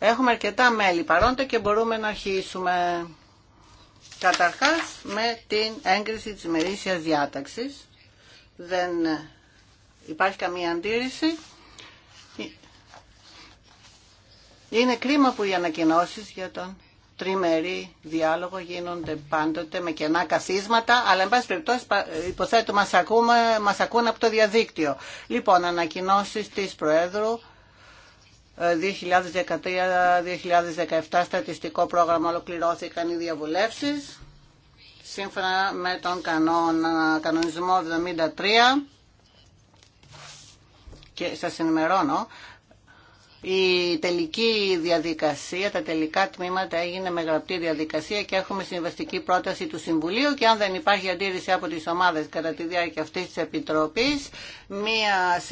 Έχουμε αρκετά μέλη παρόντα και μπορούμε να αρχίσουμε καταρχάς με την έγκριση της μερίσιας διάταξης. Δεν υπάρχει καμία αντίρρηση. Είναι κρίμα που οι ανακοινώσει για τον τριμερή διάλογο γίνονται πάντοτε με κενά καθίσματα, αλλά εν πάση περιπτώσει υποθέτω μας, ακούμε, μας ακούν από το διαδίκτυο. Λοιπόν, ανακοινώσει της Προέδρου 2013-2017 ε, στατιστικό πρόγραμμα ολοκληρώθηκαν οι διαβουλεύσεις σύμφωνα με τον κανόνα, κανονισμό 73 και σας ενημερώνω η τελική διαδικασία, τα τελικά τμήματα έγινε με γραπτή διαδικασία και έχουμε συμβαστική πρόταση του Συμβουλίου και αν δεν υπάρχει αντίρρηση από τις ομάδες κατά τη διάρκεια αυτής της Επιτροπής, μια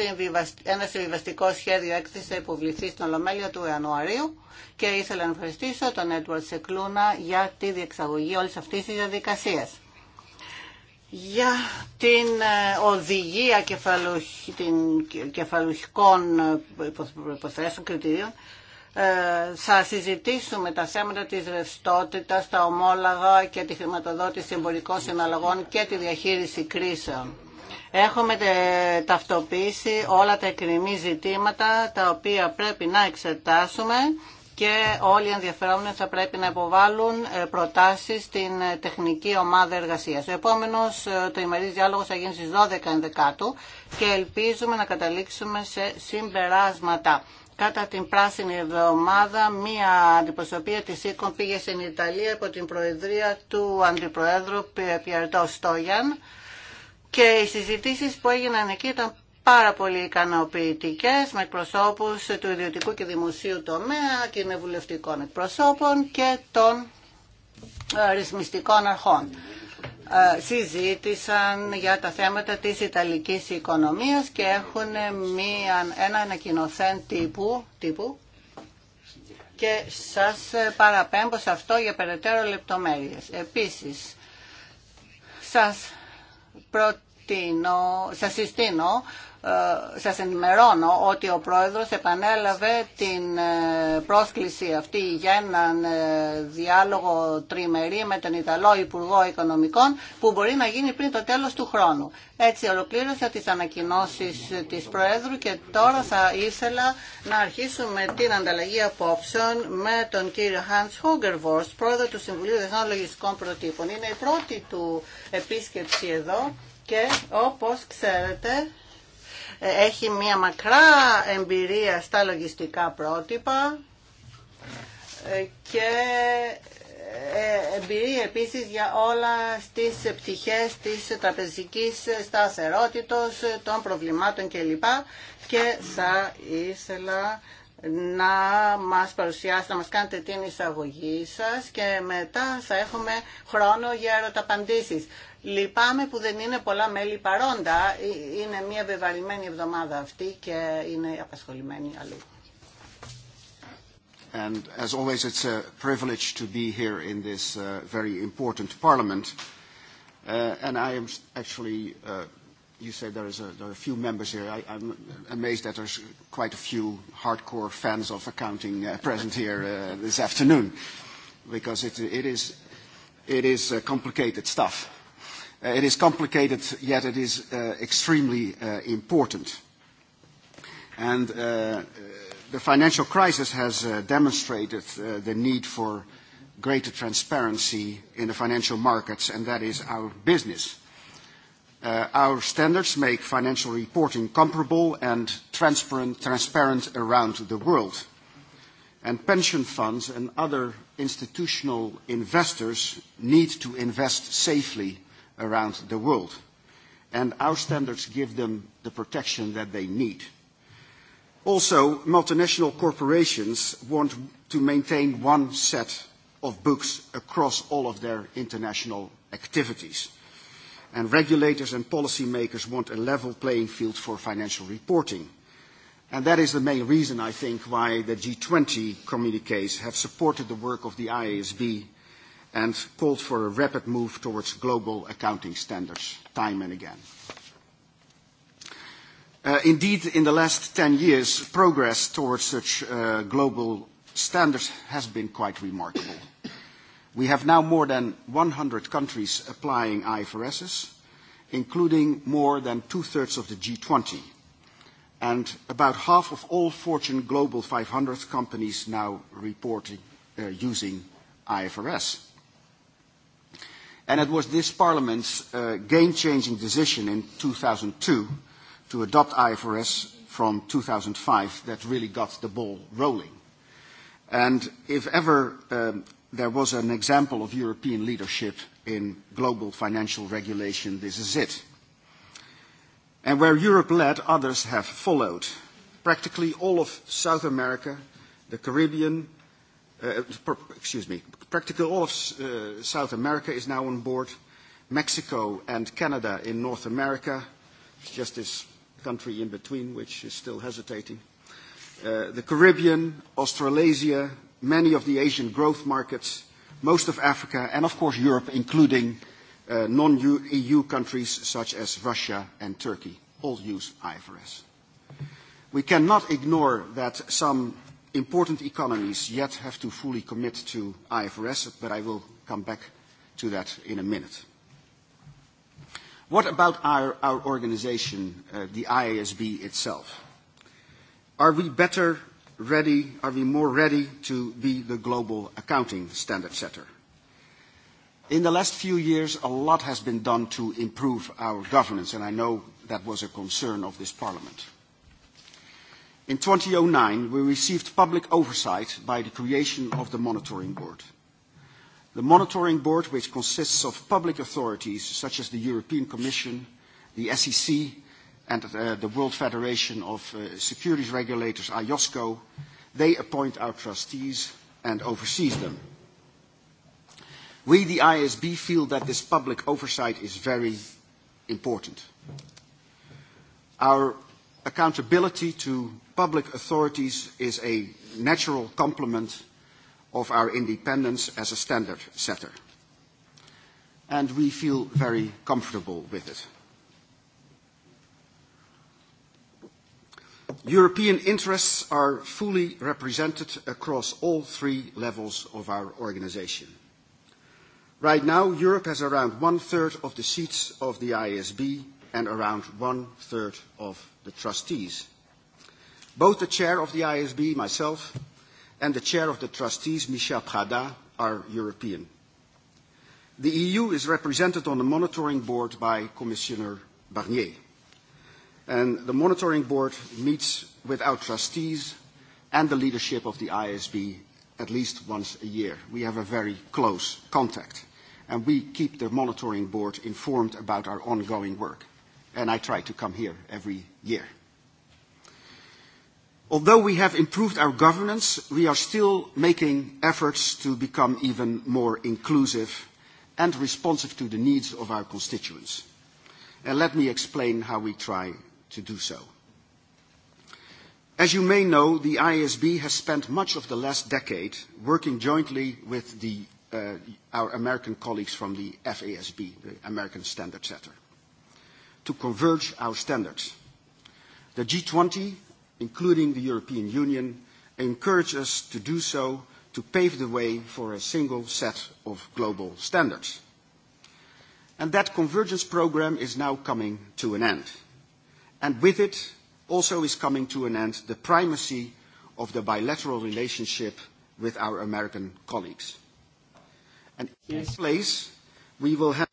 ένα συμβιβαστικό σχέδιο έκθεση θα υποβληθεί στον Ολομέλεια του Ιανουαρίου και ήθελα να ευχαριστήσω τον Έντουαρτ Σεκλούνα για τη διεξαγωγή όλης αυτής της διαδικασίας για την ε, οδηγία κεφαλουχικών ε, υποθέσεων κριτηρίων ε, θα συζητήσουμε τα θέματα της ρευστότητα, τα ομόλαγα και τη χρηματοδότηση εμπορικών συναλλαγών και τη διαχείριση κρίσεων. Έχουμε ταυτοποιήσει όλα τα εκκρεμή ζητήματα τα οποία πρέπει να εξετάσουμε και όλοι οι ενδιαφερόμενοι θα πρέπει να υποβάλουν ε, προτάσεις στην ε, τεχνική ομάδα εργασίας. Ο επόμενος ε, το ημερής διάλογος θα γίνει στις 12 ενδεκάτου και ελπίζουμε να καταλήξουμε σε συμπεράσματα. Κατά την πράσινη εβδομάδα, μία αντιπροσωπεία της ΣΥΚΟΝ πήγε στην Ιταλία από την προεδρία του Αντιπροέδρου Πιερτό Στόγιαν και οι συζητήσεις που έγιναν εκεί ήταν πάρα πολύ ικανοποιητικέ με εκπροσώπους του ιδιωτικού και δημοσίου τομέα, κοινοβουλευτικών εκπροσώπων και των ε, ρυθμιστικών αρχών. Ε, συζήτησαν για τα θέματα της Ιταλικής οικονομίας και έχουν μία, ένα ανακοινωθέν τύπου, τύπου και σας παραπέμπω σε αυτό για περαιτέρω λεπτομέρειες. Επίσης, σας προτείνω, σας συστήνω ε, σας ενημερώνω ότι ο Πρόεδρος επανέλαβε την ε, πρόσκληση αυτή για έναν ε, διάλογο τριμερή με τον Ιταλό Υπουργό Οικονομικών που μπορεί να γίνει πριν το τέλος του χρόνου. Έτσι ολοκλήρωσα τις ανακοινώσεις της Προέδρου και τώρα θα ήθελα να αρχίσουμε την ανταλλαγή απόψεων με τον κύριο Hans Hogervorst, πρόεδρο του Συμβουλίου Δεχνολογιστικών Λογιστικών Είναι η πρώτη του επίσκεψη εδώ και όπως ξέρετε έχει μία μακρά εμπειρία στα λογιστικά πρότυπα ε, και ε, εμπειρία επίσης για όλα στις πτυχές της τραπεζικής σταθερότητος, των προβλημάτων κλπ. Και θα ήθελα να μας παρουσιάσετε, να μας κάνετε την εισαγωγή σας και μετά θα έχουμε χρόνο για ερωταπαντήσεις. Λυπάμαι που δεν είναι πολλά μέλη παρόντα. Είναι μια βεβαρημένη εβδομάδα αυτή και είναι απασχολημένη αλλού. And as always, it's a privilege to be here in this uh, very important Parliament. Uh, and I am actually, uh, you say there, is a, there are a few members here. I, I'm amazed that there's quite a few hardcore fans of accounting uh, present here uh, this afternoon, because it, it is, it is uh, complicated stuff. It is complicated, yet it is extremely important. And the financial crisis has demonstrated the need for greater transparency in the financial markets, and that is our business. Our standards make financial reporting comparable and transparent around the world. And pension funds and other institutional investors need to invest safely around the world. And our standards give them the protection that they need. Also, multinational corporations want to maintain one set of books across all of their international activities. And regulators and policymakers want a level playing field for financial reporting. that is the main reason, I think, why the G20 communiques have supported the work of the IASB and called for a rapid move towards global accounting standards time and again. Indeed, in the last 10 years, progress towards such global standards has been quite remarkable. We have now more than 100 countries applying IFRSs, including more than two-thirds of the G20, and about half of all Fortune Global 500 companies now reporting using IFRS. And it was this Parliament's game-changing decision in 2002 to adopt IFRS from 2005 that really got the ball rolling. And if ever there was an example of European leadership in global financial regulation, this is it. And where Europe led, others have followed. Practically all of South America, the Caribbean, excuse me, Practically all of South America is now on board. Mexico and Canada in North America. It's just this country in between which is still hesitating. The Caribbean, Australasia, many of the Asian growth markets, most of Africa, and of course Europe, including non-EU countries such as Russia and Turkey, all use IFRS. We cannot ignore that some important economies yet have to fully commit to IFRS, but I will come back to that in a minute. What about our organization, the IASB itself? Are we better ready, are we more ready to be the global accounting standard setter? In the last few years, a lot has been done to improve our governance, and I know that was a concern of this Parliament. In 2009, we received public oversight by the creation of the Monitoring Board. The Monitoring Board, which consists of public authorities such as the European Commission, the SEC, and the World Federation of Securities Regulators, IOSCO, they appoint our trustees and oversees them. We, the ISB, feel that this public oversight is very important. Our accountability to public authorities is a natural complement of our independence as a standard setter. And we feel very comfortable with it. European interests are fully represented across all three levels of our organisation. Right now, Europe has around one-third of the seats of the ISB and around one-third of the trustees Both the chair of the ISB, myself, and the chair of the trustees, Michel Prada, are European. The EU is represented on the monitoring board by Commissioner Barnier. And the monitoring board meets with our trustees and the leadership of the ISB at least once a year. We have a very close contact. And we keep the monitoring board informed about our ongoing work. And I try to come here every year. Although we have improved our governance, we are still making efforts to become even more inclusive and responsive to the needs of our constituents. And let me explain how we try to do so. As you may know, the ISB has spent much of the last decade working jointly with our American colleagues from the FASB, the American Standard Setter, to converge our standards. The G20 including the European Union, encourage us to do so to pave the way for a single set of global standards. And that convergence programme is now coming to an end. And with it also is coming to an end the primacy of the bilateral relationship with our American colleagues. And in this place, we will have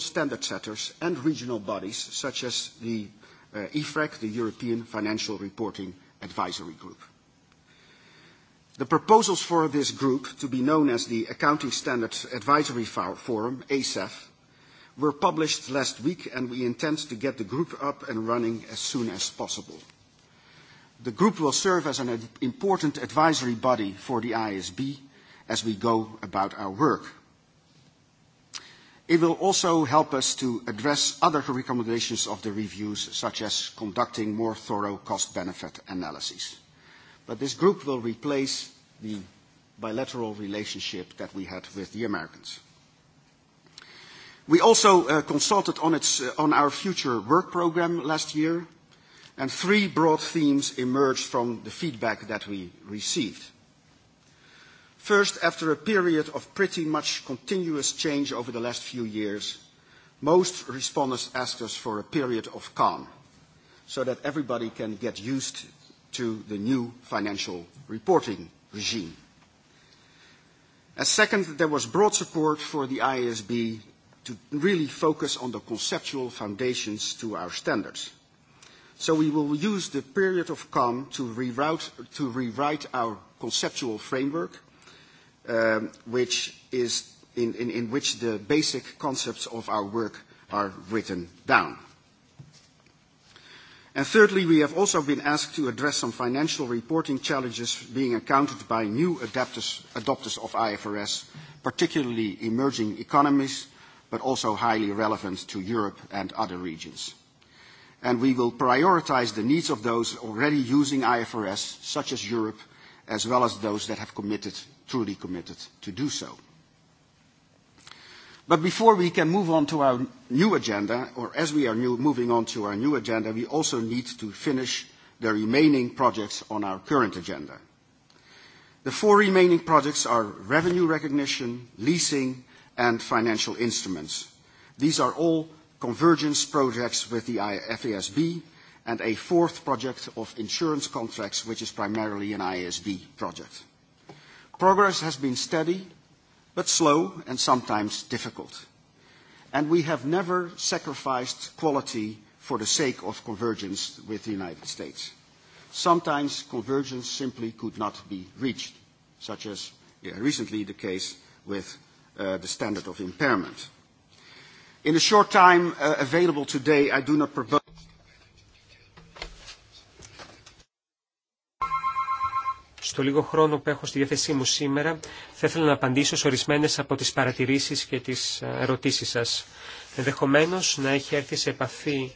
standard setters and regional bodies such as the EFRAC, the European Financial Reporting Advisory Group. The proposals for this group, to be known as the Accounting Standards Advisory Forum, ASAF, were published last week, and we intend to get the group up and running as soon as possible. The group will serve as an important advisory body for the ISB as we go about our work. It will also help us to address other recommendations of the reviews, such as conducting more thorough cost-benefit analyses. But this group will replace the bilateral relationship that we had with the Americans. We also consulted on our future work program last year, and three broad themes emerged from the feedback that we received. First, after a period of pretty much continuous change over the last few years, most respondents asked us for a period of calm so that everybody can get used to the new financial reporting regime. And second, there was broad support for the IASB to really focus on the conceptual foundations to our standards. So we will use the period of calm to rewrite our conceptual framework which is in which the basic concepts of our work are written down. And thirdly, we have also been asked to address some financial reporting challenges being encountered by new adopters of IFRS, particularly emerging economies, but also highly relevant to Europe and other regions. And we will prioritize the needs of those already using IFRS, such as Europe, as well as those that have committed, truly committed to do so. But before we can move on to our new agenda, or as we are moving on to our new agenda, we also need to finish the remaining projects on our current agenda. The four remaining projects are revenue recognition, leasing, and financial instruments. These are all convergence projects with the FASB and a fourth project of insurance contracts, which is primarily an ISB project. Progress has been steady, but slow and sometimes difficult. And we have never sacrificed quality for the sake of convergence with the United States. Sometimes convergence simply could not be reached, such as recently the case with the standard of impairment. In the short time available today, I do not propose στο λίγο χρόνο που έχω στη διάθεσή μου σήμερα, θα ήθελα να απαντήσω σε ορισμένες από τις παρατηρήσεις και τις ε, ερωτήσεις σας. Ενδεχομένως να έχει έρθει σε επαφή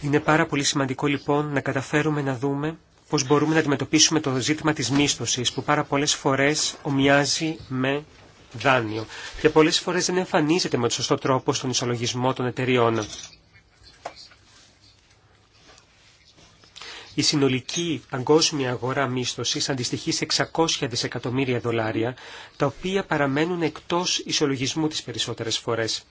Είναι πάρα πολύ σημαντικό λοιπόν να καταφέρουμε να δούμε πώς μπορούμε να αντιμετωπίσουμε το ζήτημα της μίσθωσης που πάρα πολλές φορές ομοιάζει με δάνειο και πολλές φορές δεν εμφανίζεται με τον σωστό τρόπο στον ισολογισμό των εταιριών. Η συνολική παγκόσμια αγορά μίσθωσης αντιστοιχεί σε 600 δισεκατομμύρια δολάρια, τα οποία παραμένουν εκτός ισολογισμού τις περισσότερες φορές.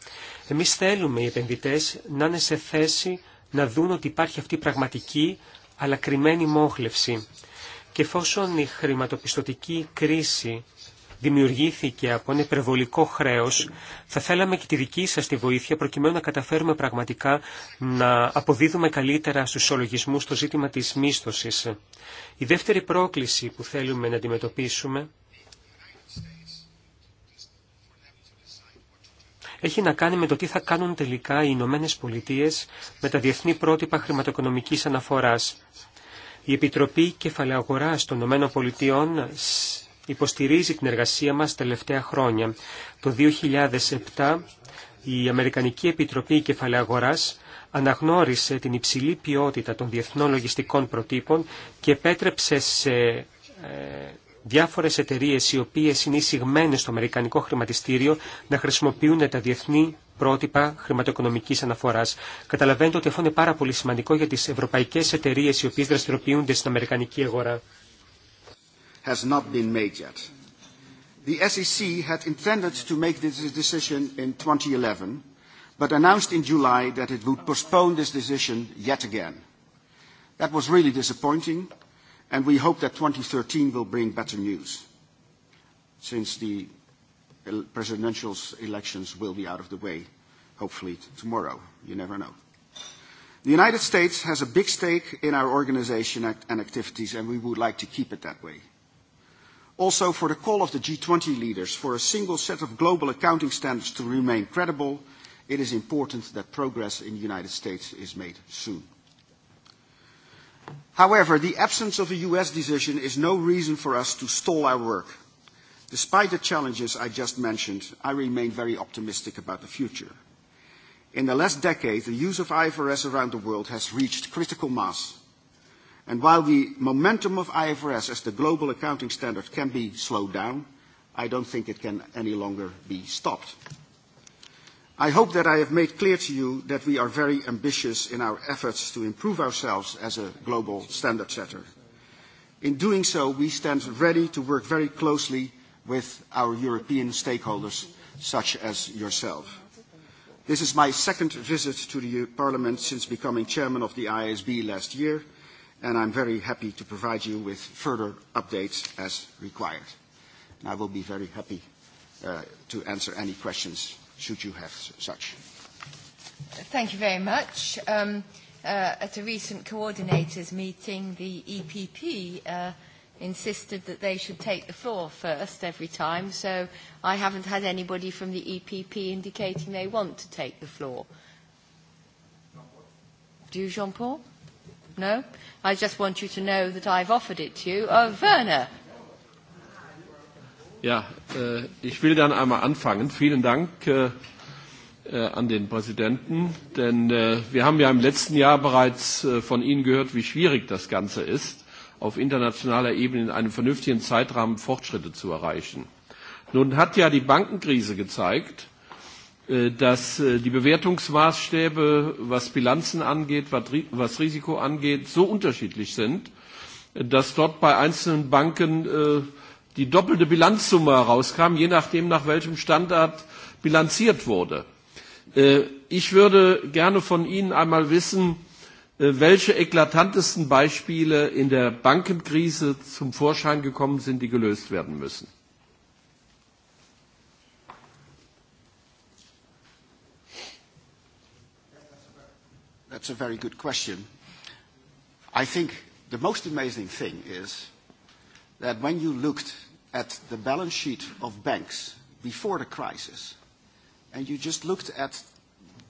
Εμείς θέλουμε οι επενδυτές να είναι σε θέση να δουν ότι υπάρχει αυτή η πραγματική αλλά κρυμμένη μόχλευση. Και εφόσον η χρηματοπιστωτική κρίση δημιουργήθηκε από ένα υπερβολικό χρέος, θα θέλαμε και τη δική σας τη βοήθεια προκειμένου να καταφέρουμε πραγματικά να αποδίδουμε καλύτερα στους ολογισμούς το ζήτημα της μίσθωσης. Η δεύτερη πρόκληση που θέλουμε να αντιμετωπίσουμε έχει να κάνει με το τι θα κάνουν τελικά οι Ηνωμένε Πολιτείε με τα διεθνή πρότυπα χρηματοοικονομικής αναφοράς. Η Επιτροπή Κεφαλαίου των Ηνωμένων Πολιτείων υποστηρίζει την εργασία μας τελευταία χρόνια. Το 2007 η Αμερικανική Επιτροπή Κεφαλαίου αναγνώρισε την υψηλή ποιότητα των διεθνών λογιστικών προτύπων και επέτρεψε σε ε, διάφορες εταιρείες οι οποίες είναι εισηγμένες στο Αμερικανικό χρηματιστήριο να χρησιμοποιούν τα διεθνή πρότυπα χρηματοοικονομικής αναφοράς. Καταλαβαίνετε ότι αυτό είναι πάρα πολύ σημαντικό για τις ευρωπαϊκές εταιρείες οι οποίες δραστηριοποιούνται στην Αμερικανική αγορά. Has not been made yet. The SEC had intended to make this decision in 2011, but announced in July that it would postpone this decision yet again. That was really disappointing and we hope that 2013 will bring better news, since the presidential elections will be out of the way, hopefully tomorrow. You never know. The United States has a big stake in our organization and activities, and we would like to keep it that way. Also, for the call of the G20 leaders for a single set of global accounting standards to remain credible, it is important that progress in the United States is made soon. However, the absence of a US decision is no reason for us to stall our work. Despite the challenges I just mentioned, I remain very optimistic about the future. In the last decade, the use of IFRS around the world has reached critical mass. And while the momentum of IFRS as the global accounting standard can be slowed down, I don't think it can any longer be stopped. I hope that I have made clear to you that we are very ambitious in our efforts to improve ourselves as a global standard setter. In doing so, we stand ready to work very closely with our European stakeholders, such as yourself. This is my second visit to the Parliament since becoming chairman of the ISB last year, and I'm very happy to provide you with further updates as required. I will be very happy to answer any questions should you have such. Thank you very much. At a recent coordinators meeting, the EPP insisted that they should take the floor first every time, so I haven't had anybody from the EPP indicating they want to take the floor. Do you, Jean-Paul? No? I just want you to know that I've offered it to you. Oh, Werner, Ja, ich will dann einmal anfangen. Vielen Dank an den Präsidenten, denn wir haben ja im letzten Jahr bereits von Ihnen gehört, wie schwierig das Ganze ist, auf internationaler Ebene in einem vernünftigen Zeitrahmen Fortschritte zu erreichen. Nun hat ja die Bankenkrise gezeigt, dass die Bewertungsmaßstäbe, was Bilanzen angeht, was Risiko angeht, so unterschiedlich sind, dass dort bei einzelnen Banken die doppelte Bilanzsumme herauskam, je nachdem nach welchem Standard bilanziert wurde. Ich würde gerne von Ihnen einmal wissen, welche eklatantesten Beispiele in der Bankenkrise zum Vorschein gekommen sind, die gelöst werden müssen. That's a very good question. I think the most amazing thing is that when you looked at the balance sheet of banks before the crisis, and you just looked at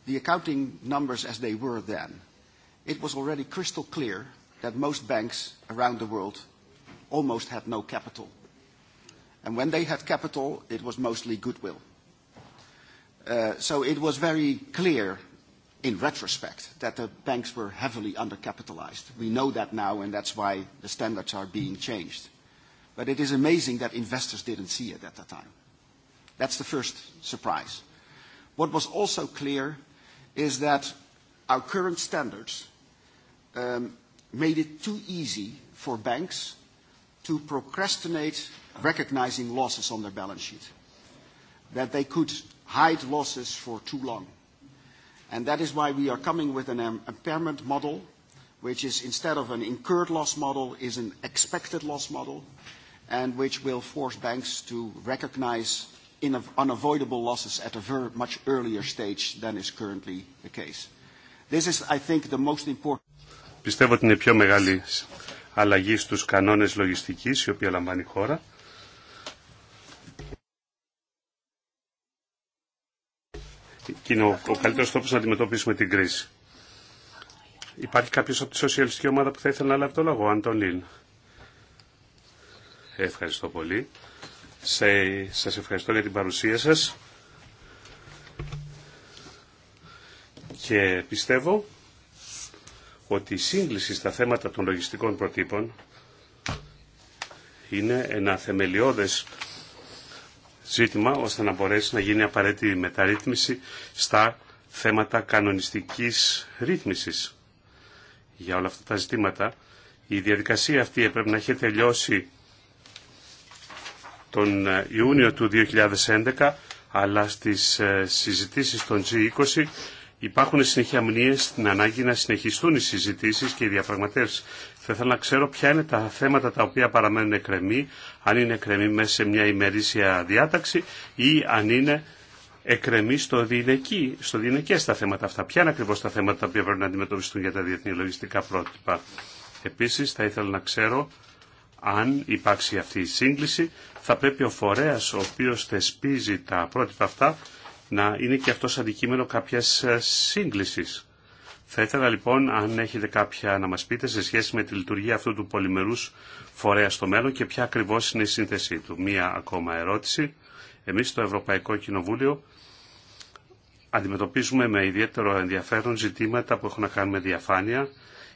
the accounting numbers as they were then, it was already crystal clear that most banks around the world almost had no capital. And when they had capital, it was mostly goodwill. So it was very clear in retrospect that the banks were heavily undercapitalized. We know that now, and that's why the standards are being changed. But it is amazing that investors didn't see it at that time. That's the first surprise. What was also clear is that our current standards made it too easy for banks to procrastinate recognizing losses on their balance sheet, that they could hide losses for too long. And that is why we are coming with an impairment model, which is instead of an incurred loss model, is an expected loss model, and which will force banks to recognize unavoidable losses at a much earlier stage than is currently the case. This is, I think, the most important. Πιστεύω ότι είναι η πιο μεγάλη αλλαγή στους κανόνες λογιστικής η οποία λαμβάνει η χώρα. Και είναι ο, ο καλύτερος τρόπος να αντιμετωπίσουμε την κρίση. Υπάρχει κάποιος από τη σοσιαλιστική ομάδα που θα ήθελε να λάβει το λόγο, Αντολίν. Ευχαριστώ πολύ. Σε, σας ευχαριστώ για την παρουσία σας. Και πιστεύω ότι η σύγκληση στα θέματα των λογιστικών προτύπων είναι ένα θεμελιώδες ζήτημα ώστε να μπορέσει να γίνει απαραίτητη μεταρρύθμιση στα θέματα κανονιστικής ρύθμισης. Για όλα αυτά τα ζητήματα η διαδικασία αυτή έπρεπε να έχει τελειώσει τον ε, Ιούνιο του 2011, αλλά στις ε, συζητήσεις των G20 υπάρχουν συνεχεία μνήες στην ανάγκη να συνεχιστούν οι συζητήσεις και οι διαπραγματεύσεις. Θα ήθελα να ξέρω ποια είναι τα θέματα τα οποία παραμένουν εκκρεμή, αν είναι εκκρεμή μέσα σε μια ημερήσια διάταξη ή αν είναι εκκρεμή στο, διηνεκή, στο τα θέματα αυτά. Ποια είναι ακριβώς τα θέματα τα οποία πρέπει να αντιμετωπιστούν για τα διεθνή λογιστικά πρότυπα. Επίσης θα ήθελα να ξέρω αν υπάρξει αυτή η σύγκληση θα πρέπει ο φορέας ο οποίος θεσπίζει τα πρότυπα αυτά να είναι και αυτός αντικείμενο κάποιας ε, σύγκλησης. Θα ήθελα λοιπόν αν έχετε κάποια να μας πείτε σε σχέση με τη λειτουργία αυτού του πολυμερούς φορέα στο μέλλον και ποια ακριβώς είναι η σύνθεσή του. Μία ακόμα ερώτηση. Εμείς στο Ευρωπαϊκό Κοινοβούλιο αντιμετωπίζουμε με ιδιαίτερο ενδιαφέρον ζητήματα που έχουν να κάνουν με διαφάνεια,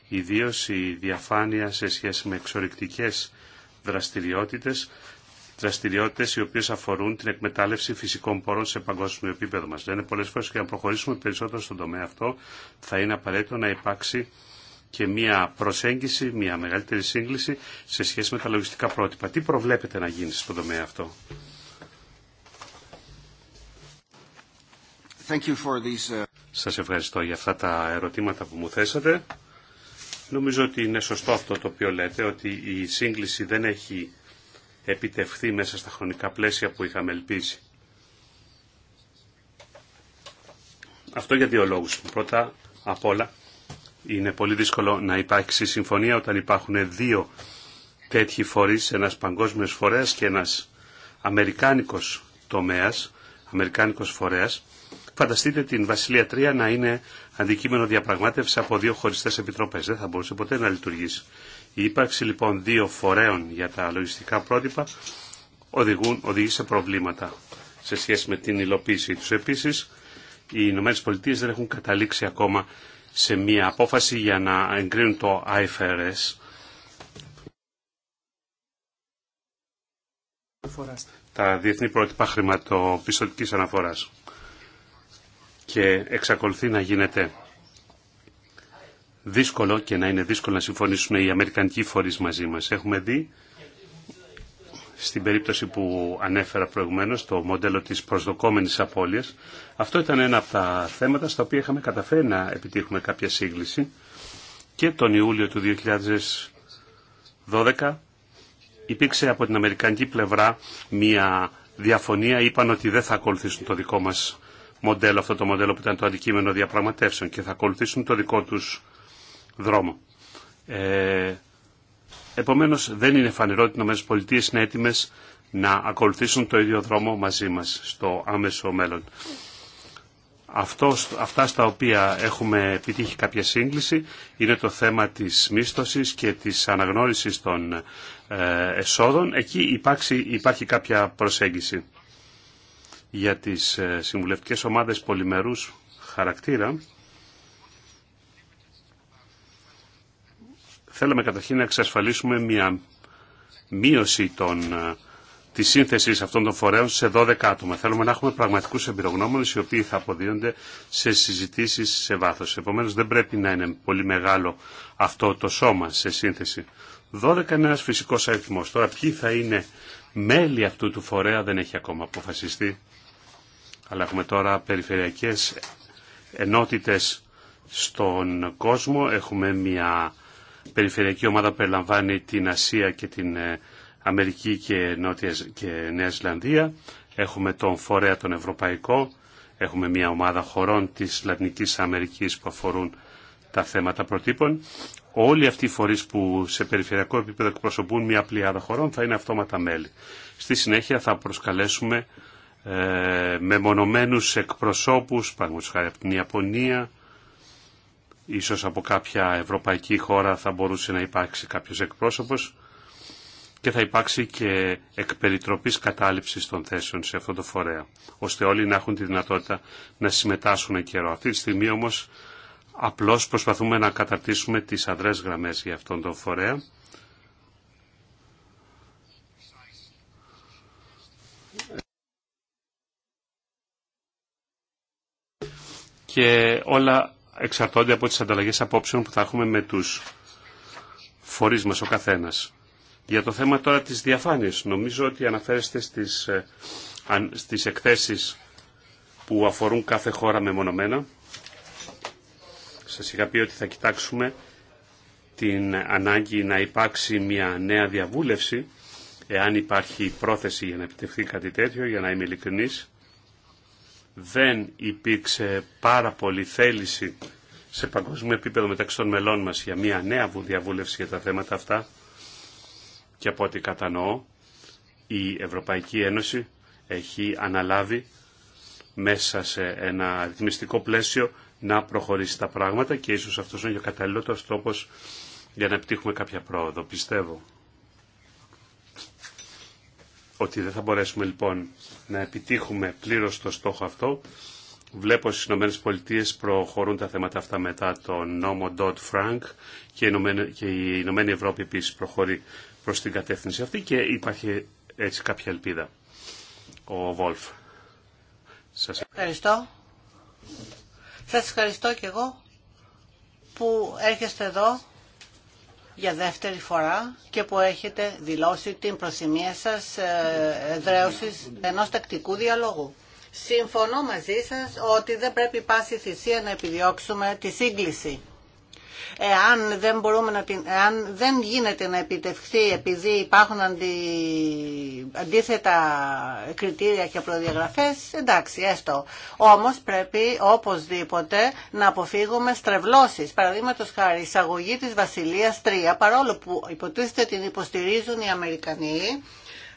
ιδίως η διαφάνεια σε σχέση με εξορρυκτικές δραστηριότητες δραστηριότητε οι οποίε αφορούν την εκμετάλλευση φυσικών πόρων σε παγκόσμιο επίπεδο μα. Λένε πολλέ φορέ και να προχωρήσουμε περισσότερο στον τομέα αυτό θα είναι απαραίτητο να υπάρξει και μια προσέγγιση, μια μεγαλύτερη σύγκληση σε σχέση με τα λογιστικά πρότυπα. Τι προβλέπετε να γίνει στον τομέα αυτό. Thank uh, Σας ευχαριστώ για αυτά τα ερωτήματα που μου θέσατε. Νομίζω ότι είναι σωστό αυτό το οποίο λέτε, ότι η σύγκληση δεν έχει επιτευχθεί μέσα στα χρονικά πλαίσια που είχαμε ελπίσει. Αυτό για δύο λόγους. Πρώτα απ' όλα είναι πολύ δύσκολο να υπάρξει συμφωνία όταν υπάρχουν δύο τέτοιοι φορείς, ένας παγκόσμιος φορέας και ένας αμερικάνικος τομέας, αμερικάνικος φορέας. Φανταστείτε την Βασιλεία τρία να είναι αντικείμενο διαπραγμάτευση από δύο χωριστέ επιτροπές Δεν θα μπορούσε ποτέ να λειτουργήσει. Η ύπαρξη λοιπόν δύο φορέων για τα λογιστικά πρότυπα οδηγούν, οδηγεί σε προβλήματα σε σχέση με την υλοποίησή τους. Επίσης, οι ΗΠΑ δεν έχουν καταλήξει ακόμα σε μία απόφαση για να εγκρίνουν το IFRS. Τα διεθνή πρότυπα χρηματοπιστωτικής αναφοράς. Και εξακολουθεί να γίνεται δύσκολο και να είναι δύσκολο να συμφωνήσουν οι Αμερικανικοί φορείς μαζί μας. Έχουμε δει στην περίπτωση που ανέφερα προηγουμένως το μοντέλο της προσδοκόμενης απώλειας. Αυτό ήταν ένα από τα θέματα στα οποία είχαμε καταφέρει να επιτύχουμε κάποια σύγκληση και τον Ιούλιο του 2012 υπήρξε από την Αμερικανική πλευρά μια διαφωνία. Είπαν ότι δεν θα ακολουθήσουν το δικό μας μοντέλο, αυτό το μοντέλο που ήταν το αντικείμενο διαπραγματεύσεων και θα ακολουθήσουν το δικό τους δρόμο. Ε, επομένως δεν είναι φανερό ότι οι ΗΠΑ είναι έτοιμες να ακολουθήσουν το ίδιο δρόμο μαζί μας στο άμεσο μέλλον. αυτά στα οποία έχουμε επιτύχει κάποια σύγκληση είναι το θέμα της μίσθωσης και της αναγνώρισης των ε, εσόδων. Εκεί υπάρχει κάποια προσέγγιση για τις ε, συμβουλευτικές ομάδες πολυμερούς χαρακτήρα. θέλαμε καταρχήν να εξασφαλίσουμε μια μείωση των, ε, της σύνθεσης αυτών των φορέων σε 12 άτομα. Θέλουμε να έχουμε πραγματικούς εμπειρογνώμονες οι οποίοι θα αποδίδονται σε συζητήσεις σε βάθος. Επομένως δεν πρέπει να είναι πολύ μεγάλο αυτό το σώμα σε σύνθεση. 12 είναι ένας φυσικός αριθμός. Τώρα ποιοι θα είναι μέλη αυτού του φορέα δεν έχει ακόμα αποφασιστεί. Αλλά έχουμε τώρα περιφερειακές ενότητες στον κόσμο. Έχουμε μια περιφερειακή ομάδα που περιλαμβάνει την Ασία και την ε, Αμερική και, Νότια, και Νέα Ζηλανδία. Έχουμε τον φορέα τον Ευρωπαϊκό. Έχουμε μια ομάδα χωρών της Λατινικής Αμερικής που αφορούν τα θέματα προτύπων. Όλοι αυτοί οι φορείς που σε περιφερειακό επίπεδο εκπροσωπούν μια πλειάδα χωρών θα είναι αυτόματα μέλη. Στη συνέχεια θα προσκαλέσουμε ε, μεμονωμένους εκπροσώπους, χάρη από την Ιαπωνία, Ίσως από κάποια ευρωπαϊκή χώρα θα μπορούσε να υπάρξει κάποιος εκπρόσωπος και θα υπάρξει και εκπεριτροπής κατάληψης των θέσεων σε αυτό το φορέα, ώστε όλοι να έχουν τη δυνατότητα να συμμετάσχουν καιρό. Αυτή τη στιγμή όμως απλώς προσπαθούμε να καταρτήσουμε τις αδρές γραμμές για αυτόν τον φορέα. Και όλα εξαρτώνται από τις ανταλλαγές απόψεων που θα έχουμε με τους φορείς μας ο καθένας. Για το θέμα τώρα της διαφάνειας, νομίζω ότι αναφέρεστε στις, ε, στις εκθέσεις που αφορούν κάθε χώρα μεμονωμένα. Σας είχα πει ότι θα κοιτάξουμε την ανάγκη να υπάρξει μια νέα διαβούλευση, εάν υπάρχει πρόθεση για να επιτευχθεί κάτι τέτοιο, για να είμαι ειλικρινής δεν υπήρξε πάρα πολύ θέληση σε παγκόσμιο επίπεδο μεταξύ των μελών μας για μια νέα διαβούλευση για τα θέματα αυτά και από ό,τι κατανοώ η Ευρωπαϊκή Ένωση έχει αναλάβει μέσα σε ένα αριθμιστικό πλαίσιο να προχωρήσει τα πράγματα και ίσως αυτός είναι ο καταλληλότερος τρόπος για να επιτύχουμε κάποια πρόοδο. Πιστεύω ότι δεν θα μπορέσουμε λοιπόν να επιτύχουμε πλήρως το στόχο αυτό. Βλέπω στις Ηνωμένες Πολιτείες προχωρούν τα θέματα αυτά μετά το νόμο Dodd-Frank και η Ηνωμένη Ευρώπη επίσης προχωρεί προς την κατεύθυνση αυτή και υπάρχει έτσι κάποια ελπίδα. Ο Βόλφ. Σας ευχαριστώ. Σας ευχαριστώ και εγώ που έρχεστε εδώ για δεύτερη φορά και που έχετε δηλώσει την προθυμία σας ε, εδραίωσης ενός τακτικού διαλόγου. Συμφωνώ μαζί σας ότι δεν πρέπει πάση θυσία να επιδιώξουμε τη σύγκληση εάν δεν, μπορούμε να, εάν δεν γίνεται να επιτευχθεί επειδή υπάρχουν αντι, αντίθετα κριτήρια και προδιαγραφές, εντάξει, έστω. Όμως πρέπει οπωσδήποτε να αποφύγουμε στρεβλώσεις. Παραδείγματος χάρη, εισαγωγή της Βασιλείας 3, παρόλο που υποτίθεται την υποστηρίζουν οι Αμερικανοί,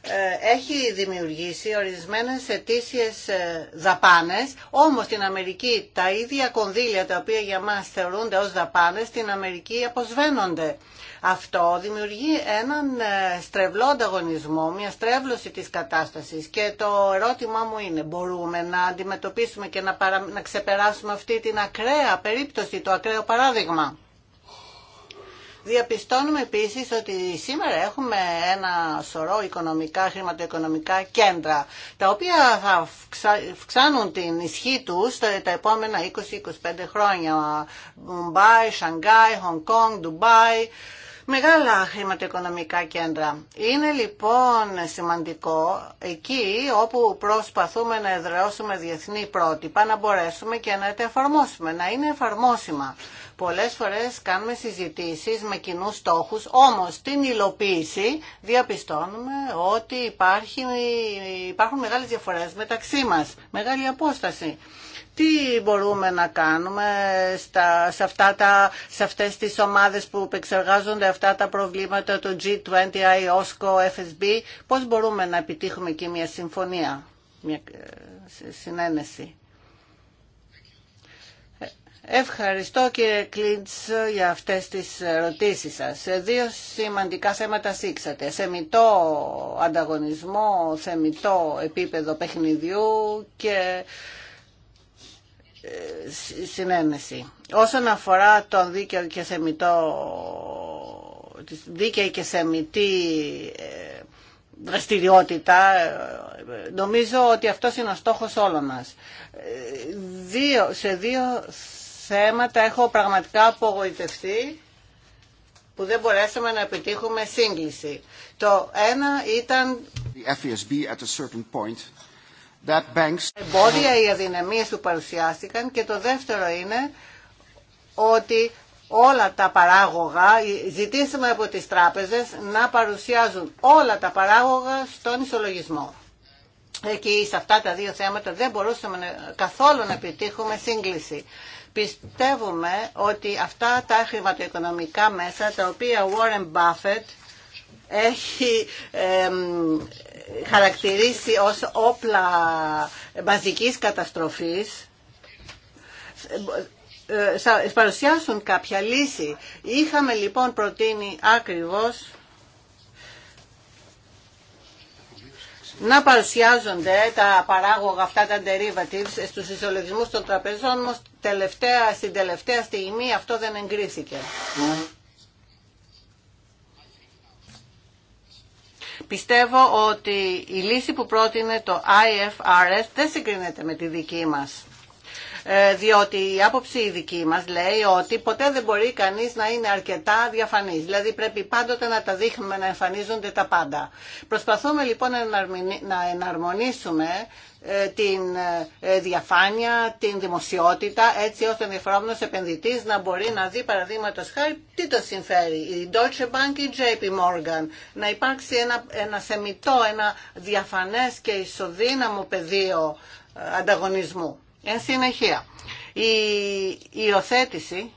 ε, έχει δημιουργήσει ορισμένες ετήσιες ε, δαπάνες, όμως στην Αμερική τα ίδια κονδύλια τα οποία για μας θεωρούνται ως δαπάνες, στην Αμερική αποσβαίνονται. Αυτό δημιουργεί έναν ε, στρεβλό ανταγωνισμό, μια στρέβλωση της κατάστασης και το ερώτημά μου είναι μπορούμε να αντιμετωπίσουμε και να, να ξεπεράσουμε αυτή την ακραία περίπτωση, το ακραίο παράδειγμα. Διαπιστώνουμε επίσης ότι σήμερα έχουμε ένα σωρό οικονομικά, χρηματοοικονομικά κέντρα, τα οποία θα αυξάνουν την ισχύ τους τα επόμενα 20-25 χρόνια. Μουμπάι, Σανγκάι, Χονγκ Ντουμπάι, μεγάλα χρηματοοικονομικά κέντρα. Είναι λοιπόν σημαντικό εκεί όπου προσπαθούμε να εδραιώσουμε διεθνή πρότυπα να μπορέσουμε και να τα εφαρμόσουμε, να είναι εφαρμόσιμα. Πολλές φορές κάνουμε συζητήσεις με κοινού στόχους, όμως την υλοποίηση διαπιστώνουμε ότι υπάρχει, υπάρχουν μεγάλες διαφορές μεταξύ μας, μεγάλη απόσταση τι μπορούμε να κάνουμε στα, σε, αυτά τα, σε αυτές τις ομάδες που επεξεργάζονται αυτά τα προβλήματα του G20, IOSCO, FSB, πώς μπορούμε να επιτύχουμε εκεί μια συμφωνία, μια ε, συνένεση. Ευχαριστώ κύριε Κλίντς για αυτές τις ερωτήσεις σας. Δύο σημαντικά θέματα σήξατε. Θεμητό ανταγωνισμό, σε θεμητό επίπεδο παιχνιδιού και ε, συνένεση. Όσον αφορά το δίκαιο και θεμητό, δίκαιη και θεμητή ε, δραστηριότητα, ε, νομίζω ότι αυτό είναι ο στόχος όλων μας. Δύο, σε δύο θέματα έχω πραγματικά απογοητευτεί που δεν μπορέσαμε να επιτύχουμε σύγκληση. Το ένα ήταν... The e at that Εμπόδια οι αδυναμίες που παρουσιάστηκαν και το δεύτερο είναι ότι όλα τα παράγωγα, ζητήσαμε από τις τράπεζες να παρουσιάζουν όλα τα παράγωγα στον ισολογισμό. Εκεί σε αυτά τα δύο θέματα δεν μπορούσαμε καθόλου να επιτύχουμε σύγκληση. Πιστεύουμε ότι αυτά τα χρηματοοικονομικά μέσα τα οποία Warren Buffett έχει χαρακτηρίσει ως όπλα μαζικής καταστροφής ε, θα παρουσιάσουν κάποια λύση. Είχαμε λοιπόν προτείνει ακριβώς να παρουσιάζονται τα παράγωγα αυτά τα derivatives στους ισολογισμούς των τραπεζών όμως τελευταία, στην τελευταία στιγμή αυτό δεν εγκρίθηκε. Πιστεύω ότι η λύση που πρότεινε το IFRS δεν συγκρίνεται με τη δική μας. Ε, διότι η άποψη η δική μας λέει ότι ποτέ δεν μπορεί κανείς να είναι αρκετά διαφανής. Δηλαδή πρέπει πάντοτε να τα δείχνουμε να εμφανίζονται τα πάντα. Προσπαθούμε λοιπόν να εναρμονίσουμε ε, την ε, διαφάνεια, την δημοσιότητα, έτσι ώστε ο ενδιαφερόμενος επενδυτής να μπορεί να δει παραδείγματο χάρη τι το συμφέρει, η Deutsche Bank ή η JP Morgan, να υπάρξει ένα, σεμιτό, ένα διαφανές και ισοδύναμο πεδίο ανταγωνισμού. Εν συνεχεία, η υιοθέτηση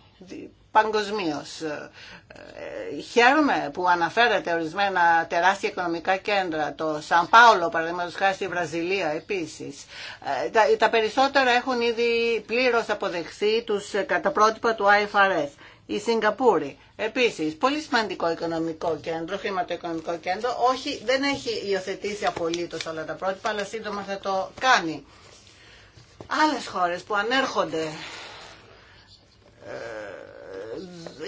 παγκοσμίω. Ε, χαίρομαι που αναφέρεται ορισμένα τεράστια οικονομικά κέντρα, το Σαν Πάολο παραδείγματος χάρη στη Βραζιλία επίσης. Ε, τα, περισσότερα έχουν ήδη πλήρως αποδεχθεί τους, ε, καταπρότυπα πρότυπα του IFRS. Η Σιγκαπούρη, επίσης, πολύ σημαντικό οικονομικό κέντρο, χρηματοοικονομικό κέντρο, όχι, δεν έχει υιοθετήσει απολύτως όλα τα πρότυπα, αλλά σύντομα θα το κάνει άλλες χώρες που ανέρχονται ε,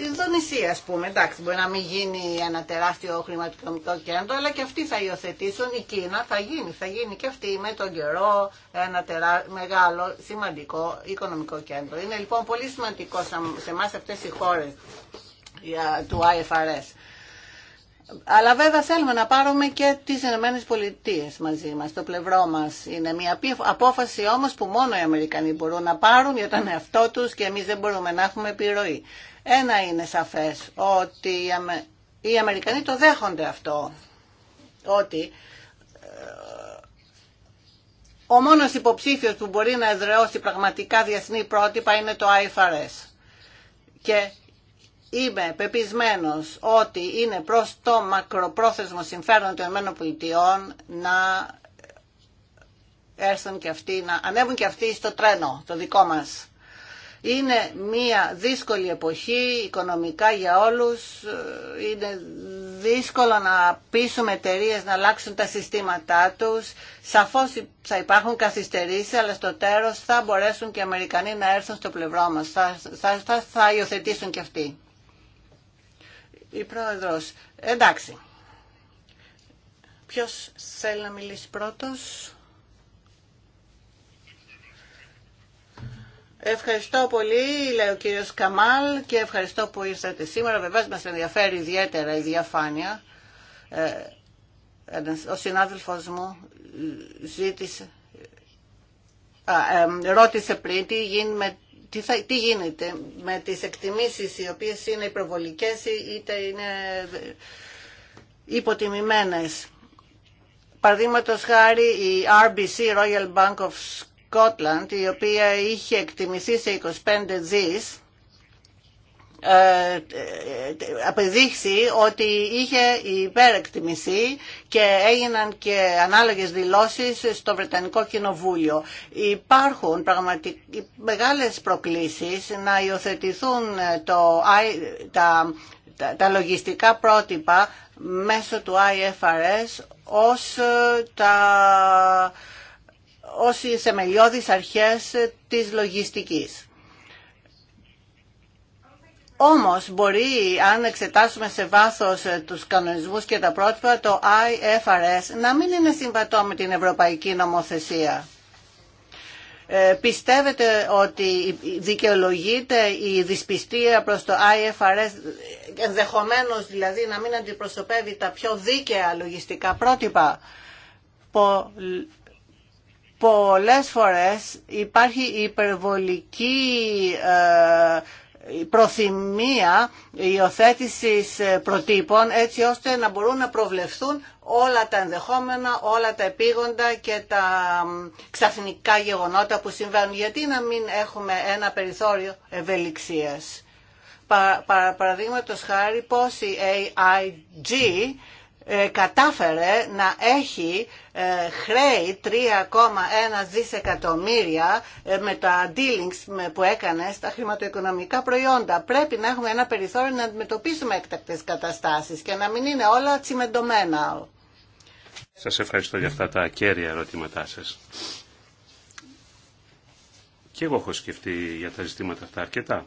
η Δονησία α πούμε, εντάξει, μπορεί να μην γίνει ένα τεράστιο χρηματοοικονομικό κέντρο, αλλά και αυτοί θα υιοθετήσουν. Η Κίνα θα γίνει, θα γίνει και αυτή με τον καιρό ένα μεγάλο, σημαντικό οικονομικό κέντρο. Είναι λοιπόν πολύ σημαντικό σε εμά αυτέ οι χώρε του IFRS. Αλλά βέβαια θέλουμε να πάρουμε και τις Ηνωμένε Πολιτείε μαζί μας, το πλευρό μας. Είναι μια απόφαση όμως που μόνο οι Αμερικανοί μπορούν να πάρουν για τον εαυτό τους και εμείς δεν μπορούμε να έχουμε επιρροή. Ένα είναι σαφές ότι οι Αμερικανοί το δέχονται αυτό, ότι ε, ο μόνο υποψήφιο που μπορεί να εδραιώσει πραγματικά διεθνή πρότυπα είναι το IFRS. Και είμαι πεπισμένος ότι είναι προς το μακροπρόθεσμο συμφέρον των ΗΠΑ να έρθουν και αυτοί, να ανέβουν και αυτοί στο τρένο, το δικό μας. Είναι μια δύσκολη εποχή οικονομικά για όλους. Είναι δύσκολο να πείσουμε εταιρείε να αλλάξουν τα συστήματά τους. Σαφώς θα υπάρχουν καθυστερήσεις, αλλά στο τέρος θα μπορέσουν και οι Αμερικανοί να έρθουν στο πλευρό μας. θα υιοθετήσουν και αυτοί. Η πρόεδρος. Εντάξει. Ποιος θέλει να μιλήσει πρώτος. Ευχαριστώ πολύ, λέει ο κύριος Καμάλ, και ευχαριστώ που ήρθατε σήμερα. Βεβαίως μας ενδιαφέρει ιδιαίτερα η διαφάνεια. Ε, ο συνάδελφος μου ζήτησε, ε, ρώτησε πριν τι γίνει με τι, θα, τι γίνεται με τις εκτιμήσεις οι οποίες είναι υπερβολικές είτε είναι υποτιμημένες. Παραδείγματο χάρη η RBC, Royal Bank of Scotland, η οποία είχε εκτιμηθεί σε 25 δις, ε, απεδείχθη ότι είχε υπερεκτιμηθεί και έγιναν και ανάλογες δηλώσεις στο Βρετανικό Κοινοβούλιο. Υπάρχουν πραγματικά μεγάλες προκλήσεις να υιοθετηθούν ε, το, τα, τα, λογιστικά πρότυπα μέσω του IFRS ως ε, τα ως οι θεμελιώδεις αρχές της λογιστικής. Όμως μπορεί αν εξετάσουμε σε βάθος ε, τους κανονισμούς και τα πρότυπα το IFRS να μην είναι συμβατό με την Ευρωπαϊκή Νομοθεσία. Ε, πιστεύετε ότι δικαιολογείται η δυσπιστία προς το IFRS ενδεχομένως δηλαδή να μην αντιπροσωπεύει τα πιο δίκαια λογιστικά πρότυπα. Πο, πολλές φορές υπάρχει υπερβολική ε, η προθυμία υιοθέτηση προτύπων έτσι ώστε να μπορούν να προβλεφθούν όλα τα ενδεχόμενα, όλα τα επίγοντα και τα ξαφνικά γεγονότα που συμβαίνουν. Γιατί να μην έχουμε ένα περιθώριο ευελιξίας. Παραδείγματο χάρη η AIG ε, κατάφερε να έχει ε, χρέη 3,1 δισεκατομμύρια ε, με τα dealings που έκανε στα χρηματοοικονομικά προϊόντα. Πρέπει να έχουμε ένα περιθώριο να αντιμετωπίσουμε έκτακτες καταστάσεις και να μην είναι όλα τσιμεντωμένα. Σας ευχαριστώ για αυτά τα κέρια ερωτήματά σας. Και εγώ έχω σκεφτεί για τα ζητήματα αυτά αρκετά.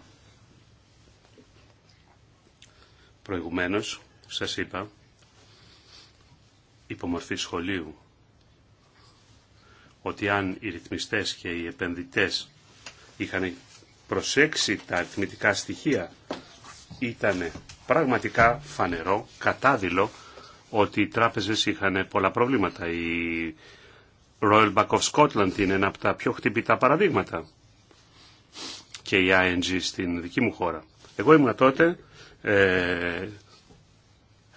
Προηγουμένως, σας είπα, υπομορφή σχολείου ότι αν οι ρυθμιστές και οι επενδυτές είχαν προσέξει τα αριθμητικά στοιχεία ήταν πραγματικά φανερό, κατάδειλο ότι οι τράπεζες είχαν πολλά προβλήματα. Η Royal Bank of Scotland είναι ένα από τα πιο χτυπητά παραδείγματα και η ING στην δική μου χώρα. Εγώ ήμουν τότε ε,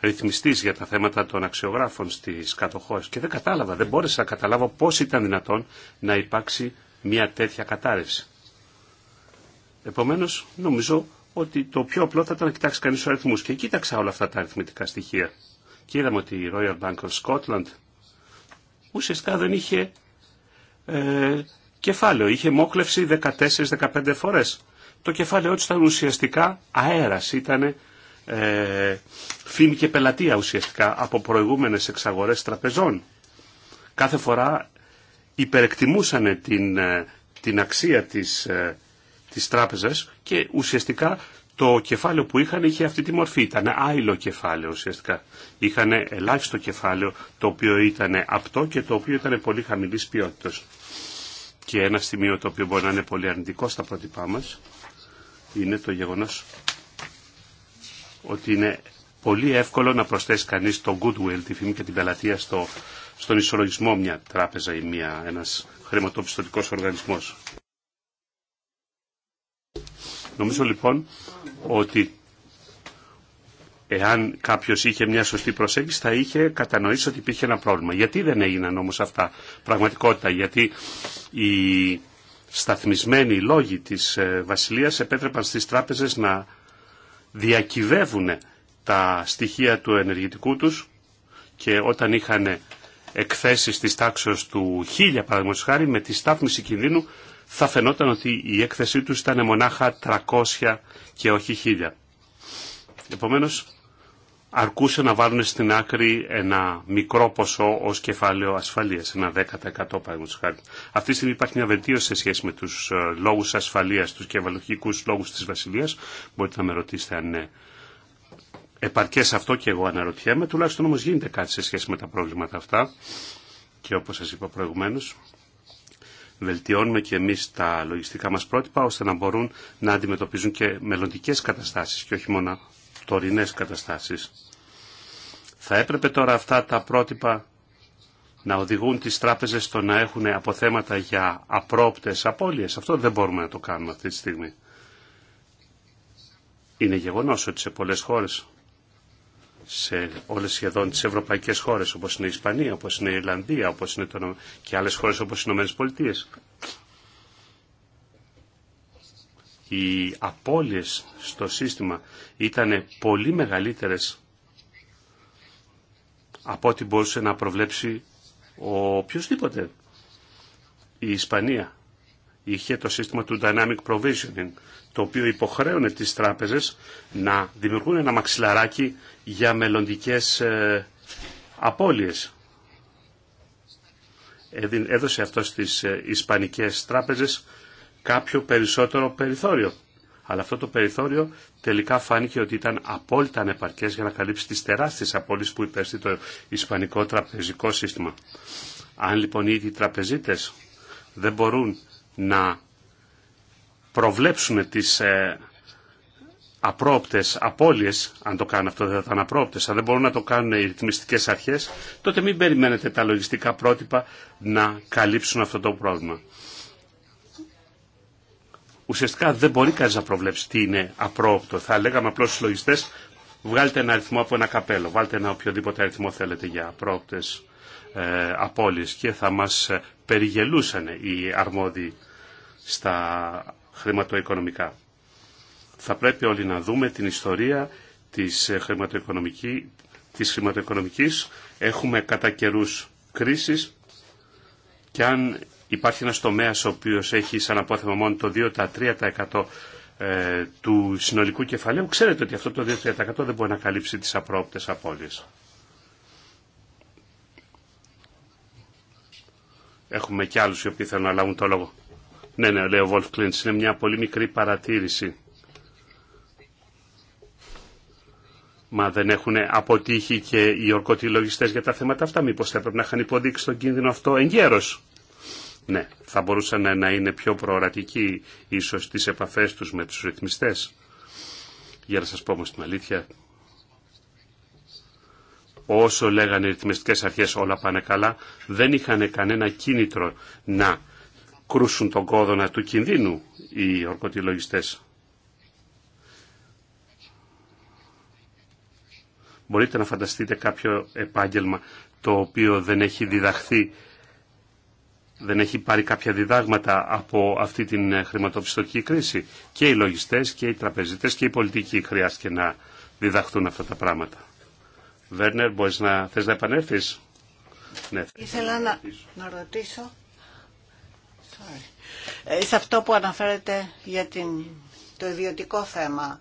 ρυθμιστής για τα θέματα των αξιογράφων στι κατοχώρε. και δεν κατάλαβα, δεν μπόρεσα να καταλάβω πώ ήταν δυνατόν να υπάρξει μια τέτοια κατάρρευση. Επομένω, νομίζω ότι το πιο απλό θα ήταν να κοιτάξει κανεί του αριθμού και κοίταξα όλα αυτά τα αριθμητικά στοιχεία. Και είδαμε ότι η Royal Bank of Scotland ουσιαστικά δεν είχε ε, κεφάλαιο, είχε μόκλευση 14-15 φορέ. Το κεφάλαιό του ήταν ουσιαστικά αέρα ήταν ε, φήμη και πελατεία ουσιαστικά από προηγούμενες εξαγορές τραπεζών. Κάθε φορά υπερεκτιμούσαν την, ε, την αξία της, ε, της τράπεζας και ουσιαστικά το κεφάλαιο που είχαν είχε αυτή τη μορφή. Ήταν άειλο κεφάλαιο ουσιαστικά. Είχαν ελάχιστο κεφάλαιο το οποίο ήταν απτό και το οποίο ήταν πολύ χαμηλής ποιότητας. Και ένα σημείο το οποίο μπορεί να είναι πολύ αρνητικό στα πρότυπά μας είναι το γεγονός ότι είναι πολύ εύκολο να προσθέσει κανείς το goodwill, τη φήμη και την πελατεία στο, στον ισολογισμό μια τράπεζα ή μια, ένας χρηματοπιστωτικός οργανισμός. Νομίζω λοιπόν ότι εάν κάποιο είχε μια σωστή προσέγγιση θα είχε κατανοήσει ότι υπήρχε ένα πρόβλημα. Γιατί δεν έγιναν όμως αυτά πραγματικότητα, γιατί οι σταθμισμένοι λόγοι της ε, Βασιλείας επέτρεπαν στις τράπεζες να διακυβεύουν τα στοιχεία του ενεργητικού τους και όταν είχαν εκθέσεις της τάξεως του 1000 παραδείγματος χάρη με τη στάθμιση κινδύνου θα φαινόταν ότι η έκθεσή τους ήταν μονάχα 300 και όχι 1000. Επομένως αρκούσε να βάλουν στην άκρη ένα μικρό ποσό ω κεφάλαιο ασφαλεία, ένα 10% παραδείγματο χάρη. Αυτή τη στιγμή υπάρχει μια βελτίωση σε σχέση με τους ε, λόγους ασφαλείας, τους κεφαλαιοχικούς λόγου τη Βασιλεία. Μπορείτε να με ρωτήσετε αν είναι επαρκέ αυτό και εγώ αναρωτιέμαι. Τουλάχιστον όμω γίνεται κάτι σε σχέση με τα προβλήματα αυτά και όπω σα είπα προηγουμένω, βελτιώνουμε και εμεί τα λογιστικά μα πρότυπα ώστε να μπορούν να αντιμετωπίζουν και μελλοντικέ καταστάσει και όχι μόνο τωρινές καταστάσεις. Θα έπρεπε τώρα αυτά τα πρότυπα να οδηγούν τις τράπεζες στο να έχουν αποθέματα για απρόπτες απώλειες. Αυτό δεν μπορούμε να το κάνουμε αυτή τη στιγμή. Είναι γεγονός ότι σε πολλές χώρες, σε όλες σχεδόν τις ευρωπαϊκές χώρες, όπως είναι η Ισπανία, όπως είναι η Ιρλανδία, όπως είναι το... και άλλες χώρες όπως οι Ηνωμένες Πολιτείες, οι απώλειες στο σύστημα ήταν πολύ μεγαλύτερες από ό,τι μπορούσε να προβλέψει ο οποιοδήποτε. Η Ισπανία είχε το σύστημα του Dynamic Provisioning, το οποίο υποχρέωνε τις τράπεζες να δημιουργούν ένα μαξιλαράκι για μελλοντικές ε, απώλειες. Έδωσε αυτό στις ε, Ισπανικές τράπεζες κάποιο περισσότερο περιθώριο. Αλλά αυτό το περιθώριο τελικά φάνηκε ότι ήταν απόλυτα ανεπαρκές για να καλύψει τις τεράστιες απόλυσεις που υπέστη το ισπανικό τραπεζικό σύστημα. Αν λοιπόν οι ίδιοι τραπεζίτες δεν μπορούν να προβλέψουν τις ε, απρόπτες απώλειες, αν το κάνουν αυτό δεν θα ήταν απρόπτες, αν δεν μπορούν να το κάνουν οι ρυθμιστικές αρχές, τότε μην περιμένετε τα λογιστικά πρότυπα να καλύψουν αυτό το πρόβλημα ουσιαστικά δεν μπορεί κανεί να προβλέψει τι είναι απρόοπτο. Θα λέγαμε απλώ στου λογιστέ, βγάλτε ένα αριθμό από ένα καπέλο, βάλτε ένα οποιοδήποτε αριθμό θέλετε για απρόοπτε ε, και θα μας ε, περιγελούσαν οι αρμόδιοι στα χρηματοοικονομικά. Θα πρέπει όλοι να δούμε την ιστορία της, ε, χρηματοοικονομική, της χρηματοοικονομικής. Έχουμε κατά καιρούς κρίσεις και αν Υπάρχει ένα τομέας ο οποίος έχει σαν απόθεμα μόνο το 2-3% ε, του συνολικού κεφαλαίου. Ξέρετε ότι αυτό το 2-3% δεν μπορεί να καλύψει τις απρόπτες απώλειες. Έχουμε και άλλους οι οποίοι θέλουν να λάβουν το λόγο. Ναι, ναι, λέει ο Βολφ Κλίντς, είναι μια πολύ μικρή παρατήρηση. Μα δεν έχουν αποτύχει και οι ορκωτοί για τα θέματα αυτά. Μήπως θα έπρεπε να είχαν υποδείξει τον κίνδυνο αυτό εγκαίρως. Ναι, θα μπορούσαν να είναι πιο προορατικοί ίσως στις επαφές τους με τους ρυθμιστές. Για να σας πω όμως την αλήθεια, όσο λέγανε οι ρυθμιστικές αρχές όλα πάνε καλά, δεν είχαν κανένα κίνητρο να κρούσουν τον κόδωνα του κινδύνου οι λογιστές. Μπορείτε να φανταστείτε κάποιο επάγγελμα το οποίο δεν έχει διδαχθεί δεν έχει πάρει κάποια διδάγματα από αυτή την ε, χρηματοπιστωτική κρίση. Και οι λογιστές και οι τραπεζιτές και οι πολιτικοί χρειάστηκε να διδαχθούν αυτά τα πράγματα. Βέρνερ, μπορείς να, θες να επανέλθεις. Ναι. Ήθελα να, ρωτήσω ε, σε αυτό που αναφέρεται για την, το ιδιωτικό θέμα.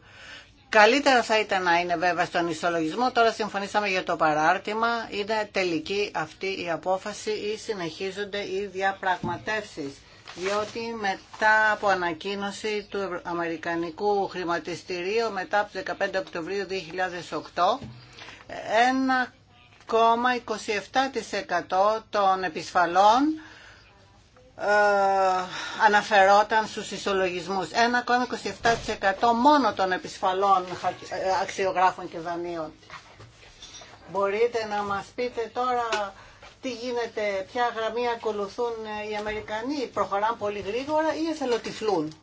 Καλύτερα θα ήταν να είναι βέβαια στον ισολογισμό. Τώρα συμφωνήσαμε για το παράρτημα. Είναι τελική αυτή η απόφαση ή συνεχίζονται οι διαπραγματεύσεις. Διότι μετά από ανακοίνωση του Αμερικανικού Χρηματιστηρίου μετά από το 15 Οκτωβρίου 2008 1,27% των επισφαλών ε, αναφερόταν στους ισολογισμούς. 1,27% μόνο των επισφαλών ε, αξιογράφων και δανείων. Μπορείτε να μας πείτε τώρα τι γίνεται, ποια γραμμή ακολουθούν οι Αμερικανοί, προχωράν πολύ γρήγορα ή εθελοτυφλούν.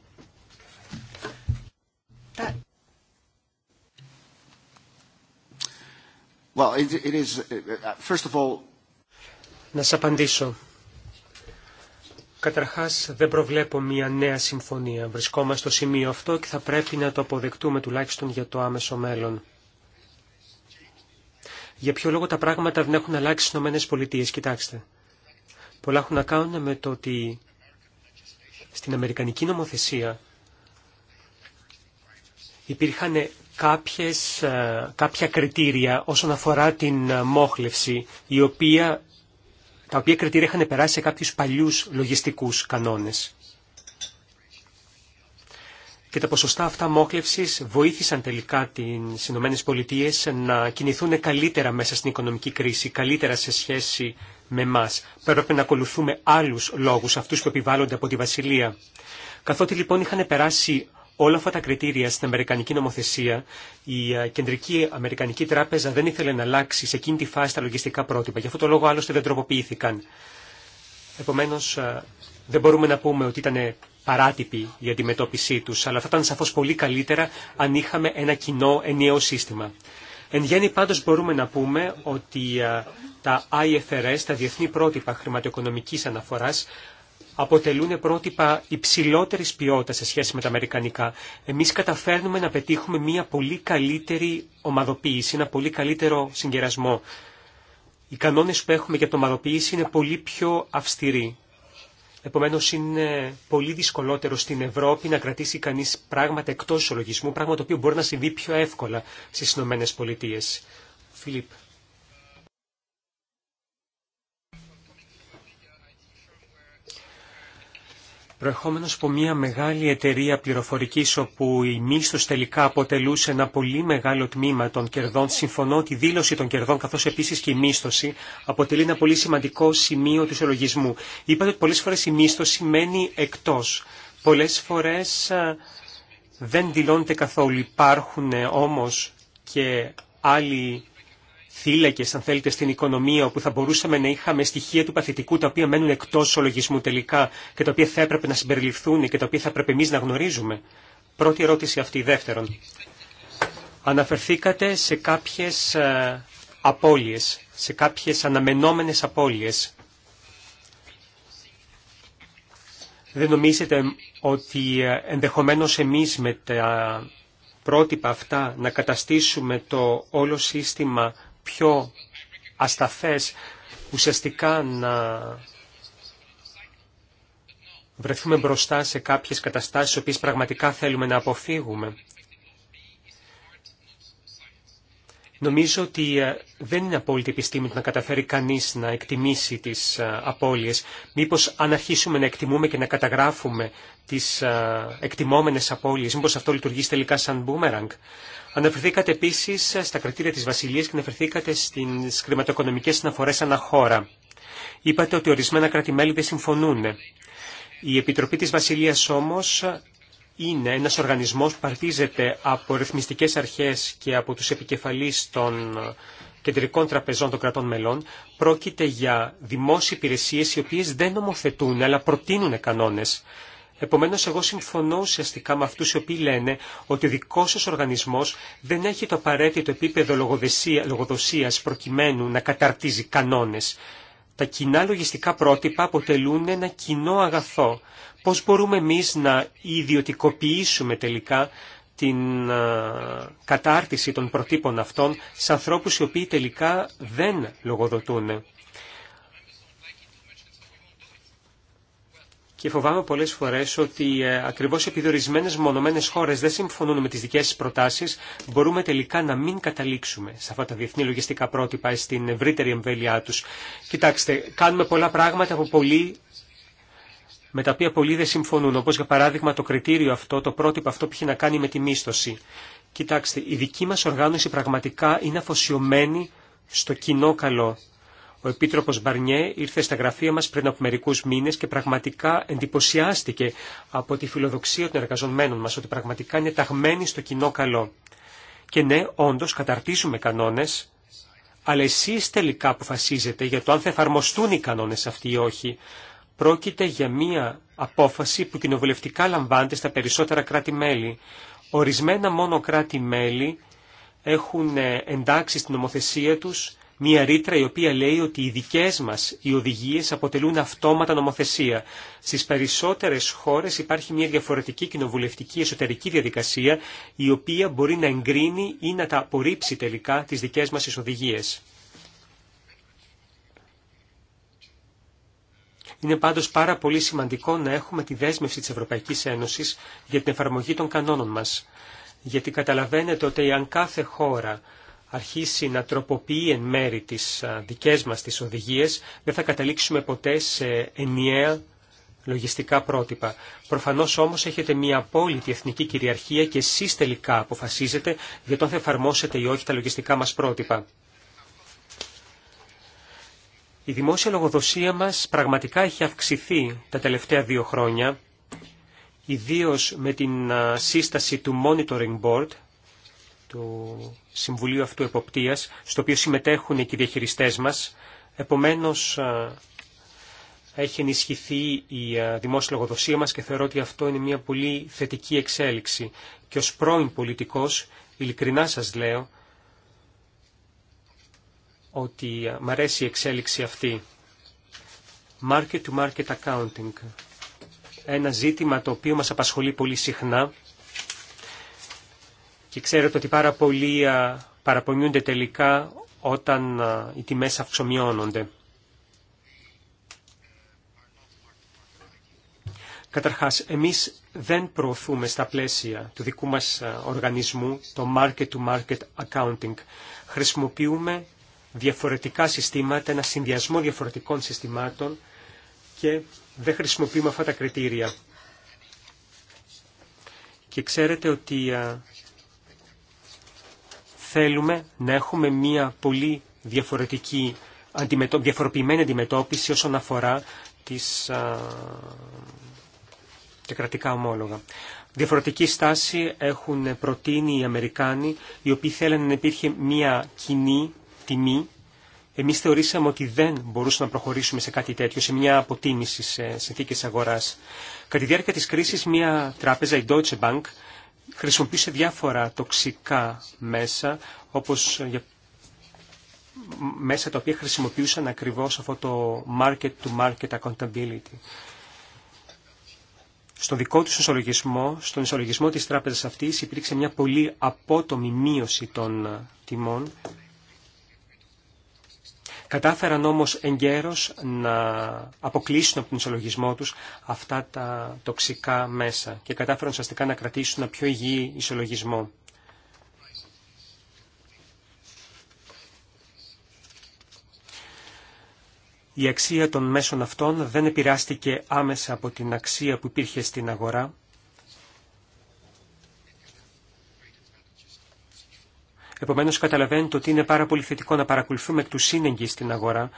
it is, uh, uh, first of all... Να σας απαντήσω. Καταρχάς δεν προβλέπω μια νέα συμφωνία. Βρισκόμαστε στο σημείο αυτό και θα πρέπει να το αποδεκτούμε τουλάχιστον για το άμεσο μέλλον. Για ποιο λόγο τα πράγματα δεν έχουν αλλάξει στις Ηνωμένες Πολιτείες. Κοιτάξτε. Πολλά έχουν να κάνουν με το ότι στην Αμερικανική νομοθεσία υπήρχαν κάποιες, ε, κάποια κριτήρια όσον αφορά την μόχλευση, η οποία τα οποία κριτήρια είχαν περάσει σε κάποιους παλιούς λογιστικούς κανόνες. Και τα ποσοστά αυτά μόχλευσης βοήθησαν τελικά τις ΗΠΑ να κινηθούν καλύτερα μέσα στην οικονομική κρίση, καλύτερα σε σχέση με εμά. Πρέπει να ακολουθούμε άλλους λόγους, αυτούς που επιβάλλονται από τη Βασιλεία. Καθότι λοιπόν είχαν περάσει όλα αυτά τα κριτήρια στην Αμερικανική νομοθεσία, η ε, Κεντρική Αμερικανική Τράπεζα δεν ήθελε να αλλάξει σε εκείνη τη φάση τα λογιστικά πρότυπα. Γι' αυτό το λόγο άλλωστε δεν τροποποιήθηκαν. Επομένω, ε, δεν μπορούμε να πούμε ότι ήταν παράτυπη η αντιμετώπιση του, αλλά θα ήταν σαφώ πολύ καλύτερα αν είχαμε ένα κοινό ενιαίο σύστημα. Εν γέννη πάντως μπορούμε να πούμε ότι ε, τα IFRS, τα διεθνή πρότυπα χρηματοοικονομικής αναφοράς, αποτελούν πρότυπα υψηλότερης ποιότητας σε σχέση με τα αμερικανικά. Εμείς καταφέρνουμε να πετύχουμε μια πολύ καλύτερη ομαδοποίηση, ένα πολύ καλύτερο συγκερασμό. Οι κανόνες που έχουμε για την ομαδοποίηση είναι πολύ πιο αυστηροί. Επομένως είναι πολύ δυσκολότερο στην Ευρώπη να κρατήσει κανείς πράγματα εκτός λογισμού, πράγμα το οποίο μπορεί να συμβεί πιο εύκολα στις Ηνωμένες Πολιτείες. Προερχόμενο από μια μεγάλη εταιρεία πληροφορικής όπου η μίσθος τελικά αποτελούσε ένα πολύ μεγάλο τμήμα των κερδών, συμφωνώ ότι η δήλωση των κερδών καθώς επίσης και η μίσθωση αποτελεί ένα πολύ σημαντικό σημείο του συλλογισμού. Είπατε ότι πολλές φορές η μίσθωση μένει εκτός. Πολλές φορές δεν δηλώνεται καθόλου. Υπάρχουν όμω και άλλοι θύλακε, αν θέλετε, στην οικονομία, όπου θα μπορούσαμε να είχαμε στοιχεία του παθητικού, τα οποία μένουν εκτός λογισμού τελικά και τα οποία θα έπρεπε να συμπεριληφθούν και τα οποία θα έπρεπε εμεί να γνωρίζουμε. Πρώτη ερώτηση αυτή. Δεύτερον, αναφερθήκατε σε κάποιες ε, απώλειες, σε κάποιες αναμενόμενε απώλειε. Δεν νομίζετε ότι ε, ενδεχομένως εμείς με τα πρότυπα αυτά να καταστήσουμε το όλο σύστημα πιο ασταθές ουσιαστικά να βρεθούμε μπροστά σε κάποιες καταστάσεις οποίες πραγματικά θέλουμε να αποφύγουμε. Νομίζω ότι ε, δεν είναι απόλυτη επιστήμη να καταφέρει κανείς να εκτιμήσει τις ε, απώλειες. Μήπως αν αρχίσουμε να εκτιμούμε και να καταγράφουμε τις ε, εκτιμόμενες απώλειες, μήπως αυτό λειτουργήσει τελικά σαν μπούμεραγκ. Αναφερθήκατε επίση στα κριτήρια της Βασιλείας και αναφερθήκατε στις κρηματοοικονομικές αναφορές ανά χώρα. Είπατε ότι ορισμένα κράτη-μέλη δεν συμφωνούν. Η Επιτροπή της Βασιλείας όμως είναι ένας οργανισμός που παρτίζεται από ρυθμιστικές αρχές και από τους επικεφαλείς των κεντρικών τραπεζών των κρατών μελών. Πρόκειται για δημόσιες υπηρεσίες οι οποίες δεν νομοθετούν αλλά προτείνουν κανόνες. Επομένως, εγώ συμφωνώ ουσιαστικά με αυτούς οι οποίοι λένε ότι ο δικός σας οργανισμός δεν έχει το απαραίτητο επίπεδο λογοδοσίας προκειμένου να καταρτίζει κανόνες. Τα κοινά λογιστικά πρότυπα αποτελούν ένα κοινό αγαθό. Πώς μπορούμε εμείς να ιδιωτικοποιήσουμε τελικά την κατάρτιση των προτύπων αυτών σε ανθρώπους οι οποίοι τελικά δεν λογοδοτούν. και φοβάμαι πολλές φορές ότι ε, ακριβώς επειδή ορισμένε μονομένες χώρες δεν συμφωνούν με τις δικές σας προτάσεις, μπορούμε τελικά να μην καταλήξουμε σε αυτά τα διεθνή λογιστικά πρότυπα στην ευρύτερη εμβέλειά τους. Κοιτάξτε, κάνουμε πολλά πράγματα που με τα οποία πολλοί δεν συμφωνούν, όπως για παράδειγμα το κριτήριο αυτό, το πρότυπο αυτό που έχει να κάνει με τη μίσθωση. Κοιτάξτε, η δική μας οργάνωση πραγματικά είναι αφοσιωμένη στο κοινό καλό. Ο Επίτροπο Μπαρνιέ ήρθε στα γραφεία μα πριν από μερικού μήνε και πραγματικά εντυπωσιάστηκε από τη φιλοδοξία των εργαζομένων μα ότι πραγματικά είναι ταγμένοι στο κοινό καλό. Και ναι, όντω καταρτίζουμε κανόνε, αλλά εσεί τελικά αποφασίζετε για το αν θα εφαρμοστούν οι κανόνε αυτοί ή όχι. Πρόκειται για μία απόφαση που κοινοβουλευτικά λαμβάνεται στα περισσότερα κράτη-μέλη. Ορισμένα μόνο κράτη-μέλη έχουν ε, εντάξει στην νομοθεσία τους Μία ρήτρα η οποία λέει ότι οι δικές μας οι οδηγίες αποτελούν αυτόματα νομοθεσία. Στις περισσότερες χώρες υπάρχει μια διαφορετική κοινοβουλευτική εσωτερική διαδικασία η οποία μπορεί να εγκρίνει ή να τα απορρίψει τελικά τις δικές μας τις οδηγίες. Είναι πάντως πάρα πολύ σημαντικό να έχουμε τη δέσμευση της Ευρωπαϊκής Ένωσης για την εφαρμογή των κανόνων μας. Γιατί καταλαβαίνετε ότι αν κάθε χώρα αρχίσει να τροποποιεί εν μέρη τις δικές μας τις οδηγίες, δεν θα καταλήξουμε ποτέ σε ενιαία λογιστικά πρότυπα. Προφανώς όμως έχετε μια απόλυτη εθνική κυριαρχία και εσείς τελικά αποφασίζετε για το αν θα εφαρμόσετε ή όχι τα λογιστικά μας πρότυπα. Η δημόσια λογοδοσία μας πραγματικά έχει αυξηθεί τα τελευταία δύο χρόνια, ιδίως με την σύσταση του Monitoring Board, του Συμβουλίου αυτού εποπτείας, στο οποίο συμμετέχουν και οι διαχειριστές μας. Επομένως, έχει ενισχυθεί η δημόσια λογοδοσία μας και θεωρώ ότι αυτό είναι μια πολύ θετική εξέλιξη. Και ως πρώην πολιτικός, ειλικρινά σας λέω, ότι μ' αρέσει η εξέλιξη αυτή. Market-to-market -market accounting. Ένα ζήτημα το οποίο μας απασχολεί πολύ συχνά και ξέρετε ότι πάρα πολλοί παραπονιούνται τελικά όταν οι τιμές αυξομειώνονται. Καταρχάς, εμείς δεν προωθούμε στα πλαίσια του δικού μας οργανισμού το market-to-market -market accounting. Χρησιμοποιούμε διαφορετικά συστήματα, ένα συνδυασμό διαφορετικών συστημάτων και δεν χρησιμοποιούμε αυτά τα κριτήρια. Και ξέρετε ότι θέλουμε να έχουμε μια πολύ διαφορετική, διαφοροποιημένη αντιμετώπιση όσον αφορά τις, τα κρατικά ομόλογα. Διαφορετική στάση έχουν προτείνει οι Αμερικάνοι, οι οποίοι θέλανε να υπήρχε μια κοινή τιμή. Εμείς θεωρήσαμε ότι δεν μπορούσαμε να προχωρήσουμε σε κάτι τέτοιο, σε μια αποτίμηση σε συνθήκες αγοράς. Κατά τη διάρκεια της κρίσης, μια τράπεζα, η Deutsche Bank, χρησιμοποίησε διάφορα τοξικά μέσα, όπως ε, μέσα τα οποία χρησιμοποιούσαν ακριβώς αυτό το market-to-market -market accountability. Στον δικό του ισολογισμό, στον ισολογισμό της τράπεζας αυτής υπήρξε μια πολύ απότομη μείωση των τιμών Κατάφεραν όμως εγκαίρως να αποκλείσουν από τον ισολογισμό τους αυτά τα τοξικά μέσα και κατάφεραν ουσιαστικά να κρατήσουν ένα πιο υγιή ισολογισμό. Η αξία των μέσων αυτών δεν επηρεάστηκε άμεσα από την αξία που υπήρχε στην αγορά Επομένως καταλαβαίνετε ότι είναι πάρα πολύ θετικό να παρακολουθούμε εκ του σύνεγγυ στην αγορά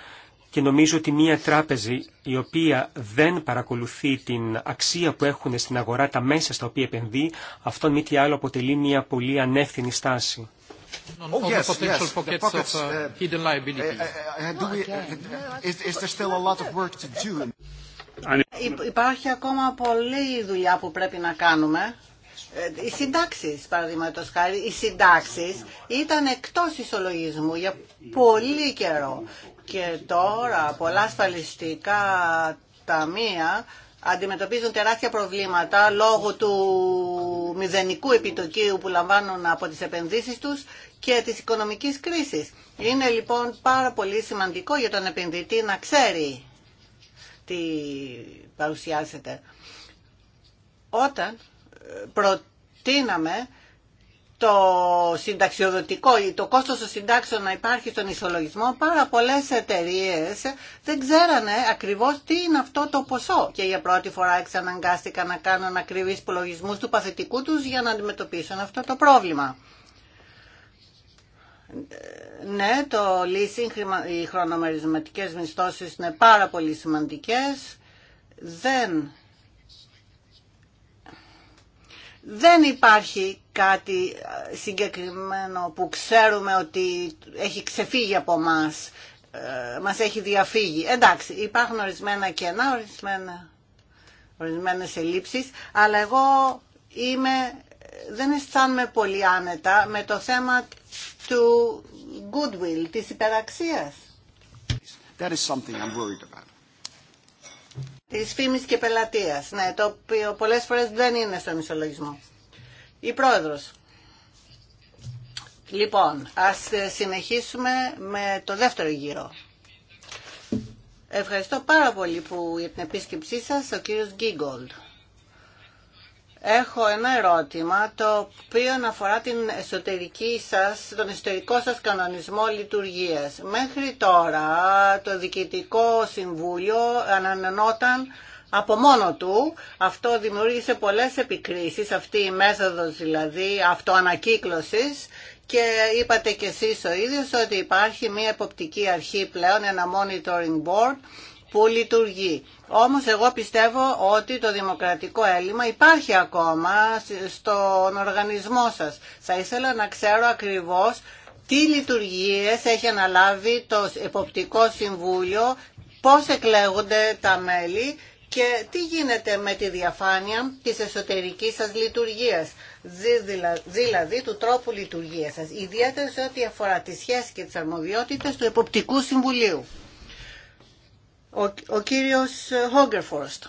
και νομίζω ότι μια τράπεζη η οποία δεν παρακολουθεί την αξία που έχουν στην αγορά τα μέσα στα οποία επενδύει, αυτόν μη τι άλλο αποτελεί μια πολύ ανεύθυνη στάση. Υπάρχει ακόμα πολλή δουλειά που πρέπει να κάνουμε. Ε, οι συντάξει, παραδείγματο χάρη, οι συντάξει ήταν εκτό ισολογισμού για πολύ καιρό. Και τώρα πολλά ασφαλιστικά ταμεία αντιμετωπίζουν τεράστια προβλήματα λόγω του μηδενικού επιτοκίου που λαμβάνουν από τις επενδύσεις τους και της οικονομικής κρίσης. Είναι λοιπόν πάρα πολύ σημαντικό για τον επενδυτή να ξέρει τι παρουσιάζεται. Όταν προτείναμε το συνταξιοδοτικό ή το κόστος των συντάξεων να υπάρχει στον ισολογισμό, πάρα πολλές εταιρείε δεν ξέρανε ακριβώς τι είναι αυτό το ποσό και για πρώτη φορά εξαναγκάστηκαν να κάνουν ακριβείς υπολογισμού του παθητικού τους για να αντιμετωπίσουν αυτό το πρόβλημα. Ναι, το leasing, οι χρονομερισματικές μισθώσεις είναι πάρα πολύ σημαντικές. Δεν δεν υπάρχει κάτι συγκεκριμένο που ξέρουμε ότι έχει ξεφύγει από μας, ε, μας έχει διαφύγει. Εντάξει, υπάρχουν ορισμένα κενά, ορισμένα, ορισμένες ελλείψεις, αλλά εγώ είμαι, δεν αισθάνομαι πολύ άνετα με το θέμα του goodwill, της υπεραξίας. That is something I'm worried Τη φήμη και πελατεία. ναι, το οποίο πολλέ φορέ δεν είναι στο μισολογισμό Η πρόεδρος. Λοιπόν, ας ε, συνεχίσουμε με το δεύτερο γύρο. Ευχαριστώ πάρα πολύ που για την επίσκεψή σας, ο κύριος Γκίγκολτ. Έχω ένα ερώτημα το οποίο αφορά την εσωτερική σας, τον εσωτερικό σας κανονισμό λειτουργίας. Μέχρι τώρα το Διοικητικό Συμβούλιο ανανενόταν από μόνο του. Αυτό δημιούργησε πολλές επικρίσεις, αυτή η μέθοδος δηλαδή αυτοανακύκλωσης και είπατε και εσείς ο ίδιος ότι υπάρχει μια εποπτική αρχή πλέον, ένα monitoring board που λειτουργεί. Όμως εγώ πιστεύω ότι το δημοκρατικό έλλειμμα υπάρχει ακόμα στον οργανισμό σας. Θα ήθελα να ξέρω ακριβώς τι λειτουργίες έχει αναλάβει το Εποπτικό Συμβούλιο, πώς εκλέγονται τα μέλη και τι γίνεται με τη διαφάνεια της εσωτερικής σας λειτουργίας, δηλαδή του τρόπου λειτουργίας σας, ιδιαίτερα σε ό,τι αφορά τις σχέσεις και τις αρμοδιότητες του Εποπτικού Συμβουλίου ο, ο κύριος Χόγκερφορστ.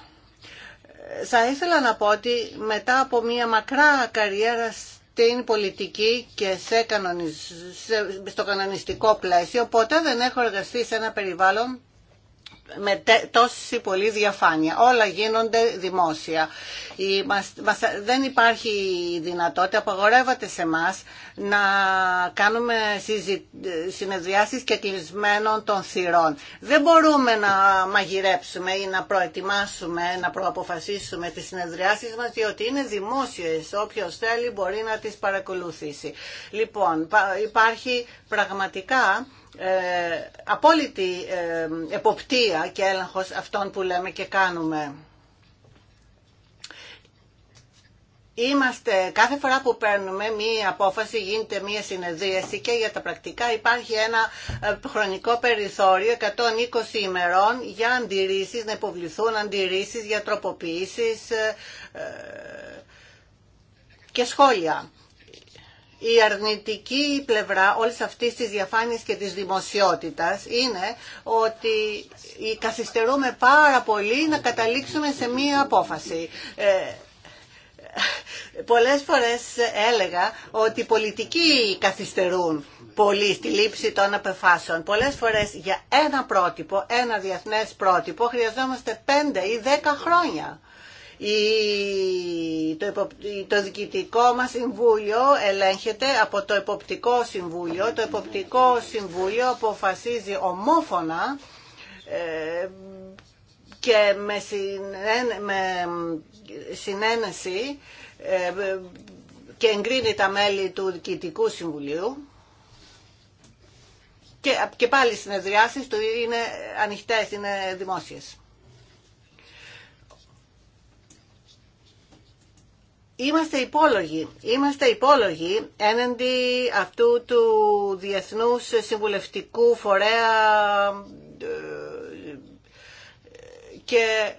Θα ήθελα να πω ότι μετά από μια μακρά καριέρα στην πολιτική και σε στο κανονιστικό πλαίσιο, ποτέ δεν έχω εργαστεί σε ένα περιβάλλον με τόση πολύ διαφάνεια. Όλα γίνονται δημόσια. δεν υπάρχει δυνατότητα, απαγορεύεται σε εμά να κάνουμε συνεδριάσεις και κλεισμένων των θυρών. Δεν μπορούμε να μαγειρέψουμε ή να προετοιμάσουμε, να προαποφασίσουμε τις συνεδριάσεις μας, διότι είναι δημόσιες. Όποιος θέλει μπορεί να τις παρακολουθήσει. Λοιπόν, υπάρχει πραγματικά ε, απόλυτη ε, εποπτεία και έλεγχος αυτών που λέμε και κάνουμε. Είμαστε, κάθε φορά που παίρνουμε μία απόφαση γίνεται μία συνεδρίαση και για τα πρακτικά υπάρχει ένα ε, χρονικό περιθώριο 120 ημερών για αντιρρήσεις, να υποβληθούν αντιρρήσεις για τροποποιήσεις και σχόλια η αρνητική πλευρά όλης αυτής της διαφάνειας και της δημοσιότητας είναι ότι καθυστερούμε πάρα πολύ να καταλήξουμε σε μία απόφαση. Ε, πολλές φορές έλεγα ότι οι πολιτικοί καθυστερούν πολύ στη λήψη των απεφάσεων. Πολλές φορές για ένα πρότυπο, ένα διεθνές πρότυπο, χρειαζόμαστε πέντε ή δέκα χρόνια το διοικητικό μας συμβούλιο ελέγχεται από το εποπτικό συμβούλιο. Το εποπτικό συμβούλιο αποφασίζει ομόφωνα ε, και με συνένεση ε, και εγκρίνει τα μέλη του διοικητικού συμβουλίου και πάλι οι συνεδριάσεις του είναι ανοιχτές, είναι δημόσιες. Είμαστε υπόλογοι. Είμαστε υπόλογοι έναντι αυτού του Διεθνούς Συμβουλευτικού Φορέα ε, και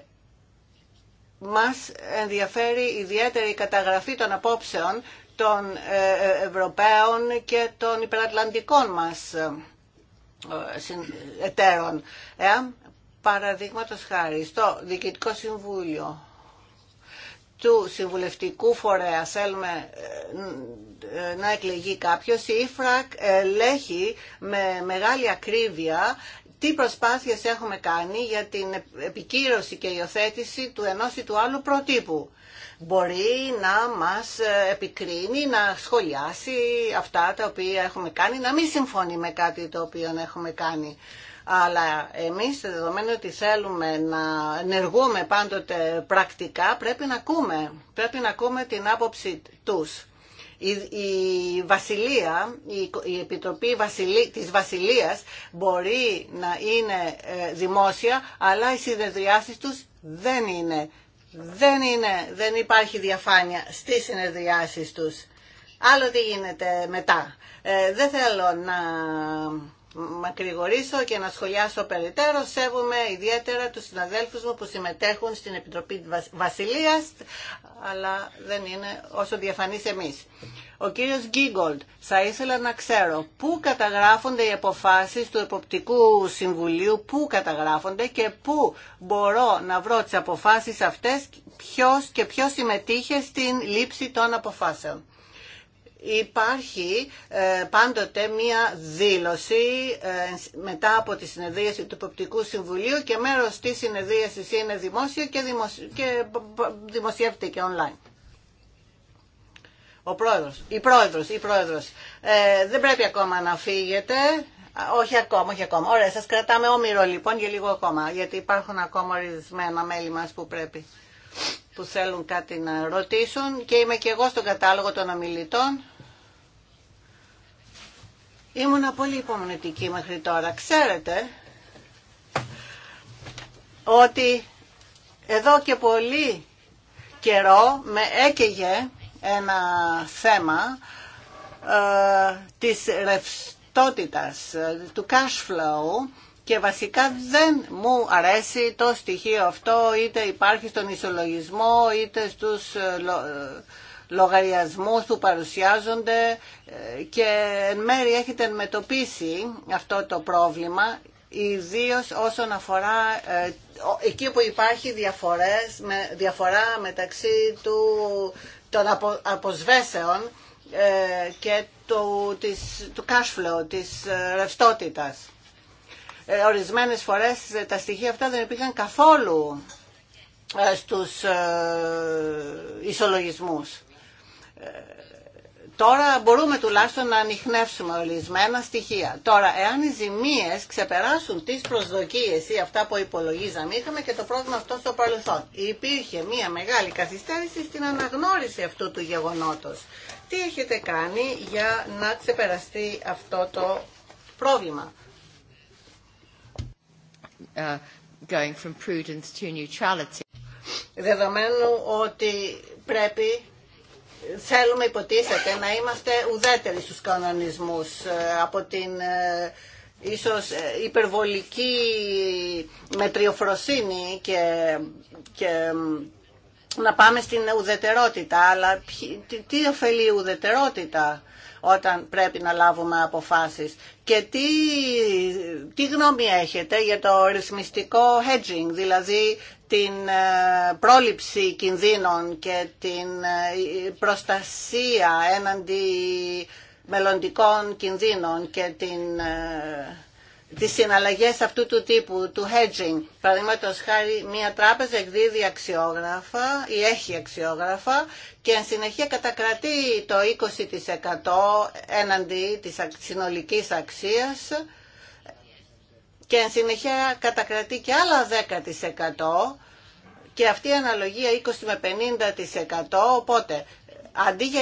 μας ενδιαφέρει ιδιαίτερη η καταγραφή των απόψεων των ε, ε, Ευρωπαίων και των υπερατλαντικών μας εταίρων. Ε, παραδείγματος χάρη στο Διοικητικό Συμβούλιο του συμβουλευτικού φορέα θέλουμε ε, ε, να εκλεγεί κάποιος, η ΙΦΡΑΚ ε, ελέγχει με μεγάλη ακρίβεια τι προσπάθειες έχουμε κάνει για την επικύρωση και υιοθέτηση του ενός ή του άλλου προτύπου. Μπορεί να μας επικρίνει, να σχολιάσει αυτά τα οποία έχουμε κάνει, να μην συμφωνεί με κάτι το οποίο έχουμε κάνει. Αλλά εμείς, δεδομένου ότι θέλουμε να ενεργούμε πάντοτε πρακτικά, πρέπει να ακούμε, πρέπει να ακούμε την άποψη τους. Η, η Βασιλεία, η, Επιτροπή τη της Βασιλείας μπορεί να είναι ε, δημόσια, αλλά οι συνεδριάσεις τους δεν είναι. Δεν είναι, δεν υπάρχει διαφάνεια στις συνεδριάσεις τους. Άλλο τι γίνεται μετά. Ε, δεν θέλω να μακρηγορήσω και να σχολιάσω περιττέρω. Σέβομαι ιδιαίτερα τους συναδέλφους μου που συμμετέχουν στην Επιτροπή Βασιλείας, αλλά δεν είναι όσο διαφανής εμείς. Ο κύριος Γκίγκολτ, θα ήθελα να ξέρω πού καταγράφονται οι αποφάσεις του Εποπτικού Συμβουλίου, πού καταγράφονται και πού μπορώ να βρω τις αποφάσεις αυτές, ποιος και ποιος συμμετείχε στην λήψη των αποφάσεων υπάρχει ε, πάντοτε μία δήλωση ε, μετά από τη συνεδρίαση του Ποπτικού Συμβουλίου και μέρος της συνεδρίασης είναι δημόσιο και, δημοσι... και δημοσιεύεται και online. Ο πρόεδρος, η πρόεδρος, η πρόεδρος. Ε, δεν πρέπει ακόμα να φύγετε. Όχι ακόμα, όχι ακόμα. Ωραία, σας κρατάμε όμοιρο λοιπόν για λίγο ακόμα, γιατί υπάρχουν ακόμα ορισμένα μέλη μας που πρέπει που θέλουν κάτι να ρωτήσουν και είμαι και εγώ στον κατάλογο των ομιλητών. Ήμουν πολύ υπομονετική μέχρι τώρα. Ξέρετε ότι εδώ και πολύ καιρό με έκαιγε ένα θέμα ε, της ρευστότητας, ε, του cash flow και βασικά δεν μου αρέσει το στοιχείο αυτό είτε υπάρχει στον ισολογισμό είτε στους ε, ε, λογαριασμούς που παρουσιάζονται ε, και εν μέρει έχετε εντοπίσει αυτό το πρόβλημα ιδίω όσον αφορά εκεί που υπάρχει διαφορές, διαφορά μεταξύ του, των αποσβέσεων και του, της, του cash flow, της ρευστότητας. Ε, ορισμένες φορές τα στοιχεία αυτά δεν υπήρχαν καθόλου ε, στους ε, ισολογισμούς. Τώρα μπορούμε τουλάχιστον να ανοιχνεύσουμε ορισμένα στοιχεία. Τώρα, εάν οι ζημίες ξεπεράσουν τις προσδοκίες ή αυτά που υπολογίζαμε, είχαμε και το πρόβλημα αυτό στο παρελθόν. Υπήρχε μια μεγάλη καθυστέρηση στην αναγνώριση αυτού του γεγονότος. Τι έχετε κάνει για να ξεπεραστεί αυτό το πρόβλημα. Uh, going from Δεδομένου ότι πρέπει θέλουμε υποτίθεται να είμαστε ουδέτεροι στους κανονισμούς ε, από την ε, ίσως ε, υπερβολική μετριοφροσύνη και, και να πάμε στην ουδετερότητα. Αλλά τι, τι ωφελεί η ουδετερότητα όταν πρέπει να λάβουμε αποφάσεις. Και τι, τι γνώμη έχετε για το ρυθμιστικό hedging, δηλαδή την ε, πρόληψη κινδύνων και την ε, προστασία έναντι μελλοντικών κινδύνων και την ε, τι συναλλαγέ αυτού του τύπου, του hedging. Παραδείγματο χάρη μια τράπεζα εκδίδει αξιόγραφα ή έχει αξιόγραφα και εν συνεχεία κατακρατεί το 20% έναντι της συνολικής αξίας και εν συνεχεία κατακρατεί και άλλα 10% και αυτή η αναλογία 20 με 50% οπότε αντί για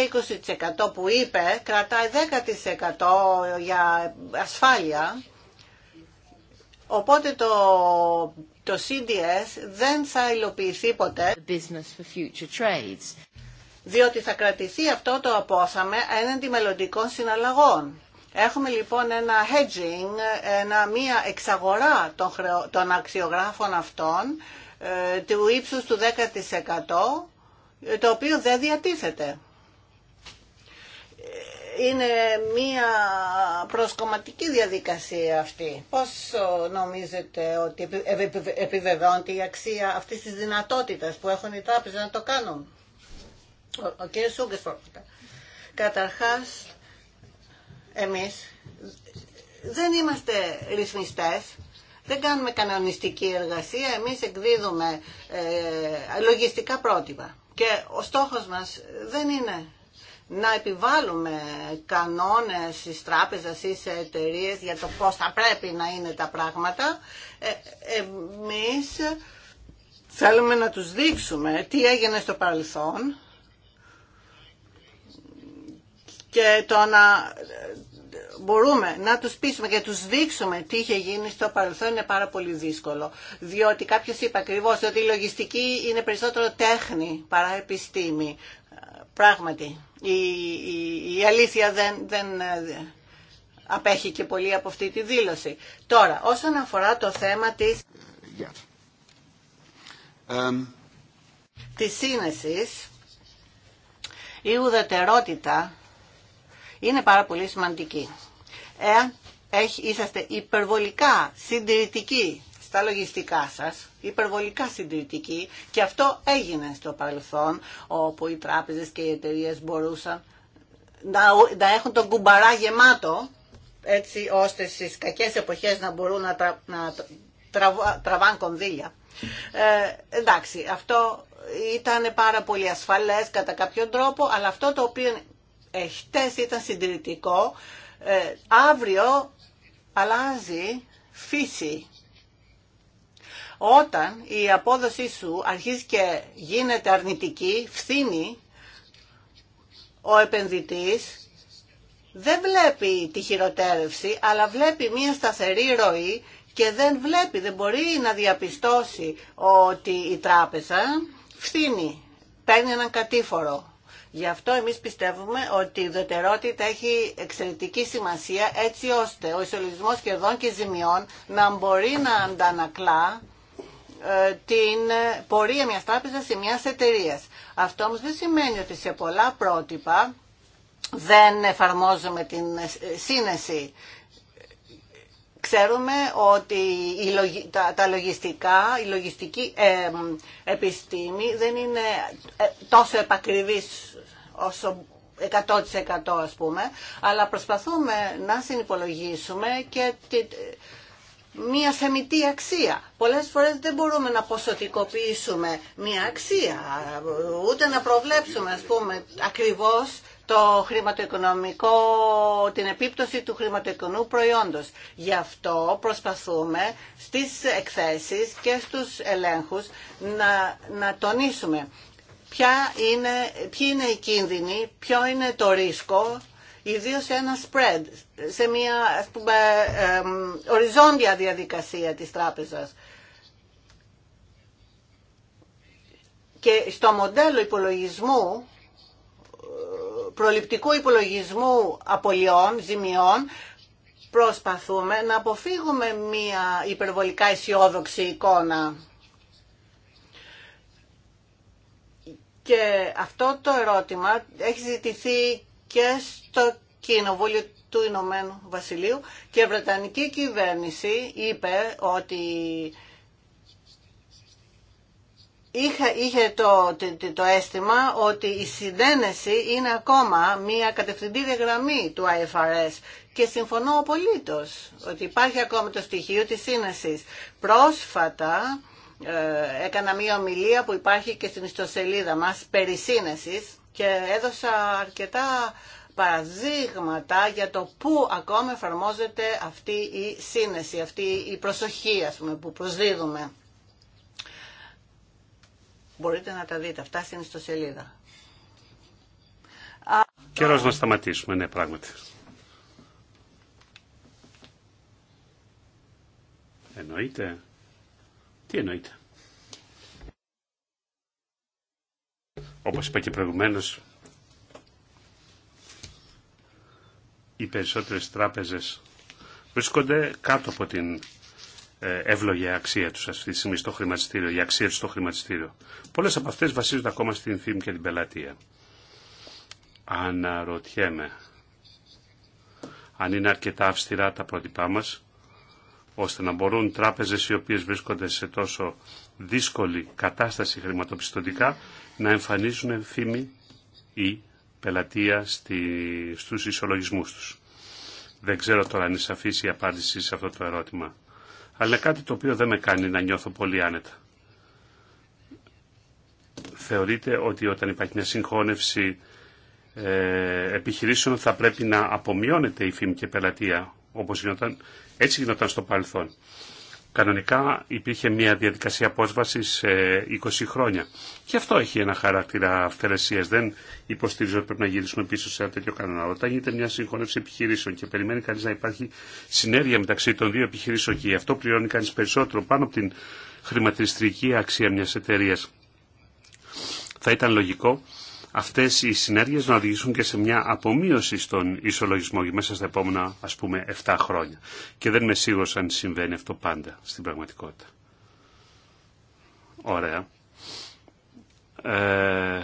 20% που είπε κρατάει 10% για ασφάλεια Οπότε το, το CDS δεν θα υλοποιηθεί ποτέ, διότι θα κρατηθεί αυτό το απόθαμε έναντι μελλοντικών συναλλαγών. Έχουμε λοιπόν ένα hedging, ένα, μία εξαγορά των, των αξιογράφων αυτών ε, του ύψους του 10% ε, το οποίο δεν διατίθεται είναι μία προσκομματική διαδικασία αυτή. Πώς νομίζετε ότι επιβεβαιώνεται η αξία αυτής της δυνατότητας που έχουν οι τράπεζες να το κάνουν. Ο, ο κ. Σούγκες πρόκειται. Καταρχάς, εμείς δεν είμαστε ρυθμιστές, δεν κάνουμε κανονιστική εργασία, εμείς εκδίδουμε ε, λογιστικά πρότυπα. Και ο στόχος μας δεν είναι να επιβάλλουμε κανόνες στις τράπεζες ή σε εταιρείε για το πώς θα πρέπει να είναι τα πράγματα. Ε, εμείς θέλουμε να τους δείξουμε τι έγινε στο παρελθόν και το να μπορούμε να τους πείσουμε και τους δείξουμε τι είχε γίνει στο παρελθόν είναι πάρα πολύ δύσκολο. Διότι κάποιος είπε ακριβώ ότι η λογιστική είναι περισσότερο τέχνη παρά επιστήμη. Πράγματι, η, αλήθεια δεν, δεν ε, απέχει και πολύ από αυτή τη δήλωση. Τώρα, όσον αφορά το θέμα της, yeah. um... της σύνεσης, η ουδετερότητα είναι πάρα πολύ σημαντική. Εάν είσαστε υπερβολικά συντηρητικοί στα λογιστικά σας, υπερβολικά συντηρητική και αυτό έγινε στο παρελθόν όπου οι τράπεζες και οι εταιρείε μπορούσαν να, να έχουν τον κουμπαρά γεμάτο έτσι ώστε στις κακές εποχές να μπορούν να, να τραβάν κονδύλια. Ε, εντάξει, αυτό ήταν πάρα πολύ ασφαλές κατά κάποιον τρόπο, αλλά αυτό το οποίο εχθές ήταν συντηρητικό, ε, αύριο αλλάζει φύση όταν η απόδοσή σου αρχίζει και γίνεται αρνητική, φθήνει, ο επενδυτής δεν βλέπει τη χειροτέρευση, αλλά βλέπει μια σταθερή ροή και δεν βλέπει, δεν μπορεί να διαπιστώσει ότι η τράπεζα φθήνει, παίρνει έναν κατήφορο. Γι' αυτό εμείς πιστεύουμε ότι η δοτερότητα έχει εξαιρετική σημασία έτσι ώστε ο ισολογισμός κερδών και ζημιών να μπορεί να αντανακλά ε, την πορεία μιας τράπεζας ή μιας εταιρείας. Αυτό όμως δεν σημαίνει ότι σε πολλά πρότυπα δεν εφαρμόζουμε την σύνεση. Ξέρουμε ότι τα, λογιστικά, η λογιστική ε, επιστήμη δεν είναι ε, τόσο επακριβής όσο 100% ας πούμε, αλλά προσπαθούμε να συνυπολογίσουμε και μία θεμητή αξία. Πολλές φορές δεν μπορούμε να ποσοτικοποιήσουμε μία αξία, ούτε να προβλέψουμε, ας πούμε, ακριβώς το χρηματοοικονομικό, την επίπτωση του χρηματοοικονού προϊόντος. Γι' αυτό προσπαθούμε στις εκθέσεις και στους ελέγχους να, να τονίσουμε ποια είναι, ποιοι είναι οι κίνδυνοι, ποιο είναι το ρίσκο ιδίως σε ένα spread, σε μια ας πούμε, οριζόντια διαδικασία της τράπεζας. Και στο μοντέλο υπολογισμού, προληπτικού υπολογισμού απολειών, ζημιών, προσπαθούμε να αποφύγουμε μια υπερβολικά αισιόδοξη εικόνα. Και αυτό το ερώτημα έχει ζητηθεί και στο Κοινοβούλιο του Ηνωμένου Βασιλείου και η Βρετανική κυβέρνηση είπε ότι είχε είχε το, το, το αίσθημα ότι η συνένεση είναι ακόμα μια κατευθυντήρια γραμμή του IFRS και συμφωνώ απολύτως ότι υπάρχει ακόμα το στοιχείο της σύνεσης. Πρόσφατα ε, έκανα μια ομιλία που υπάρχει και στην ιστοσελίδα μας περί σύνεσης και έδωσα αρκετά παραδείγματα για το πού ακόμα εφαρμόζεται αυτή η σύνεση, αυτή η προσοχή ας πούμε, που προσδίδουμε. Μπορείτε να τα δείτε αυτά στην ιστοσελίδα. Καιρός να σταματήσουμε, ναι πράγματι. Εννοείται. Τι εννοείται. Όπως είπα και προηγουμένως, οι περισσότερες τράπεζες βρίσκονται κάτω από την ε, εύλογη αξία τους αυτή στο χρηματιστήριο, η αξία τους στο χρηματιστήριο. Πολλές από αυτές βασίζονται ακόμα στην θύμη και την πελατεία. Αναρωτιέμαι αν είναι αρκετά αυστηρά τα πρότυπά μας, ώστε να μπορούν τράπεζες οι οποίες βρίσκονται σε τόσο δύσκολη κατάσταση χρηματοπιστωτικά να εμφανίζουν φήμη ή πελατεία στη, στους ισολογισμούς τους. Δεν ξέρω τώρα αν είναι η απάντηση σε αυτό το ερώτημα. Αλλά κάτι το οποίο δεν με κάνει να νιώθω πολύ άνετα. Θεωρείτε ότι όταν υπάρχει μια συγχώνευση ε, επιχειρήσεων θα πρέπει να απομειώνεται η φήμη και πελατεία, όπως γινόταν, έτσι γινόταν στο παρελθόν. Κανονικά υπήρχε μια διαδικασία απόσβαση σε 20 χρόνια. Και αυτό έχει ένα χαρακτήρα αυτερεσία. Δεν υποστηρίζω ότι πρέπει να γυρίσουμε πίσω σε ένα τέτοιο κανόνα. Όταν γίνεται μια συγχώνευση επιχειρήσεων και περιμένει κανεί να υπάρχει συνέργεια μεταξύ των δύο επιχειρήσεων και αυτό πληρώνει κανεί περισσότερο πάνω από την χρηματιστική αξία μια εταιρεία. Θα ήταν λογικό αυτές οι συνέργειες να οδηγήσουν και σε μια απομείωση στον ισολογισμό μέσα στα επόμενα ας πούμε 7 χρόνια. Και δεν είμαι σίγουρος αν συμβαίνει αυτό πάντα στην πραγματικότητα. Ωραία. Ε,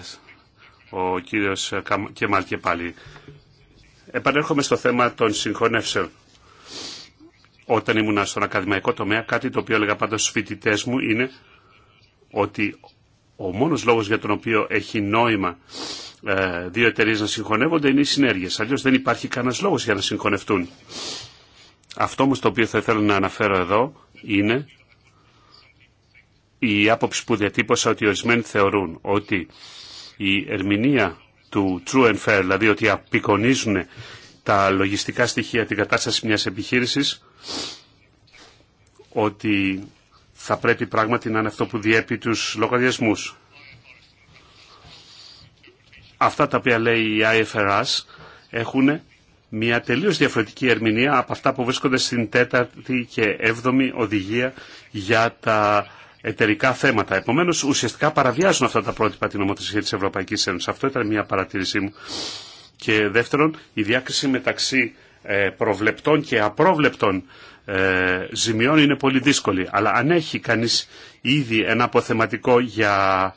ο κύριος Κεμάλ και πάλι. Επανέρχομαι στο θέμα των συγχωνεύσεων. Όταν ήμουν στον ακαδημαϊκό τομέα, κάτι το οποίο έλεγα πάντα στους φοιτητέ μου είναι ότι ο μόνος λόγος για τον οποίο έχει νόημα ε, δύο εταιρείε να συγχωνεύονται είναι οι συνέργειες. Αλλιώς δεν υπάρχει κανένας λόγος για να συγχωνευτούν. Αυτό όμως το οποίο θα ήθελα να αναφέρω εδώ είναι η άποψη που διατύπωσα ότι ορισμένοι θεωρούν ότι η ερμηνεία του true and fair, δηλαδή ότι απεικονίζουν τα λογιστικά στοιχεία την κατάσταση μιας επιχείρησης, ότι θα πρέπει πράγματι να είναι αυτό που διέπει τους λογαριασμούς. Αυτά τα οποία λέει η IFRS έχουν μια τελείως διαφορετική ερμηνεία από αυτά που βρίσκονται στην τέταρτη και έβδομη οδηγία για τα εταιρικά θέματα. Επομένως, ουσιαστικά παραβιάζουν αυτά τα πρότυπα την νομοθεσία της Ευρωπαϊκής Ένωσης. Αυτό ήταν μια παρατήρησή μου. Και δεύτερον, η διάκριση μεταξύ ε, προβλεπτών και απρόβλεπτων ε, ζημιών είναι πολύ δύσκολη. Αλλά αν έχει κανείς ήδη ένα αποθεματικό για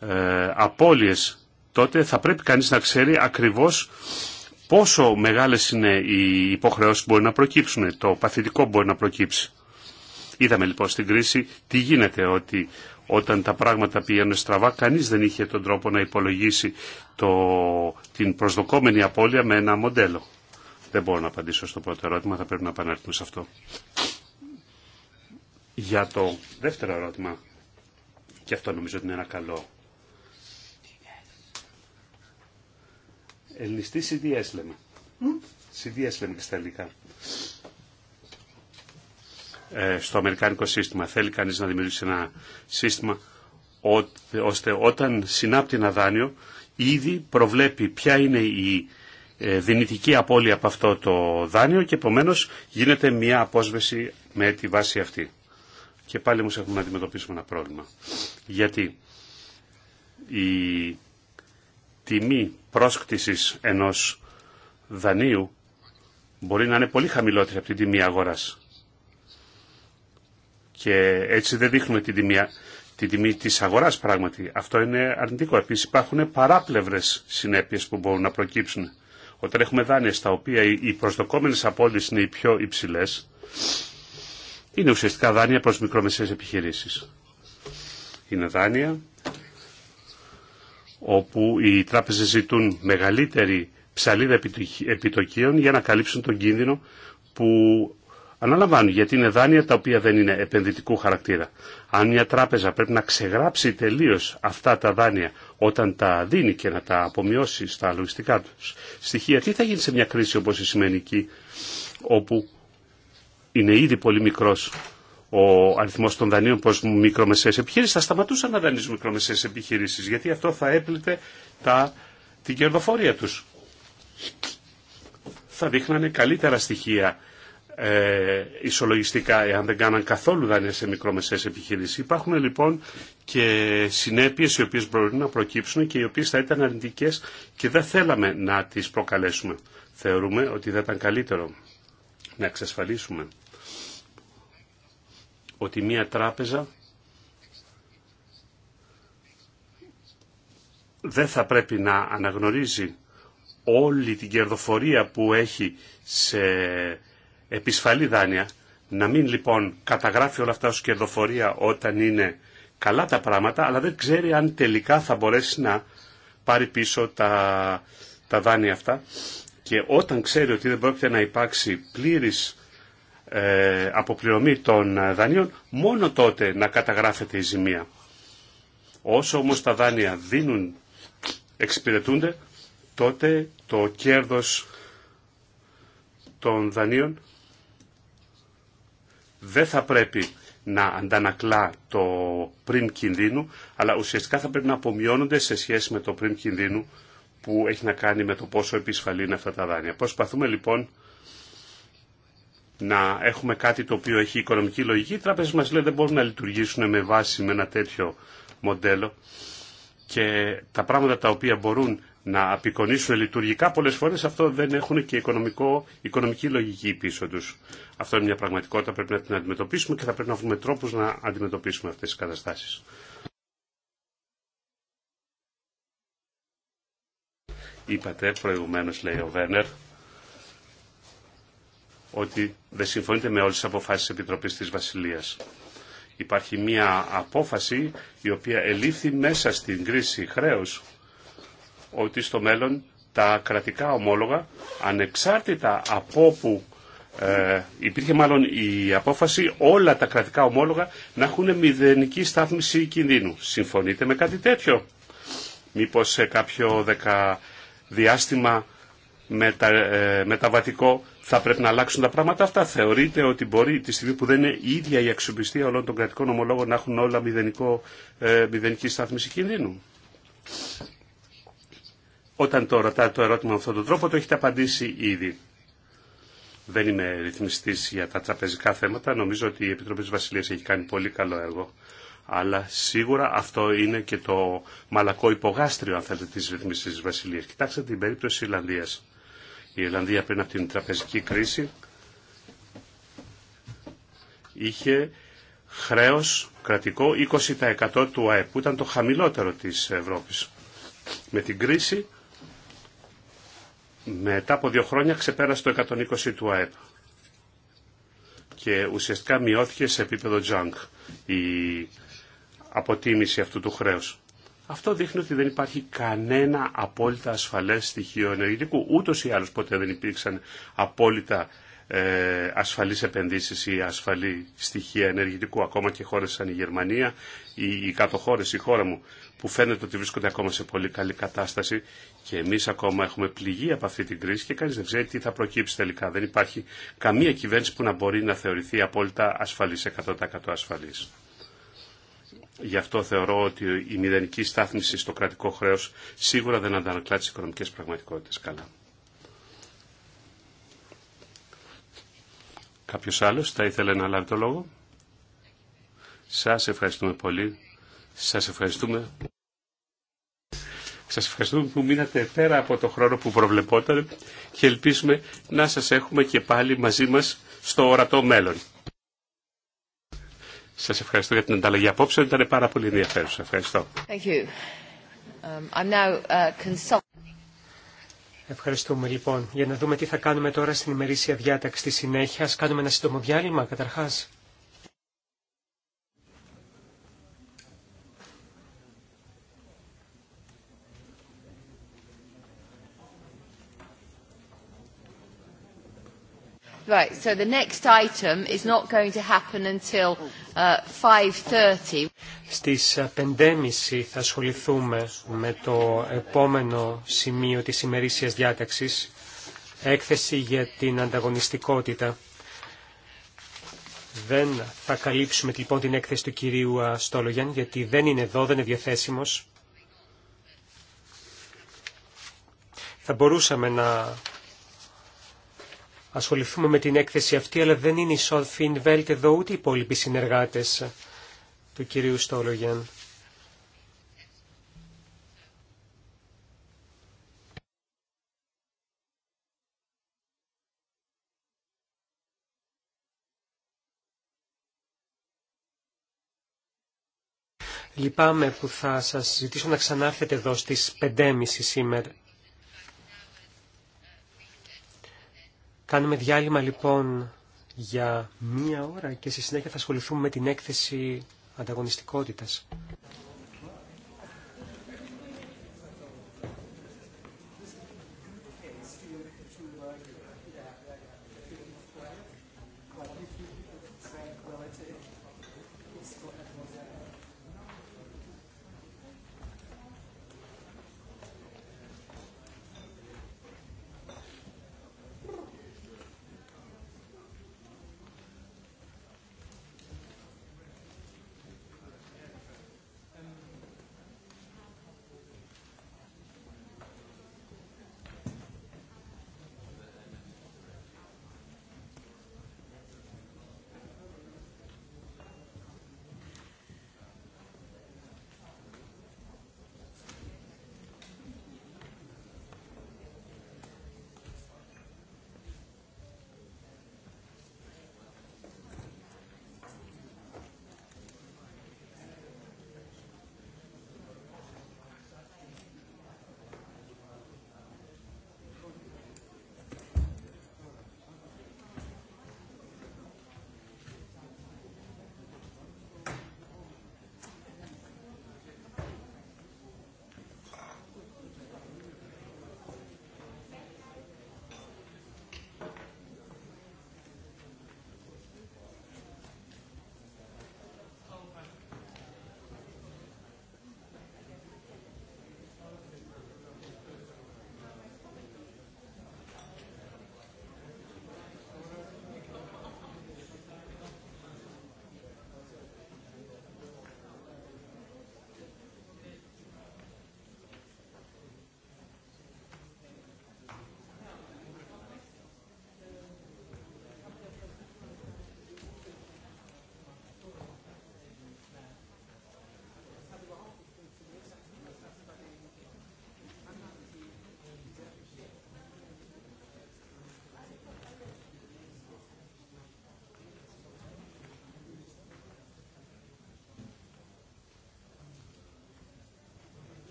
ε, απώλειες, τότε θα πρέπει κανείς να ξέρει ακριβώς πόσο μεγάλες είναι οι υποχρεώσεις που μπορεί να προκύψουν, το παθητικό που μπορεί να προκύψει. Είδαμε λοιπόν στην κρίση τι γίνεται, ότι όταν τα πράγματα πήγαιναν στραβά, κανείς δεν είχε τον τρόπο να υπολογίσει το, την προσδοκόμενη απώλεια με ένα μοντέλο. Δεν μπορώ να απαντήσω στο πρώτο ερώτημα, θα πρέπει να επανέλθουμε σε αυτό. Για το δεύτερο ερώτημα, και αυτό νομίζω ότι είναι ένα καλό. Ελληνιστή CDS λέμε. CDS λέμε και στα ελληνικά. Ε, στο αμερικάνικο σύστημα. Θέλει κανείς να δημιουργήσει ένα σύστημα ώστε όταν συνάπτει ένα δάνειο ήδη προβλέπει ποια είναι η ε, δυνητική απώλεια από αυτό το δάνειο και επομένως γίνεται μια απόσβεση με τη βάση αυτή. Και πάλι όμως έχουμε να αντιμετωπίσουμε ένα πρόβλημα. Γιατί η τιμή πρόσκτησης ενός δανείου μπορεί να είναι πολύ χαμηλότερη από την τιμή αγοράς. Και έτσι δεν δείχνουμε την τιμή, την τιμή της αγοράς πράγματι. Αυτό είναι αρνητικό. Επίσης υπάρχουν παράπλευρες συνέπειες που μπορούν να προκύψουν όταν έχουμε δάνεια στα οποία οι προσδοκόμενες απόλυσεις είναι οι πιο υψηλές, είναι ουσιαστικά δάνεια προς μικρομεσαίες επιχειρήσεις. Είναι δάνεια όπου οι τράπεζες ζητούν μεγαλύτερη ψαλίδα επιτοκίων για να καλύψουν τον κίνδυνο που αναλαμβάνουν, γιατί είναι δάνεια τα οποία δεν είναι επενδυτικού χαρακτήρα. Αν μια τράπεζα πρέπει να ξεγράψει τελείως αυτά τα δάνεια όταν τα δίνει και να τα απομειώσει στα λογιστικά του. στοιχεία, τι θα γίνει σε μια κρίση όπως η σημερινή, όπου είναι ήδη πολύ μικρός ο αριθμό των δανείων προ μικρομεσαίε επιχειρήσει, θα σταματούσαν να δανείζουν μικρομεσαίε επιχειρήσει, γιατί αυτό θα έπλητε τα, την κερδοφορία του. Θα δείχνανε καλύτερα στοιχεία ε, ισολογιστικά εάν δεν κάναν καθόλου δάνεια σε μικρομεσαίες επιχειρήσεις. Υπάρχουν λοιπόν και συνέπειες οι οποίες μπορούν να προκύψουν και οι οποίες θα ήταν αρνητικές και δεν θέλαμε να τις προκαλέσουμε. Θεωρούμε ότι δεν ήταν καλύτερο να εξασφαλίσουμε ότι μία τράπεζα δεν θα πρέπει να αναγνωρίζει όλη την κερδοφορία που έχει σε επισφαλή δάνεια. Να μην λοιπόν καταγράφει όλα αυτά ως κερδοφορία όταν είναι καλά τα πράγματα, αλλά δεν ξέρει αν τελικά θα μπορέσει να πάρει πίσω τα, τα δάνεια αυτά. Και όταν ξέρει ότι δεν πρόκειται να υπάρξει πλήρης ε, αποπληρωμή των ε, δανείων, μόνο τότε να καταγράφεται η ζημία. Όσο όμως τα δάνεια δίνουν, εξυπηρετούνται, τότε το κέρδος των δανείων δεν θα πρέπει να αντανακλά το πριν κινδύνου, αλλά ουσιαστικά θα πρέπει να απομειώνονται σε σχέση με το πριν κινδύνου που έχει να κάνει με το πόσο επισφαλή είναι αυτά τα δάνεια. Προσπαθούμε λοιπόν να έχουμε κάτι το οποίο έχει οικονομική λογική. Οι τράπεζες μας λένε δεν μπορούν να λειτουργήσουν με βάση με ένα τέτοιο μοντέλο και τα πράγματα τα οποία μπορούν να απεικονίσουν λειτουργικά, πολλές φορές αυτό δεν έχουν και οικονομικό, οικονομική λογική πίσω τους. Αυτό είναι μια πραγματικότητα, πρέπει να την αντιμετωπίσουμε και θα πρέπει να βρούμε τρόπους να αντιμετωπίσουμε αυτές τις καταστάσεις. Είπατε προηγουμένως, λέει ο Βένερ, ότι δεν συμφωνείτε με όλες τις αποφάσεις της Επιτροπής της Βασιλείας. Υπάρχει μια απόφαση η οποία ελήφθη μέσα στην κρίση χρέους ότι στο μέλλον τα κρατικά ομόλογα ανεξάρτητα από που ε, υπήρχε μάλλον η απόφαση όλα τα κρατικά ομόλογα να έχουν μηδενική στάθμιση κινδύνου. Συμφωνείτε με κάτι τέτοιο. Μήπως σε κάποιο δεκα διάστημα μετα, ε, μεταβατικό θα πρέπει να αλλάξουν τα πράγματα αυτά. Θεωρείτε ότι μπορεί τη στιγμή που δεν είναι η ίδια η αξιοπιστία όλων των κρατικών ομολόγων να έχουν όλα μηδενικό, ε, μηδενική στάθμιση κινδύνου. Όταν το ρωτάτε το ερώτημα με αυτόν τον τρόπο, το έχετε απαντήσει ήδη. Δεν είμαι ρυθμιστή για τα τραπεζικά θέματα. Νομίζω ότι η Επιτροπή της Βασιλείας έχει κάνει πολύ καλό έργο. Αλλά σίγουρα αυτό είναι και το μαλακό υπογάστριο, αν θέλετε, τη ρυθμιστής Βασιλείας. Κοιτάξτε την περίπτωση τη Ιρλανδία. Η Ιρλανδία πριν από την τραπεζική κρίση είχε χρέο κρατικό 20% του ΑΕΠ, που ήταν το χαμηλότερο τη Ευρώπη, Με την κρίση μετά από δύο χρόνια ξεπέρασε το 120 του ΑΕΠ και ουσιαστικά μειώθηκε σε επίπεδο junk η αποτίμηση αυτού του χρέους. Αυτό δείχνει ότι δεν υπάρχει κανένα απόλυτα ασφαλές στοιχείο ενεργητικού. Ούτως ή άλλως ποτέ δεν υπήρξαν απόλυτα ε, ασφαλείς επενδύσεις ή ασφαλή στοιχεία ενεργητικού. Ακόμα και χώρες σαν η Γερμανία ή οι κάτω χώρες, η χώρα μου, που φαίνεται ότι βρίσκονται ακόμα σε πολύ καλή κατάσταση και εμεί ακόμα έχουμε πληγεί από αυτή την κρίση και κανεί δεν ξέρει τι θα προκύψει τελικά. Δεν υπάρχει καμία κυβέρνηση που να μπορεί να θεωρηθεί απόλυτα ασφαλή, 100% ασφαλή. Γι' αυτό θεωρώ ότι η μηδενική στάθμιση στο κρατικό χρέο σίγουρα δεν αντανακλά τι οικονομικέ πραγματικότητε. καλά. Κάποιος άλλος θα ήθελε να λάβει το λόγο. Σας ευχαριστούμε πολύ. Σας ευχαριστούμε. Σας ευχαριστούμε που μείνατε πέρα από το χρόνο που προβλεπόταν και ελπίζουμε να σας έχουμε και πάλι μαζί μας στο ορατό μέλλον. Σας ευχαριστώ για την ανταλλαγή απόψε. Ήταν πάρα πολύ ενδιαφέρουσα. Ευχαριστώ. Thank you. Um, I'm now, uh, Ευχαριστούμε λοιπόν. Για να δούμε τι θα κάνουμε τώρα στην ημερήσια διάταξη στη συνέχεια. κάνουμε ένα σύντομο διάλειμμα καταρχάς. Right, so the next item is not going to happen until 5.30. Uh, Στις 5.30 uh, θα ασχοληθούμε με το επόμενο σημείο της ημερήσιας διάταξης, έκθεση για την ανταγωνιστικότητα. Δεν θα καλύψουμε λοιπόν την έκθεση του κυρίου Στόλογιαν, γιατί δεν είναι εδώ, δεν είναι διαθέσιμος. Θα μπορούσαμε να ασχοληθούμε με την έκθεση αυτή, αλλά δεν είναι η Σόρφιν Βέλτ εδώ ούτε οι υπόλοιποι συνεργάτες του κυρίου Στόλογεν. Λυπάμαι που θα σας ζητήσω να ξανάρθετε εδώ στις 5.30 σήμερα. Κάνουμε διάλειμμα λοιπόν για μία ώρα και στη συνέχεια θα ασχοληθούμε με την έκθεση ανταγωνιστικότητας.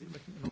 δεν βλέπω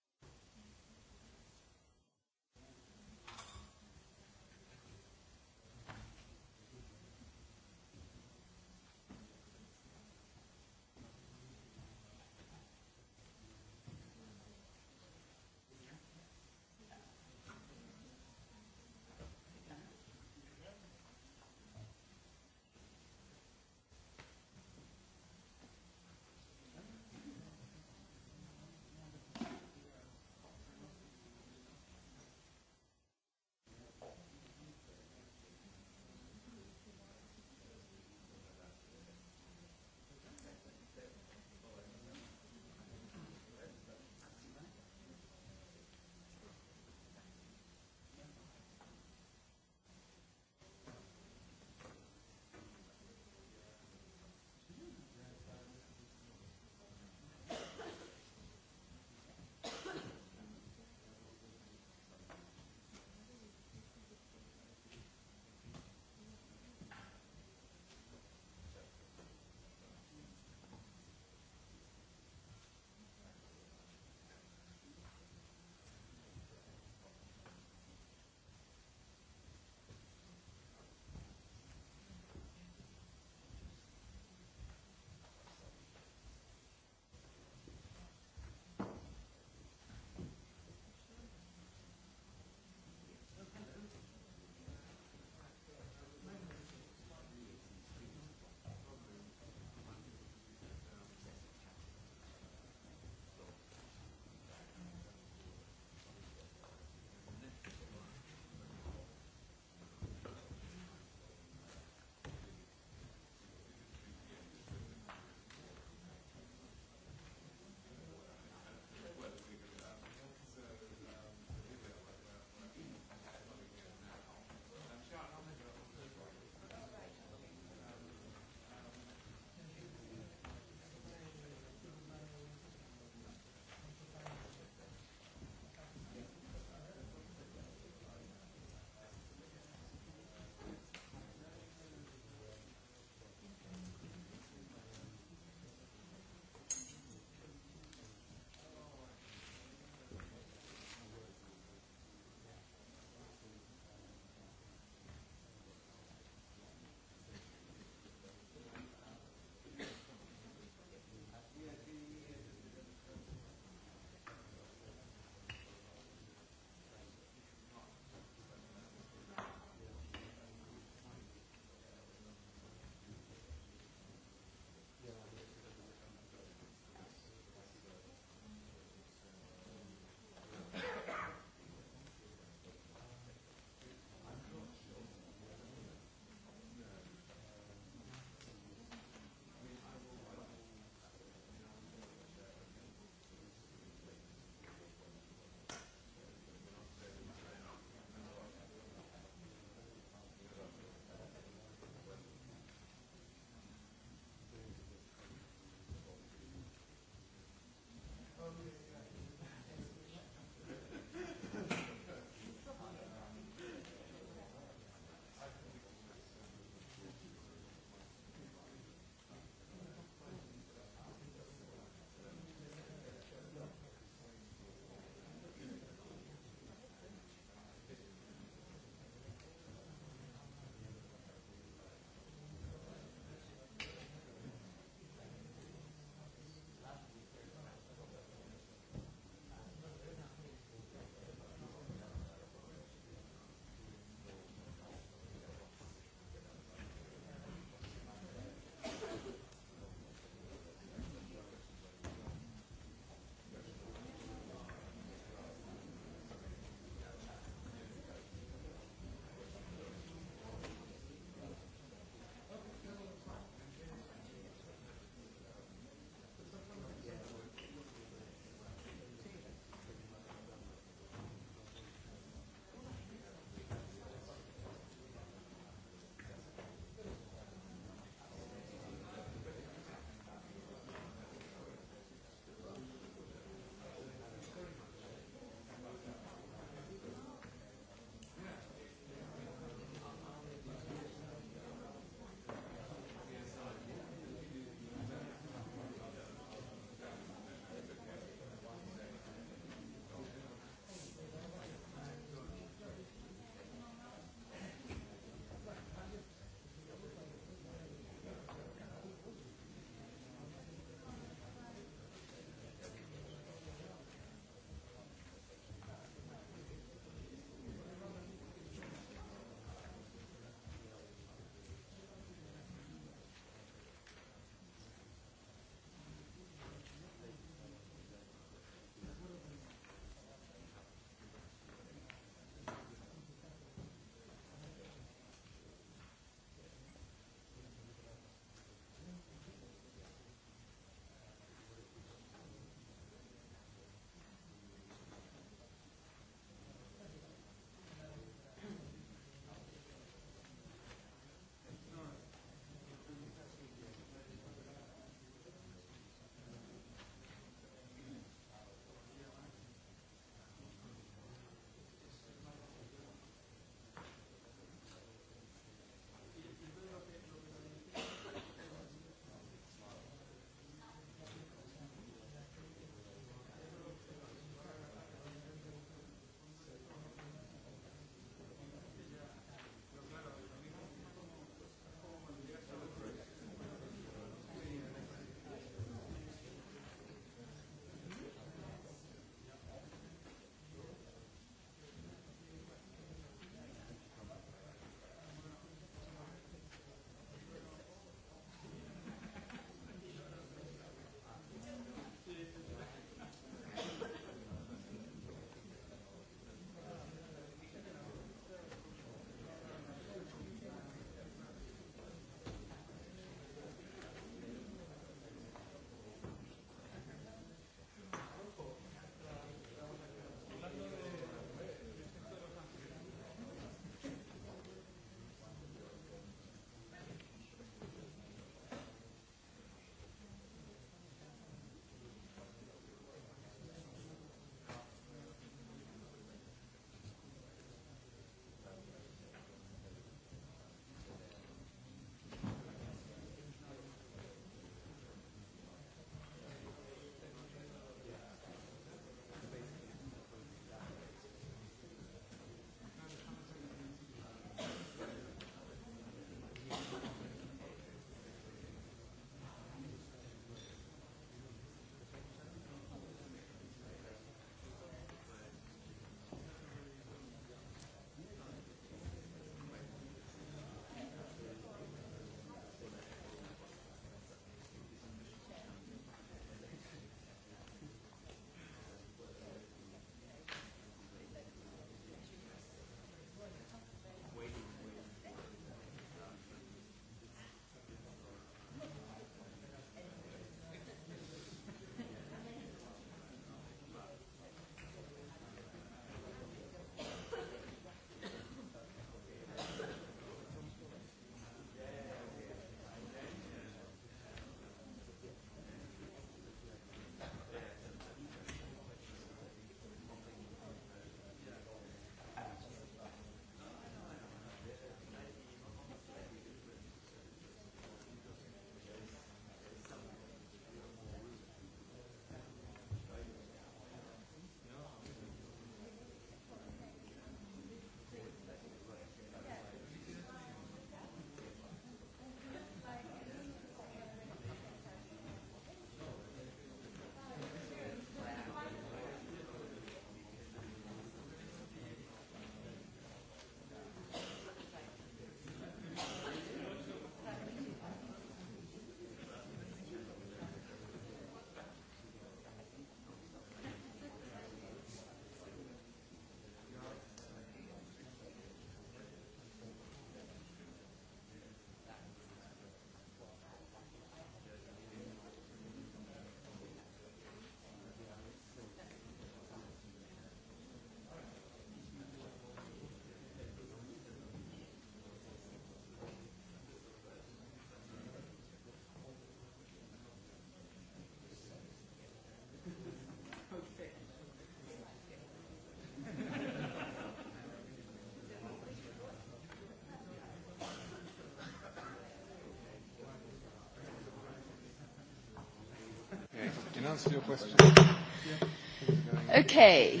Okay.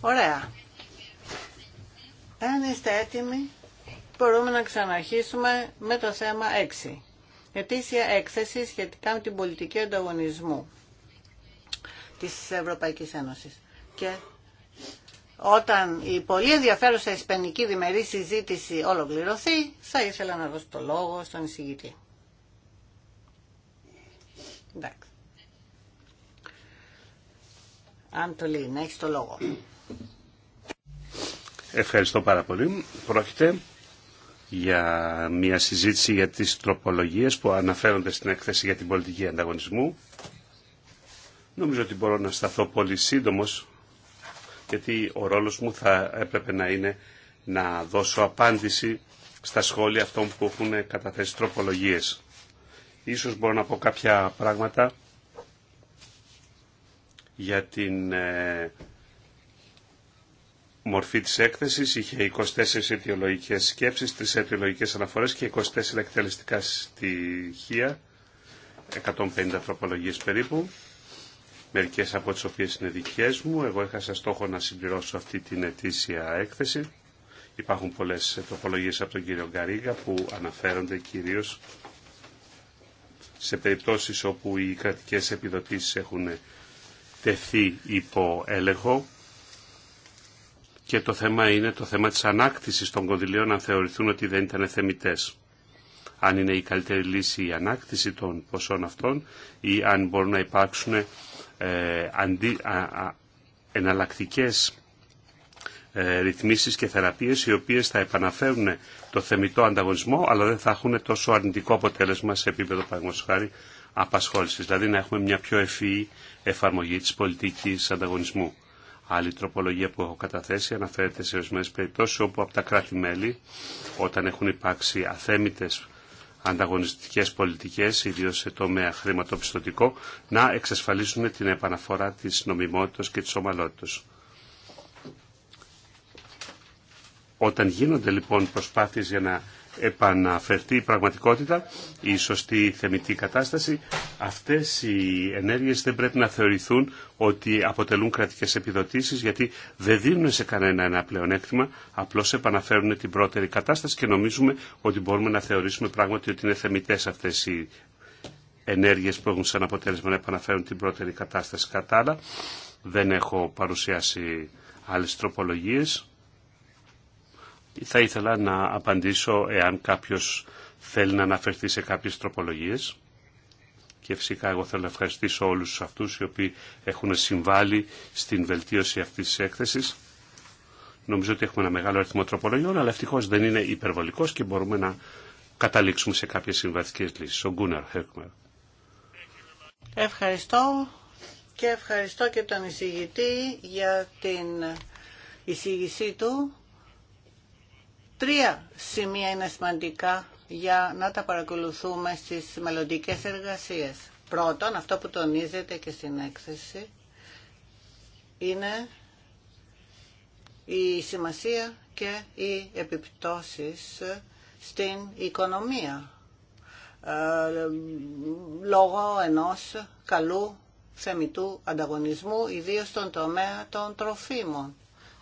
Ωραία. Αν είστε έτοιμοι, μπορούμε να ξαναρχίσουμε με το θέμα 6. Ετήσια έκθεση σχετικά με την πολιτική ανταγωνισμού της Ευρωπαϊκής Ένωσης. Και όταν η πολύ ενδιαφέρουσα ισπανική διμερή συζήτηση ολοκληρωθεί, θα ήθελα να δώσω το λόγο στον εισηγητή. Αντολή, να έχεις το λόγο. Ευχαριστώ πάρα πολύ. Πρόκειται για μια συζήτηση για τις τροπολογίες που αναφέρονται στην έκθεση για την πολιτική ανταγωνισμού. Νομίζω ότι μπορώ να σταθώ πολύ σύντομος, γιατί ο ρόλος μου θα έπρεπε να είναι να δώσω απάντηση στα σχόλια αυτών που έχουν καταθέσει τροπολογίες. Ίσως μπορώ να πω κάποια πράγματα για την ε, μορφή της έκθεσης. Είχε 24 αιτιολογικές σκέψεις, 3 αιτιολογικές αναφορές και 24 εκτελεστικά στοιχεία, 150 τροπολογίες περίπου, μερικές από τις οποίες είναι δικές μου. Εγώ είχα σαν στόχο να συμπληρώσω αυτή την ετήσια έκθεση. Υπάρχουν πολλές τροπολογίες από τον κύριο Γκαρίγα που αναφέρονται κυρίως σε περιπτώσεις όπου οι κρατικές επιδοτήσεις έχουν τεθεί υπό έλεγχο και το θέμα είναι το θέμα της ανάκτησης των κονδυλίων αν θεωρηθούν ότι δεν ήταν θεμητές. Αν είναι η καλύτερη λύση η ανάκτηση των ποσών αυτών ή αν μπορούν να υπάρξουν ε, αντι, εναλλακτικές ε, ρυθμίσεις και θεραπείες οι οποίες θα επαναφέρουν το θεμητό ανταγωνισμό αλλά δεν θα έχουν τόσο αρνητικό αποτέλεσμα σε επίπεδο χάρη απασχόλησης. Δηλαδή να έχουμε μια πιο ευφυή εφαρμογή της πολιτικής ανταγωνισμού. Άλλη τροπολογία που έχω καταθέσει αναφέρεται σε ορισμένε περιπτώσει όπου από τα κράτη-μέλη, όταν έχουν υπάρξει αθέμητε ανταγωνιστικέ πολιτικέ, ιδίω σε τομέα χρηματοπιστωτικό, να εξασφαλίσουν την επαναφορά τη νομιμότητα και τη ομαλότητα. Όταν γίνονται λοιπόν προσπάθειες για να επαναφερθεί η πραγματικότητα, η σωστή θεμητή κατάσταση, αυτές οι ενέργειες δεν πρέπει να θεωρηθούν ότι αποτελούν κρατικές επιδοτήσεις γιατί δεν δίνουν σε κανένα ένα πλεονέκτημα, απλώς επαναφέρουν την πρώτερη κατάσταση και νομίζουμε ότι μπορούμε να θεωρήσουμε πράγματι ότι είναι θεμητές αυτές οι ενέργειες που έχουν σαν αποτέλεσμα να επαναφέρουν την πρώτερη κατάσταση κατά Δεν έχω παρουσιάσει άλλες τροπολογίες θα ήθελα να απαντήσω εάν κάποιος θέλει να αναφερθεί σε κάποιες τροπολογίες και φυσικά εγώ θέλω να ευχαριστήσω όλους αυτούς οι οποίοι έχουν συμβάλει στην βελτίωση αυτής της έκθεσης. Νομίζω ότι έχουμε ένα μεγάλο αριθμό τροπολογιών, αλλά ευτυχώς δεν είναι υπερβολικός και μπορούμε να καταλήξουμε σε κάποιες συμβατικές λύσεις. Ο Γκούναρ Χέρκμερ. Ευχαριστώ και ευχαριστώ και τον εισηγητή για την εισηγησή του Τρία σημεία είναι σημαντικά για να τα παρακολουθούμε στις μελλοντικέ εργασίες. Πρώτον, αυτό που τονίζεται και στην έκθεση είναι η σημασία και οι επιπτώσεις στην οικονομία ε, λόγω ενός καλού θεμητού ανταγωνισμού, ιδίως στον τομέα των τροφίμων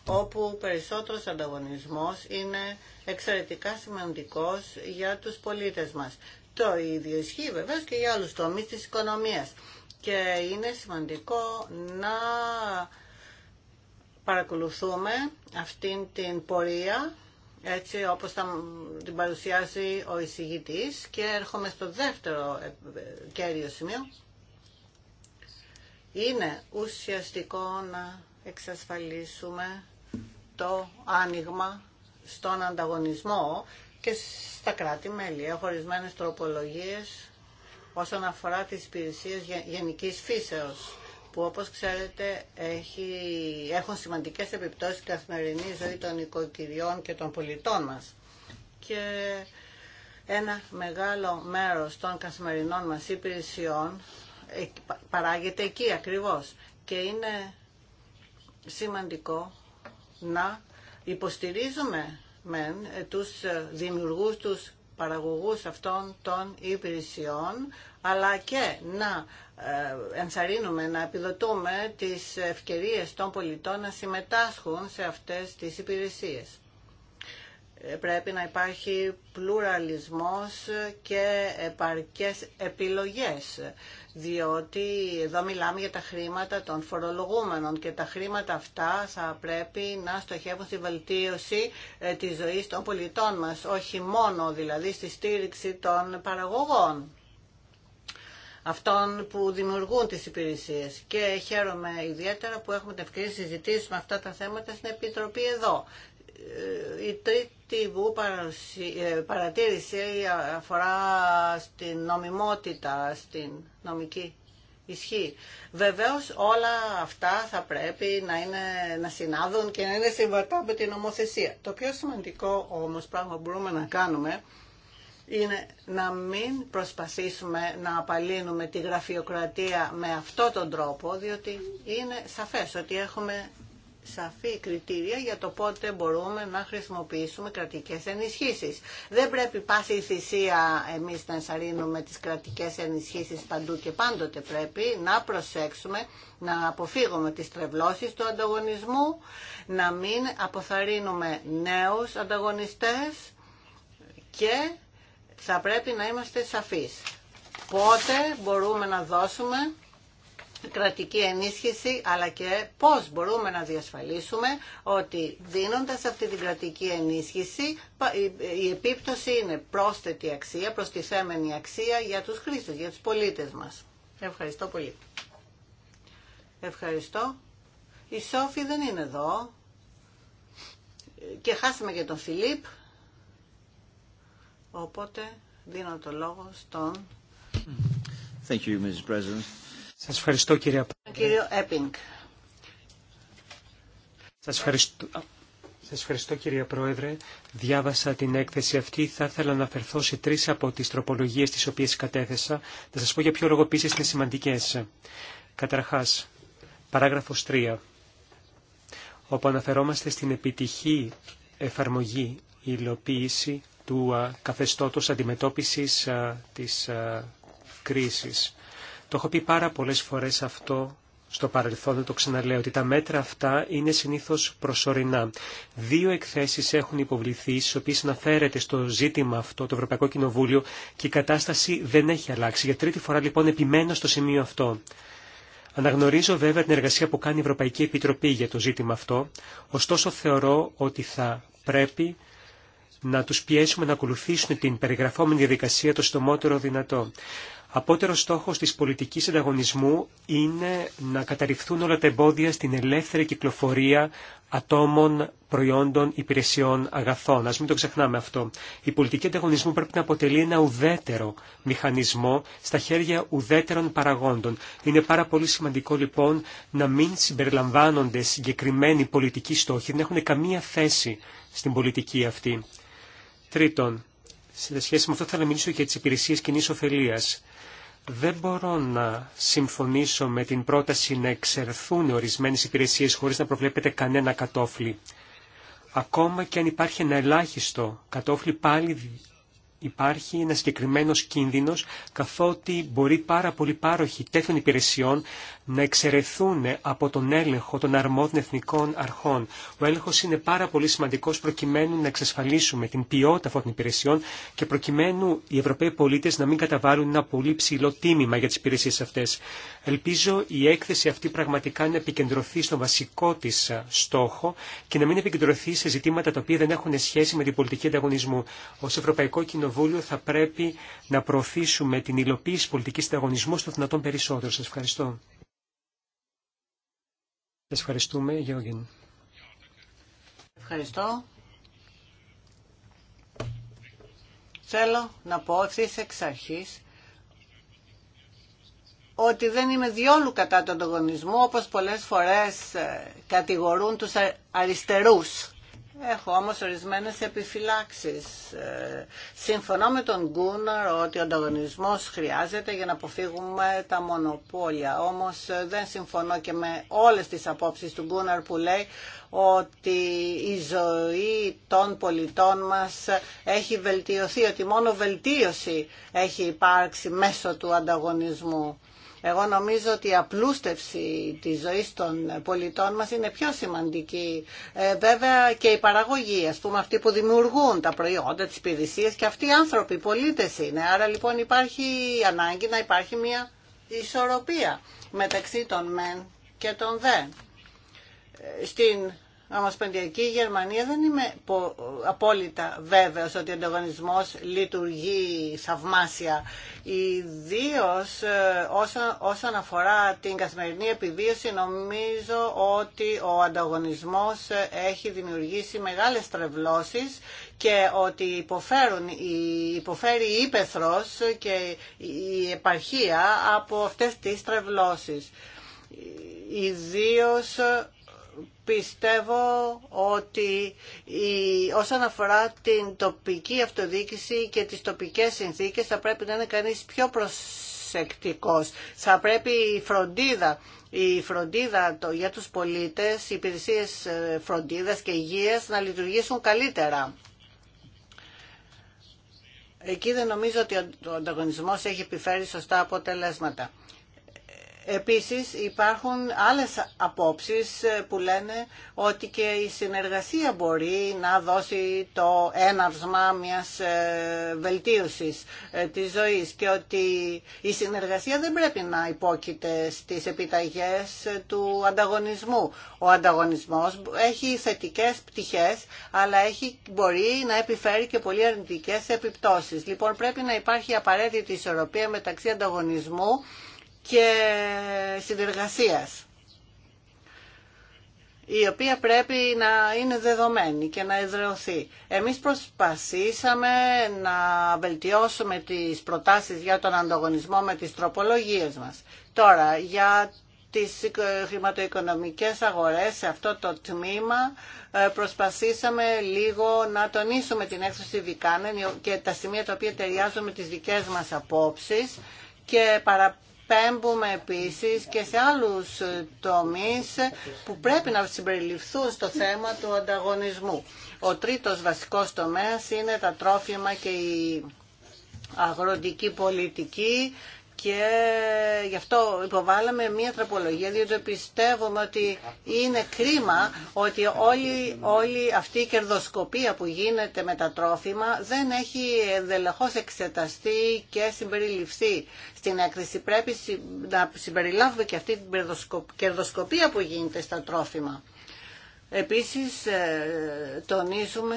όπου περισσότερος ανταγωνισμός είναι εξαιρετικά σημαντικός για τους πολίτες μας. Το ίδιο ισχύει βεβαίω και για άλλους τομείς της οικονομίας. Και είναι σημαντικό να παρακολουθούμε αυτήν την πορεία έτσι όπως θα την παρουσιάζει ο εισηγητής και έρχομαι στο δεύτερο ε, κέριο σημείο. Είναι ουσιαστικό να εξασφαλίσουμε το άνοιγμα στον ανταγωνισμό και στα κράτη-μέλη. Έχω ορισμένε τροπολογίες όσον αφορά τις υπηρεσίε γενικής φύσεως που όπως ξέρετε έχει, έχουν σημαντικές επιπτώσεις στην καθημερινή ζωή των οικοκυριών και των πολιτών μας. Και ένα μεγάλο μέρος των καθημερινών μας υπηρεσιών ε, παράγεται εκεί ακριβώς και είναι σημαντικό να υποστηρίζουμε ε, τους ε, δημιουργούς, τους παραγωγούς αυτών των υπηρεσιών, αλλά και να ε, ενσαρρύνουμε, να επιδοτούμε τις ευκαιρίες των πολιτών να συμμετάσχουν σε αυτές τις υπηρεσίες πρέπει να υπάρχει πλουραλισμός και επαρκές επιλογές διότι εδώ μιλάμε για τα χρήματα των φορολογούμενων και τα χρήματα αυτά θα πρέπει να στοχεύουν στη βελτίωση ε, της ζωής των πολιτών μας, όχι μόνο δηλαδή στη στήριξη των παραγωγών αυτών που δημιουργούν τις υπηρεσίες. Και χαίρομαι ιδιαίτερα που έχουμε την ευκαιρία να συζητήσουμε αυτά τα θέματα στην Επιτροπή εδώ η τρίτη που ε, παρατήρηση αφορά στην νομιμότητα, στην νομική ισχύ. Βεβαίως όλα αυτά θα πρέπει να, είναι, να συνάδουν και να είναι συμβατά με την νομοθεσία. Το πιο σημαντικό όμως πράγμα που μπορούμε να κάνουμε είναι να μην προσπαθήσουμε να απαλύνουμε τη γραφειοκρατία με αυτόν τον τρόπο, διότι είναι σαφές ότι έχουμε σαφή κριτήρια για το πότε μπορούμε να χρησιμοποιήσουμε κρατικές ενισχύσεις. Δεν πρέπει πάση θυσία εμείς να ενσαρρύνουμε τις κρατικές ενισχύσεις παντού και πάντοτε πρέπει να προσέξουμε να αποφύγουμε τις τρευλώσεις του ανταγωνισμού, να μην αποθαρρύνουμε νέους ανταγωνιστές και θα πρέπει να είμαστε σαφείς. Πότε μπορούμε να δώσουμε κρατική ενίσχυση, αλλά και πώς μπορούμε να διασφαλίσουμε ότι δίνοντας αυτή την κρατική ενίσχυση η επίπτωση είναι πρόσθετη αξία, προστιθέμενη αξία για τους χρήστες, για τους πολίτες μας. Ευχαριστώ πολύ. Ευχαριστώ. Η Σόφη δεν είναι εδώ. Και χάσαμε και τον Φιλίπ. Οπότε δίνω το λόγο στον... Thank you, Mrs. Σας ευχαριστώ κύριε Σας ευχαριστώ. Σας Πρόεδρε. Διάβασα την έκθεση αυτή. Θα ήθελα να αναφερθώ σε τρεις από τις τροπολογίες τις οποίες κατέθεσα. Θα σας πω για ποιο λόγο επίσης είναι σημαντικές. Καταρχάς, παράγραφος 3, όπου αναφερόμαστε στην επιτυχή εφαρμογή υλοποίηση του καθεστώτος αντιμετώπισης της κρίσης. Το έχω πει πάρα πολλές φορές αυτό στο παρελθόν, το ξαναλέω, ότι τα μέτρα αυτά είναι συνήθως προσωρινά. Δύο εκθέσεις έχουν υποβληθεί, στις οποίες αναφέρεται στο ζήτημα αυτό το Ευρωπαϊκό Κοινοβούλιο και η κατάσταση δεν έχει αλλάξει. Για τρίτη φορά λοιπόν επιμένω στο σημείο αυτό. Αναγνωρίζω βέβαια την εργασία που κάνει η Ευρωπαϊκή Επιτροπή για το ζήτημα αυτό, ωστόσο θεωρώ ότι θα πρέπει να τους πιέσουμε να ακολουθήσουν την περιγραφόμενη διαδικασία το στομότερο δυνατό. Απότερο στόχος της πολιτικής ανταγωνισμού είναι να καταρριφθούν όλα τα εμπόδια στην ελεύθερη κυκλοφορία ατόμων, προϊόντων, υπηρεσιών, αγαθών. Ας μην το ξεχνάμε αυτό. Η πολιτική ανταγωνισμού πρέπει να αποτελεί ένα ουδέτερο μηχανισμό στα χέρια ουδέτερων παραγόντων. Είναι πάρα πολύ σημαντικό λοιπόν να μην συμπεριλαμβάνονται συγκεκριμένοι πολιτικοί στόχοι, δεν έχουν καμία θέση στην πολιτική αυτή. Τρίτον, σε σχέση με αυτό θα μιλήσω για τις υπηρεσίες κοινή ωφελίας. Δεν μπορώ να συμφωνήσω με την πρόταση να εξερθούν ορισμένες υπηρεσίες χωρίς να προβλέπεται κανένα κατόφλι. Ακόμα και αν υπάρχει ένα ελάχιστο κατόφλι πάλι υπάρχει ένα συγκεκριμένο κίνδυνος καθότι μπορεί πάρα πολλοί πάροχοι τέτοιων υπηρεσιών να εξαιρεθούν από τον έλεγχο των αρμόδιων εθνικών αρχών. Ο έλεγχος είναι πάρα πολύ σημαντικός προκειμένου να εξασφαλίσουμε την ποιότητα αυτών των υπηρεσιών και προκειμένου οι Ευρωπαίοι πολίτες να μην καταβάλουν ένα πολύ ψηλό τίμημα για τις υπηρεσίες αυτές. Ελπίζω η έκθεση αυτή πραγματικά να επικεντρωθεί στο βασικό της στόχο και να μην επικεντρωθεί σε ζητήματα τα οποία δεν έχουν σχέση με την πολιτική ανταγωνισμού. Ως Ευρωπαϊκό Κοινοβούλιο Κοινοβούλιο θα πρέπει να προωθήσουμε την υλοποίηση πολιτική ανταγωνισμού στο δυνατόν περισσότερο. Σα ευχαριστώ. Σας ευχαριστούμε, Γιώργιν. Ευχαριστώ. Θέλω να πω ευθύ εξ αρχή ότι δεν είμαι διόλου κατά τον ανταγωνισμό όπως πολλές φορές ε, κατηγορούν τους αριστερούς Έχω όμως ορισμένες επιφυλάξεις. Ε, συμφωνώ με τον Γκούναρ ότι ο ανταγωνισμός χρειάζεται για να αποφύγουμε τα μονοπόλια. Όμως ε, δεν συμφωνώ και με όλες τις απόψεις του Γκούναρ που λέει ότι η ζωή των πολιτών μας έχει βελτιωθεί, ότι μόνο βελτίωση έχει υπάρξει μέσω του ανταγωνισμού. Εγώ νομίζω ότι η απλούστευση της ζωής των πολιτών μας είναι πιο σημαντική. Ε, βέβαια και η παραγωγή, ας πούμε αυτοί που δημιουργούν τα προϊόντα, τις υπηρεσίε και αυτοί οι άνθρωποι, οι πολίτες είναι. Άρα λοιπόν υπάρχει ανάγκη να υπάρχει μια ισορροπία μεταξύ των μεν και των δε. Ε, στην Ομοσπονδιακή Γερμανία δεν είμαι απόλυτα βέβαιος ότι ο ανταγωνισμός λειτουργεί θαυμάσια. Ιδίω ε, όσον, όσον αφορά την καθημερινή επιβίωση νομίζω ότι ο ανταγωνισμός έχει δημιουργήσει μεγάλες τρευλώσεις και ότι υποφέρουν, υποφέρει η ύπεθρος και η επαρχία από αυτές τις τρευλώσεις. Ιδίω πιστεύω ότι η, όσον αφορά την τοπική αυτοδιοίκηση και τις τοπικές συνθήκες θα πρέπει να είναι κανείς πιο προσεκτικός. Θα πρέπει η φροντίδα, η φροντίδα το, για τους πολίτες, οι υπηρεσίες ε, φροντίδας και υγείας να λειτουργήσουν καλύτερα. Εκεί δεν νομίζω ότι ο ανταγωνισμός έχει επιφέρει σωστά αποτελέσματα. Επίσης υπάρχουν άλλες απόψεις ε, που λένε ότι και η συνεργασία μπορεί να δώσει το έναυσμα μιας ε, βελτίωσης ε, της ζωής και ότι η συνεργασία δεν πρέπει να υπόκειται στις επιταγές του ανταγωνισμού. Ο ανταγωνισμός έχει θετικές πτυχές αλλά έχει, μπορεί να επιφέρει και πολύ αρνητικές επιπτώσεις. Λοιπόν πρέπει να υπάρχει απαραίτητη ισορροπία μεταξύ ανταγωνισμού και συνεργασίας η οποία πρέπει να είναι δεδομένη και να εδρεωθεί. Εμείς προσπαθήσαμε να βελτιώσουμε τις προτάσεις για τον ανταγωνισμό με τις τροπολογίες μας. Τώρα, για τις χρηματοοικονομικές αγορές σε αυτό το τμήμα ε, προσπαθήσαμε λίγο να τονίσουμε την έκθεση Βικάνεν και τα σημεία τα οποία ταιριάζουν με τις δικές μας απόψεις και παραπάνω Πέμπουμε επίσης και σε άλλους τομείς που πρέπει να συμπεριληφθούν στο θέμα του ανταγωνισμού. Ο τρίτος βασικός τομέας είναι τα τρόφιμα και η αγροτική πολιτική και γι' αυτό υποβάλαμε μία τραπολογία διότι πιστεύουμε ότι είναι κρίμα ότι όλη, όλη αυτή η κερδοσκοπία που γίνεται με τα τρόφιμα δεν έχει δελεχώς εξεταστεί και συμπεριληφθεί στην έκθεση. Πρέπει να συμπεριλάβουμε και αυτή την κερδοσκοπία που γίνεται στα τρόφιμα. Επίσης ε, τονίζουμε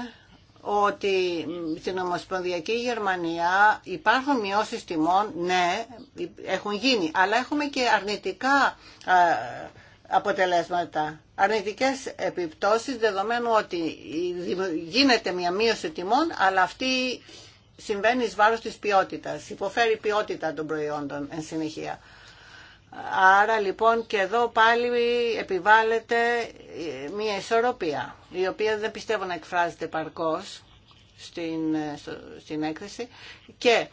ότι στην Ομοσπονδιακή Γερμανία υπάρχουν μειώσεις τιμών, ναι, έχουν γίνει, αλλά έχουμε και αρνητικά ε, αποτελέσματα, αρνητικές επιπτώσεις, δεδομένου ότι γίνεται μια μείωση τιμών, αλλά αυτή συμβαίνει εις βάρος της ποιότητας, υποφέρει ποιότητα των προϊόντων εν συνεχεία. Άρα λοιπόν και εδώ πάλι επιβάλλεται μια ισορροπία, η οποία δεν πιστεύω να εκφράζεται παρκώς στην, στην έκθεση και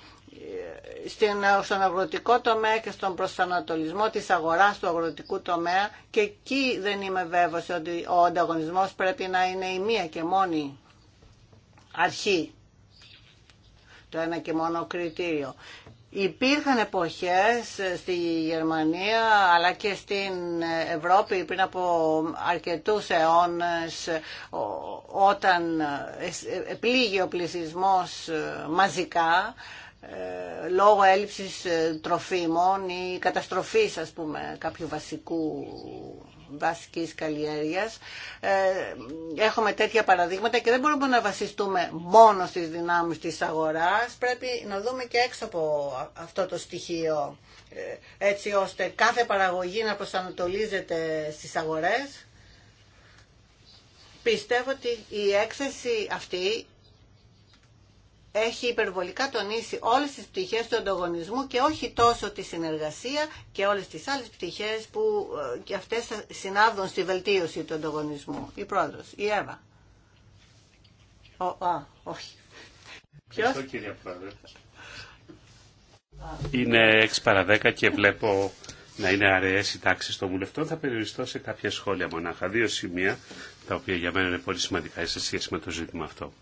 ε, στην, στον αγροτικό τομέα και στον προσανατολισμό της αγοράς του αγροτικού τομέα και εκεί δεν είμαι βέβαιος ότι ο ανταγωνισμός πρέπει να είναι η μία και μόνη αρχή το ένα και μόνο κριτήριο. Υπήρχαν εποχές στη Γερμανία αλλά και στην Ευρώπη πριν από αρκετούς αιώνες όταν ε, επλήγει ο πληθυσμό ε, μαζικά ε, λόγω έλλειψης τροφίμων ή καταστροφής ας πούμε κάποιου βασικού βασικής καλλιέργειας. Ε, έχουμε τέτοια παραδείγματα και δεν μπορούμε να βασιστούμε μόνο στις δυνάμεις της αγοράς. Πρέπει να δούμε και έξω από αυτό το στοιχείο ε, έτσι ώστε κάθε παραγωγή να προσανατολίζεται στις αγορές. Πιστεύω ότι η έκθεση αυτή έχει υπερβολικά τονίσει όλες τις πτυχές του ανταγωνισμού και όχι τόσο τη συνεργασία και όλες τις άλλες πτυχές που ε, και αυτές συνάδουν στη βελτίωση του ανταγωνισμού. Η πρόεδρος, η Εύα. Ο, α, όχι. Ποιος? Είναι 6 παρα 10 και βλέπω να είναι αραιές οι τάξεις των βουλευτών. Θα περιοριστώ σε κάποια σχόλια μονάχα. Δύο σημεία τα οποία για μένα είναι πολύ σημαντικά σε σχέση με το ζήτημα αυτό.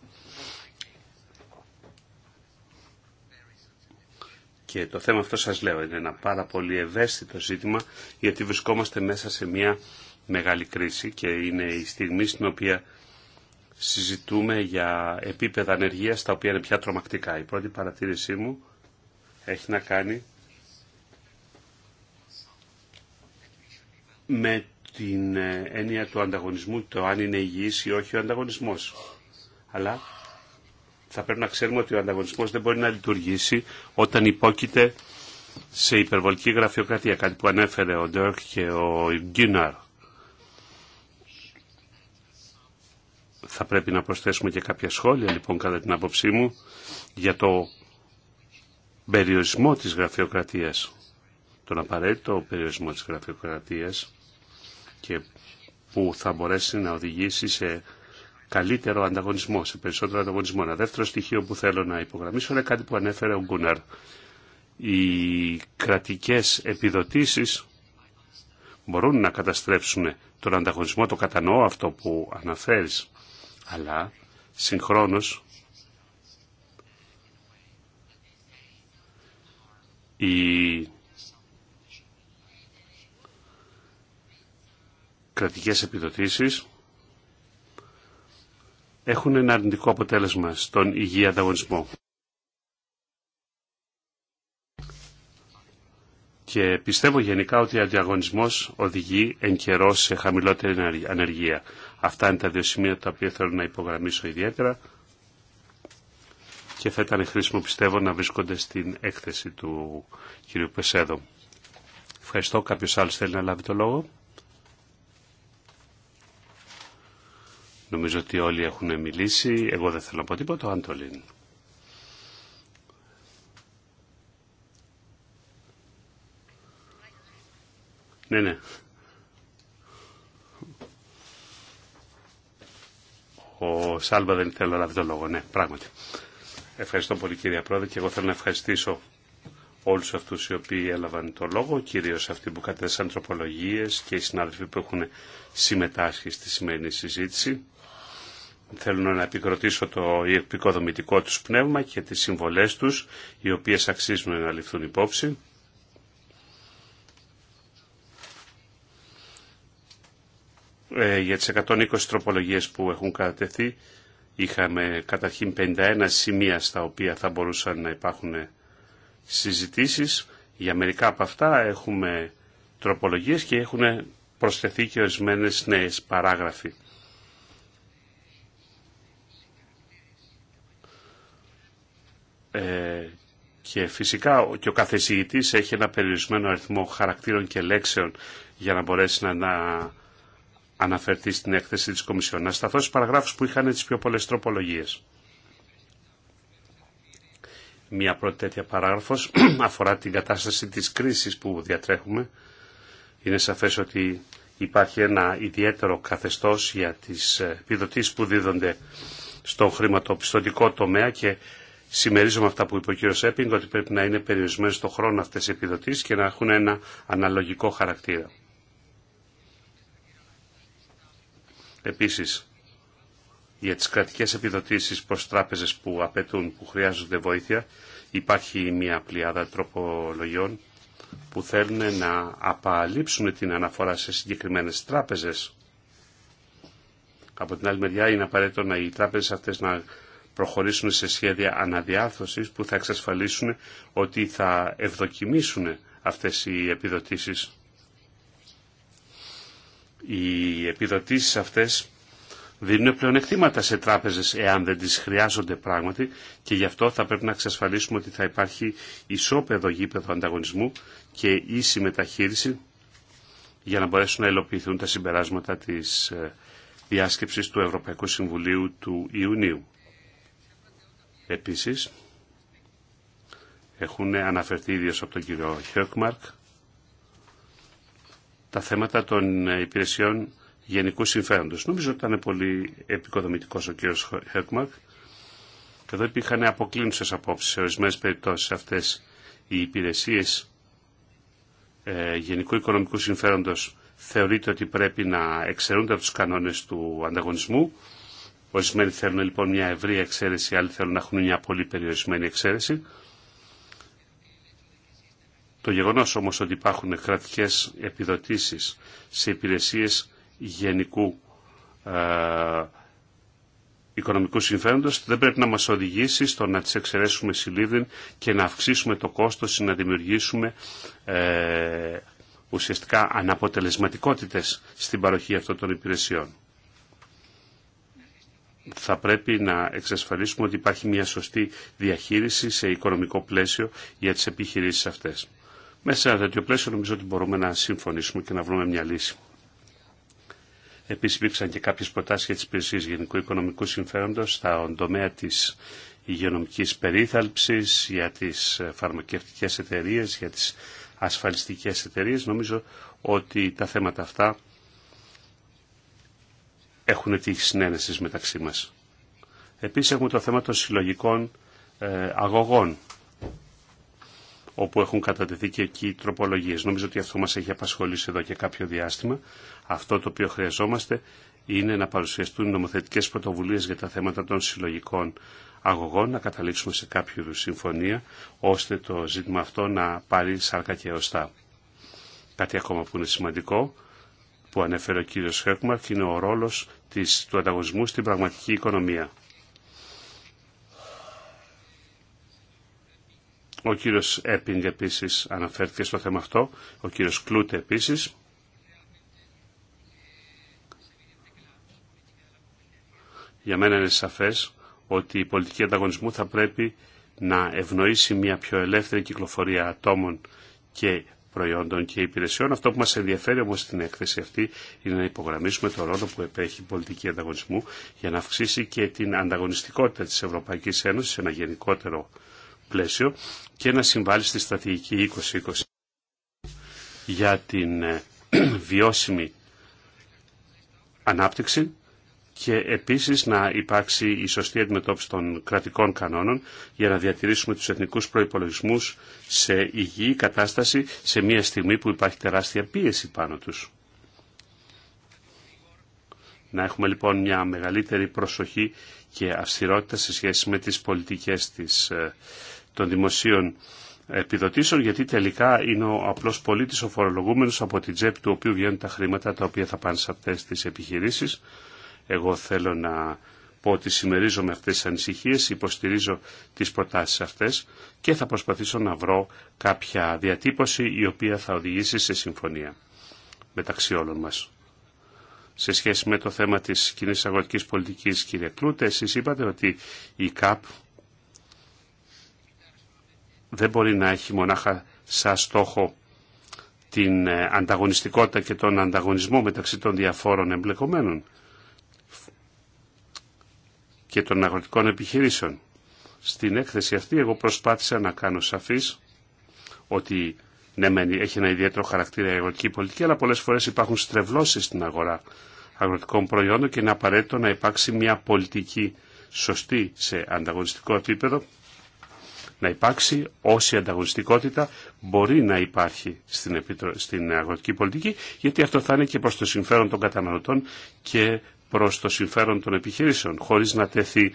Και το θέμα αυτό σας λέω είναι ένα πάρα πολύ ευαίσθητο ζήτημα γιατί βρισκόμαστε μέσα σε μια μεγάλη κρίση και είναι η στιγμή στην οποία συζητούμε για επίπεδα ανεργίας τα οποία είναι πια τρομακτικά. Η πρώτη παρατήρησή μου έχει να κάνει με την ε, έννοια του ανταγωνισμού, το αν είναι υγιής ή όχι ο ανταγωνισμός. Αλλά θα πρέπει να ξέρουμε ότι ο ανταγωνισμός δεν μπορεί να λειτουργήσει όταν υπόκειται σε υπερβολική γραφειοκρατία, κάτι που ανέφερε ο Ντέρκ και ο Γκίναρ. Θα πρέπει να προσθέσουμε και κάποια σχόλια, λοιπόν, κατά την άποψή μου, για το περιορισμό της γραφειοκρατίας, τον απαραίτητο περιορισμό της γραφειοκρατίας και που θα μπορέσει να οδηγήσει σε καλύτερο ανταγωνισμό, σε περισσότερο ανταγωνισμό. Ένα δεύτερο στοιχείο που θέλω να υπογραμμίσω είναι κάτι που ανέφερε ο Γκούναρ. Οι κρατικές επιδοτήσεις μπορούν να καταστρέψουν τον ανταγωνισμό, το κατανοώ αυτό που αναφέρεις, αλλά συγχρόνως οι κρατικές επιδοτήσεις έχουν ένα αρνητικό αποτέλεσμα στον υγιή ανταγωνισμό. Και πιστεύω γενικά ότι ο ανταγωνισμός οδηγεί εν καιρό σε χαμηλότερη ανεργία. Αυτά είναι τα δύο σημεία τα οποία θέλω να υπογραμμίσω ιδιαίτερα και θα ήταν χρήσιμο πιστεύω να βρίσκονται στην έκθεση του κ. Πεσέδο. Ευχαριστώ. Κάποιος άλλος θέλει να λάβει το λόγο. Νομίζω ότι όλοι έχουν μιλήσει. Εγώ δεν θέλω να πω τίποτα. Αντολίν. Ναι, ναι. Ο Σάλβα δεν θέλω να λάβει το λόγο. Ναι, πράγματι. Ευχαριστώ πολύ κύριε Πρόεδρε και εγώ θέλω να ευχαριστήσω όλους αυτούς οι οποίοι έλαβαν το λόγο, κυρίως αυτοί που κατέθεσαν τροπολογίες και οι συνάδελφοι που έχουν συμμετάσχει στη σημερινή συζήτηση. Θέλω να επικροτήσω το επικοδομητικό τους πνεύμα και τις συμβολές τους, οι οποίες αξίζουν να ληφθούν υπόψη. Ε, για τις 120 τροπολογίες που έχουν κατατεθεί είχαμε καταρχήν 51 σημεία στα οποία θα μπορούσαν να υπάρχουν συζητήσεις. Για μερικά από αυτά έχουμε τροπολογίες και έχουν προσθεθεί και ορισμένε νέες παράγραφοι. Ε, και φυσικά και ο κάθε έχει ένα περιορισμένο αριθμό χαρακτήρων και λέξεων για να μπορέσει να, να αναφερθεί στην έκθεση της Κομισιόν. Να σταθώ στις παραγράφους που είχαν τις πιο πολλές τροπολογίες. Μία πρώτη τέτοια παράγραφος αφορά την κατάσταση της κρίσης που διατρέχουμε. Είναι σαφές ότι υπάρχει ένα ιδιαίτερο καθεστώς για τις επιδοτήσεις που δίδονται στον χρηματοπιστωτικό τομέα και συμμερίζομαι αυτά που είπε ο κύριος Έπινγκ ότι πρέπει να είναι περιορισμένε στον χρόνο αυτές οι επιδοτήσει και να έχουν ένα αναλογικό χαρακτήρα. Επίσης, για τις κρατικέ επιδοτήσει προ τράπεζες που απαιτούν, που χρειάζονται βοήθεια, υπάρχει μια πλειάδα τροπολογιών που θέλουν να απαλείψουν την αναφορά σε συγκεκριμένες τράπεζες. Από την άλλη μεριά είναι απαραίτητο να οι τράπεζες αυτές να προχωρήσουν σε σχέδια αναδιάρθρωσης που θα εξασφαλίσουν ότι θα ευδοκιμήσουν αυτές οι επιδοτήσεις. Οι επιδοτήσεις αυτές δίνουν πλεονεκτήματα σε τράπεζες εάν δεν τις χρειάζονται πράγματι και γι' αυτό θα πρέπει να εξασφαλίσουμε ότι θα υπάρχει ισόπεδο γήπεδο ανταγωνισμού και ίση μεταχείριση για να μπορέσουν να υλοποιηθούν τα συμπεράσματα της ε, διάσκεψης του Ευρωπαϊκού Συμβουλίου του Ιουνίου. Επίσης, έχουν αναφερθεί ιδίως από τον κύριο Χιόκμαρκ τα θέματα των υπηρεσιών γενικού συμφέροντος. Νομίζω ότι ήταν πολύ επικοδομητικός ο κύριος Χιόκμαρκ. Εδώ υπήρχαν αποκλίνουσες απόψεις σε ορισμένες περιπτώσεις αυτές οι υπηρεσίες ε, γενικού οικονομικού συμφέροντος θεωρείται ότι πρέπει να εξαιρούνται από τους κανόνες του ανταγωνισμού Ορισμένοι θέλουν λοιπόν μια ευρία εξαίρεση, άλλοι θέλουν να έχουν μια πολύ περιορισμένη εξαίρεση. Το γεγονός όμως ότι υπάρχουν κρατικές επιδοτήσεις σε υπηρεσίες γενικού ε, οικονομικού συμφέροντος δεν πρέπει να μας οδηγήσει στο να τις εξαιρέσουμε συλλήδιν και να αυξήσουμε το κόστος ή να δημιουργήσουμε ε, ουσιαστικά αναποτελεσματικότητες στην παροχή αυτών των υπηρεσιών θα πρέπει να εξασφαλίσουμε ότι υπάρχει μια σωστή διαχείριση σε οικονομικό πλαίσιο για τις επιχειρήσεις αυτές. Μέσα σε ένα τέτοιο πλαίσιο νομίζω ότι μπορούμε να συμφωνήσουμε και να βρούμε μια λύση. Επίσης υπήρξαν και κάποιες προτάσεις για τις υπηρεσίες γενικού οικονομικού συμφέροντος στα τομέα της υγειονομικής περίθαλψης, για τις ε, φαρμακευτικές εταιρείες, για τις ασφαλιστικές εταιρείες. Νομίζω ότι τα θέματα αυτά έχουν τύχει συνένεσης μεταξύ μας. Επίσης έχουμε το θέμα των συλλογικών ε, αγωγών όπου έχουν κατατεθεί και εκεί τροπολογίες. Νομίζω ότι αυτό μας έχει απασχολήσει εδώ και κάποιο διάστημα. Αυτό το οποίο χρειαζόμαστε είναι να παρουσιαστούν νομοθετικές πρωτοβουλίες για τα θέματα των συλλογικών αγωγών, να καταλήξουμε σε κάποιο είδου συμφωνία, ώστε το ζήτημα αυτό να πάρει σάρκα και οστά. Κάτι ακόμα που είναι σημαντικό που ανέφερε ο κύριος Χέκμαρκ είναι ο ρόλος της, του ανταγωνισμού στην πραγματική οικονομία. Ο κύριος Έπινγκ επίσης αναφέρθηκε στο θέμα αυτό, ο κύριος Κλούτε επίσης. Για μένα είναι σαφές ότι η πολιτική ανταγωνισμού θα πρέπει να ευνοήσει μια πιο ελεύθερη κυκλοφορία ατόμων και προϊόντων και υπηρεσιών. Αυτό που μας ενδιαφέρει όμως στην έκθεση αυτή είναι να υπογραμμίσουμε το ρόλο που επέχει η πολιτική ανταγωνισμού για να αυξήσει και την ανταγωνιστικότητα της Ευρωπαϊκής Ένωσης σε ένα γενικότερο πλαίσιο και να συμβάλλει στη στρατηγική 2020 για την ε, βιώσιμη ανάπτυξη και επίσης να υπάρξει η σωστή αντιμετώπιση των κρατικών κανόνων για να διατηρήσουμε τους εθνικούς προϋπολογισμούς σε υγιή κατάσταση σε μια στιγμή που υπάρχει τεράστια πίεση πάνω τους. Να έχουμε λοιπόν μια μεγαλύτερη προσοχή και αυστηρότητα σε σχέση με τις πολιτικές της, ε, των δημοσίων επιδοτήσεων γιατί τελικά είναι ο απλός πολίτης ο φορολογούμενος από την τσέπη του οποίου βγαίνουν τα χρήματα τα οποία θα πάνε σε αυτές τις επιχειρήσεις εγώ θέλω να πω ότι συμμερίζομαι αυτές τις ανησυχίες, υποστηρίζω τις προτάσεις αυτές και θα προσπαθήσω να βρω κάποια διατύπωση η οποία θα οδηγήσει σε συμφωνία μεταξύ όλων μας. Σε σχέση με το θέμα της κοινή αγροτικής πολιτικής, κύριε Κλούτε, εσείς είπατε ότι η ΚΑΠ δεν μπορεί να έχει μονάχα σαν στόχο την ε, ανταγωνιστικότητα και τον ανταγωνισμό μεταξύ των διαφόρων εμπλεκομένων και των αγροτικών επιχειρήσεων. Στην έκθεση αυτή εγώ προσπάθησα να κάνω σαφής ότι ναι, έχει ένα ιδιαίτερο χαρακτήρα η αγροτική πολιτική, αλλά πολλές φορές υπάρχουν στρεβλώσεις στην αγορά αγροτικών προϊόντων και είναι απαραίτητο να υπάρξει μια πολιτική σωστή σε ανταγωνιστικό επίπεδο, να υπάρξει όση ανταγωνιστικότητα μπορεί να υπάρχει στην, στην αγροτική πολιτική, γιατί αυτό θα είναι και προς το συμφέρον των καταναλωτών και προς το συμφέρον των επιχειρήσεων, χωρίς να τεθεί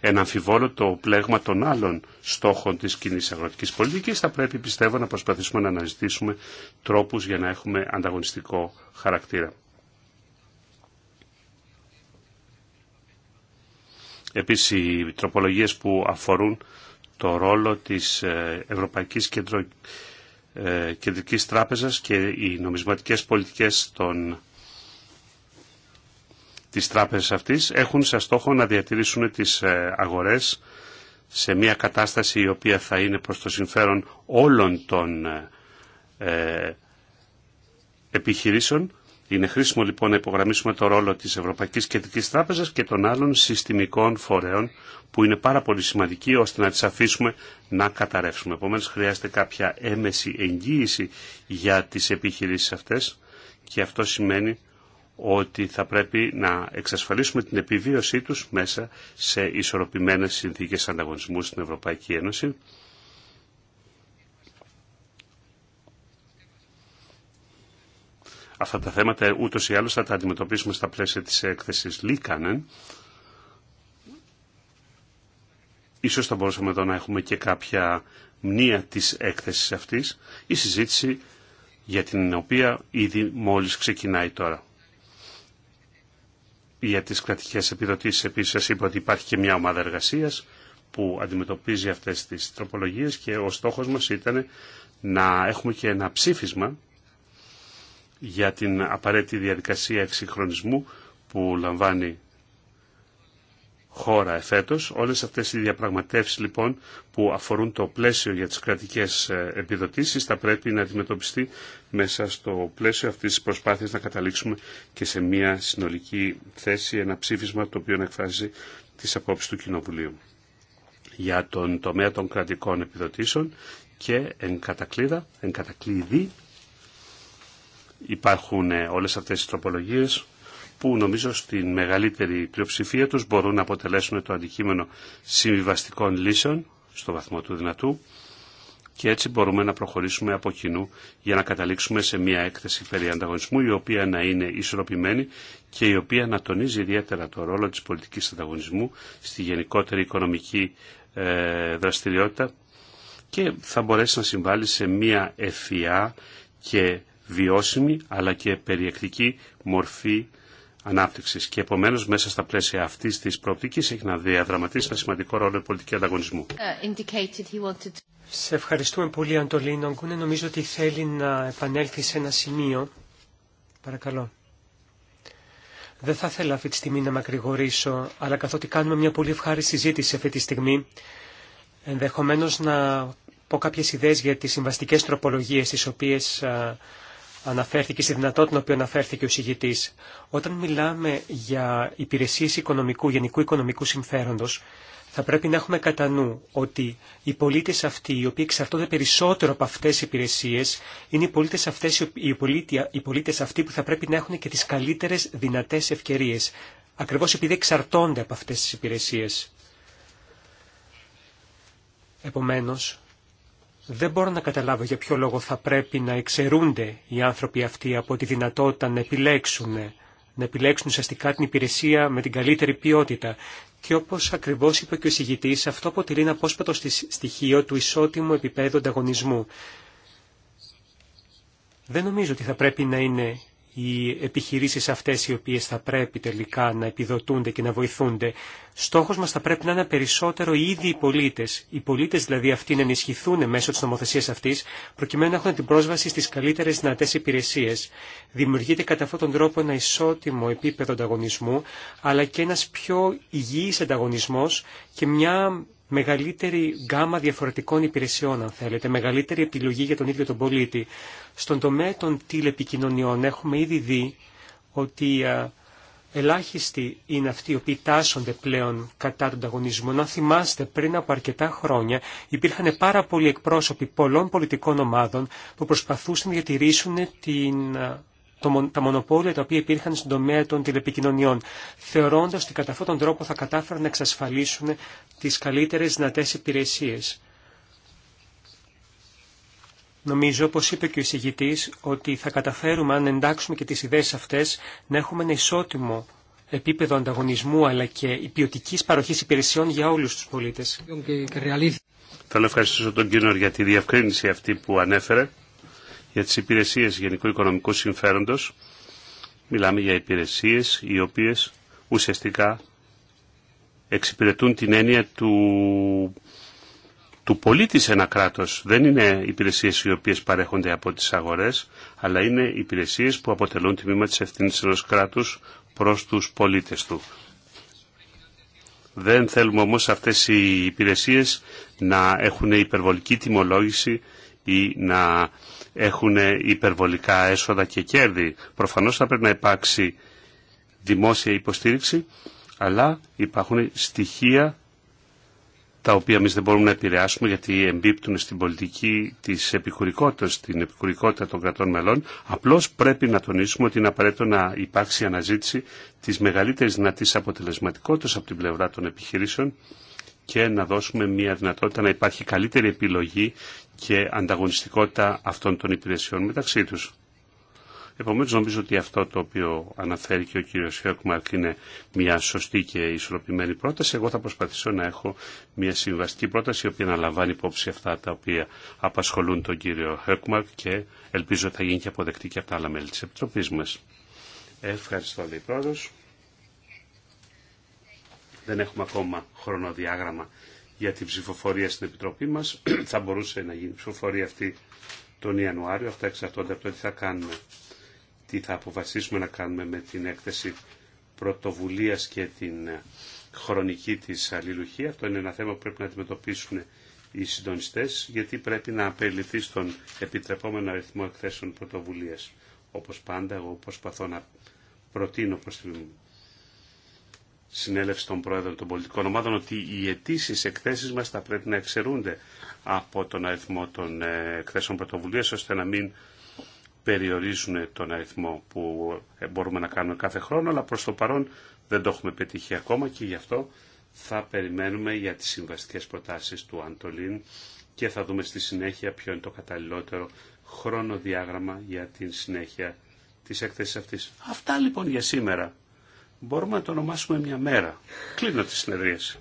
ένα αμφιβόλο το πλέγμα των άλλων στόχων της κοινή αγροτικής πολιτικής, θα πρέπει πιστεύω να προσπαθήσουμε να αναζητήσουμε τρόπους για να έχουμε ανταγωνιστικό χαρακτήρα. Επίσης οι τροπολογίες που αφορούν το ρόλο της ε, Ευρωπαϊκής Κεντρο... Ε, Κεντρικής Τράπεζας και οι νομισματικές πολιτικές των Τις τράπεζες αυτής έχουν σαν στόχο να διατηρήσουν τις ε, αγορές σε μια κατάσταση η οποία θα είναι προς το συμφέρον όλων των ε, ε, επιχειρήσεων. Είναι χρήσιμο λοιπόν να υπογραμμίσουμε το ρόλο της Ευρωπαϊκής Κεντρικής Τράπεζας και των άλλων συστημικών φορέων που είναι πάρα πολύ σημαντικοί ώστε να τις αφήσουμε να καταρρεύσουμε. Επομένως χρειάζεται κάποια έμεση εγγύηση για τις επιχειρήσεις αυτές και αυτό σημαίνει ότι θα πρέπει να εξασφαλίσουμε την επιβίωσή τους μέσα σε ισορροπημένες συνθήκες ανταγωνισμού στην Ευρωπαϊκή Ένωση. Αυτά τα θέματα ούτως ή άλλως θα τα αντιμετωπίσουμε στα πλαίσια της έκθεσης Λίκανεν. Ίσως θα μπορούσαμε εδώ να έχουμε και κάποια μνήα της έκθεσης αυτής, η συζήτηση για την οποία ήδη μόλις ξεκινάει τώρα για τις κρατικές επιδοτήσεις επίσης σας είπα ότι υπάρχει και μια ομάδα εργασίας που αντιμετωπίζει αυτές τις τροπολογίες και ο στόχος μας ήταν να έχουμε και ένα ψήφισμα για την απαραίτητη διαδικασία εξυγχρονισμού που λαμβάνει χώρα εφέτος. Όλες αυτές οι διαπραγματεύσεις λοιπόν που αφορούν το πλαίσιο για τις κρατικές ε, επιδοτήσεις θα πρέπει να αντιμετωπιστεί μέσα στο πλαίσιο αυτής της προσπάθειας να καταλήξουμε και σε μια συνολική θέση, ένα ψήφισμα το οποίο να εκφράζει τις απόψεις του Κοινοβουλίου για τον τομέα των κρατικών επιδοτήσεων και εν κατακλείδα, εν κατακλείδη, υπάρχουν ε, όλες αυτές οι τροπολογίες που νομίζω στην μεγαλύτερη πλειοψηφία τους μπορούν να αποτελέσουν το αντικείμενο συμβιβαστικών λύσεων στο βαθμό του δυνατού και έτσι μπορούμε να προχωρήσουμε από κοινού για να καταλήξουμε σε μια έκθεση περί ανταγωνισμού η οποία να είναι ισορροπημένη και η οποία να τονίζει ιδιαίτερα το ρόλο της πολιτικής ανταγωνισμού στη γενικότερη οικονομική ε, δραστηριότητα και θα μπορέσει να συμβάλλει σε μια ευφυά και βιώσιμη αλλά και περιεκτική μορφή ανάπτυξη. Και επομένω, μέσα στα πλαίσια αυτή τη προοπτική, έχει να διαδραματίσει ένα σημαντικό ρόλο η πολιτική ανταγωνισμού. Uh, σε ευχαριστούμε πολύ, Αντολίνο Αγκούνε. Νομίζω ότι θέλει να επανέλθει σε ένα σημείο. Παρακαλώ. Δεν θα ήθελα αυτή τη στιγμή να μακρηγορήσω, αλλά καθότι κάνουμε μια πολύ ευχάριστη συζήτηση αυτή τη στιγμή, ενδεχομένως να πω κάποιες ιδέες για τις συμβαστικές τροπολογίες τις οποίες αναφέρθηκε στη δυνατότητα που αναφέρθηκε ο Συγητή, Όταν μιλάμε για υπηρεσίες οικονομικού, γενικού οικονομικού συμφέροντος, θα πρέπει να έχουμε κατά νου ότι οι πολίτες αυτοί, οι οποίοι εξαρτώνται περισσότερο από αυτές τις υπηρεσίες, είναι οι πολίτες, οι, οι πολίτες αυτοί που θα πρέπει να έχουν και τι καλύτερε δυνατέ ευκαιρίε, ακριβώ επειδή εξαρτώνται από αυτέ τι υπηρεσίε. Επομένως, δεν μπορώ να καταλάβω για ποιο λόγο θα πρέπει να εξαιρούνται οι άνθρωποι αυτοί από τη δυνατότητα να επιλέξουν, να επιλέξουν ουσιαστικά την υπηρεσία με την καλύτερη ποιότητα. Και όπως ακριβώς είπε και ο συγητή, αυτό αποτελεί ένα απόσπατο στοιχείο του ισότιμου επίπεδου ανταγωνισμού. Δεν νομίζω ότι θα πρέπει να είναι οι επιχειρήσεις αυτές οι οποίες θα πρέπει τελικά να επιδοτούνται και να βοηθούνται. Στόχος μας θα πρέπει να είναι περισσότερο οι ίδιοι οι πολίτες. Οι πολίτες δηλαδή αυτοί να ενισχυθούν μέσω της νομοθεσίας αυτής, προκειμένου να έχουν την πρόσβαση στις καλύτερες δυνατές υπηρεσίες. Δημιουργείται κατά αυτόν τον τρόπο ένα ισότιμο επίπεδο ανταγωνισμού, αλλά και ένας πιο υγιής ανταγωνισμός και μια μεγαλύτερη γκάμα διαφορετικών υπηρεσιών, αν θέλετε, μεγαλύτερη επιλογή για τον ίδιο τον πολίτη. Στον τομέα των τηλεπικοινωνιών έχουμε ήδη δει ότι ελάχιστοι είναι αυτοί οι οποίοι τάσσονται πλέον κατά τον ανταγωνισμό. Να θυμάστε, πριν από αρκετά χρόνια υπήρχαν πάρα πολλοί εκπρόσωποι πολλών πολιτικών ομάδων που προσπαθούσαν να διατηρήσουν την τα μονοπόλια τα οποία υπήρχαν στον τομέα των τηλεπικοινωνιών, θεωρώντας ότι κατά αυτόν τον τρόπο θα κατάφεραν να εξασφαλίσουν τι καλύτερε δυνατέ υπηρεσίε. Νομίζω, όπως είπε και ο εισηγητής, ότι θα καταφέρουμε, αν εντάξουμε και τις ιδέες αυτές, να έχουμε ένα ισότιμο επίπεδο ανταγωνισμού, αλλά και ποιοτική παροχή υπηρεσιών για όλους τους πολίτες. Θέλω να ευχαριστήσω τον κύριο για τη διευκρίνηση αυτή που ανέφερε για τις υπηρεσίες γενικού οικονομικού συμφέροντος. Μιλάμε για υπηρεσίες οι οποίες ουσιαστικά εξυπηρετούν την έννοια του, του πολίτη σε ένα κράτος. Δεν είναι υπηρεσίες οι οποίες παρέχονται από τις αγορές, αλλά είναι υπηρεσίες που αποτελούν τμήμα της ευθύνης ενός κράτους προς τους πολίτες του. Δεν θέλουμε όμως αυτές οι υπηρεσίες να έχουν υπερβολική τιμολόγηση ή να έχουν υπερβολικά έσοδα και κέρδη. Προφανώς θα πρέπει να υπάρξει δημόσια υποστήριξη, αλλά υπάρχουν στοιχεία τα οποία εμεί δεν μπορούμε να επηρεάσουμε γιατί εμπίπτουν στην πολιτική τη επικουρικότητα, στην επικουρικότητα των κρατών μελών. Απλώ πρέπει να τονίσουμε ότι είναι απαραίτητο να υπάρξει αναζήτηση τη μεγαλύτερη δυνατή αποτελεσματικότητα από την πλευρά των επιχειρήσεων και να δώσουμε μια δυνατότητα να υπάρχει καλύτερη επιλογή και ανταγωνιστικότητα αυτών των υπηρεσιών μεταξύ τους. Επομένως νομίζω ότι αυτό το οποίο αναφέρει και ο κύριος Χέρκμαρκ είναι μια σωστή και ισορροπημένη πρόταση. Εγώ θα προσπαθήσω να έχω μια συμβαστική πρόταση η οποία να λαμβάνει υπόψη αυτά τα οποία απασχολούν τον κύριο Χέρκμαρκ και ελπίζω θα γίνει και αποδεκτή και από τα άλλα μέλη της Επιτροπής μας. Ευχαριστώ λέει πρόεδρος. Δεν έχουμε ακόμα χρονοδιάγραμμα για την ψηφοφορία στην Επιτροπή μας. θα μπορούσε να γίνει ψηφοφορία αυτή τον Ιανουάριο. Αυτά εξαρτώνται από το τι θα κάνουμε, τι θα αποφασίσουμε να κάνουμε με την έκθεση πρωτοβουλίας και την ε, χρονική της αλληλουχία. Αυτό είναι ένα θέμα που πρέπει να αντιμετωπίσουν οι συντονιστές, γιατί πρέπει να απεληθεί στον επιτρεπόμενο αριθμό εκθέσεων πρωτοβουλίας. Όπως πάντα, εγώ προσπαθώ να προτείνω προς την συνέλευση των πρόεδρων των πολιτικών ομάδων ότι οι αιτήσει εκθέσει μα θα πρέπει να εξαιρούνται από τον αριθμό των ε, εκθέσεων πρωτοβουλία ώστε να μην περιορίζουν τον αριθμό που ε, μπορούμε να κάνουμε κάθε χρόνο, αλλά προς το παρόν δεν το έχουμε πετύχει ακόμα και γι' αυτό θα περιμένουμε για τις συμβαστικές προτάσεις του Αντολίν και θα δούμε στη συνέχεια ποιο είναι το καταλληλότερο χρονοδιάγραμμα για την συνέχεια της έκθεσης αυτής. Αυτά λοιπόν για σήμερα μπορούμε να το ονομάσουμε μια μέρα. Κλείνω τη συνεδρίαση.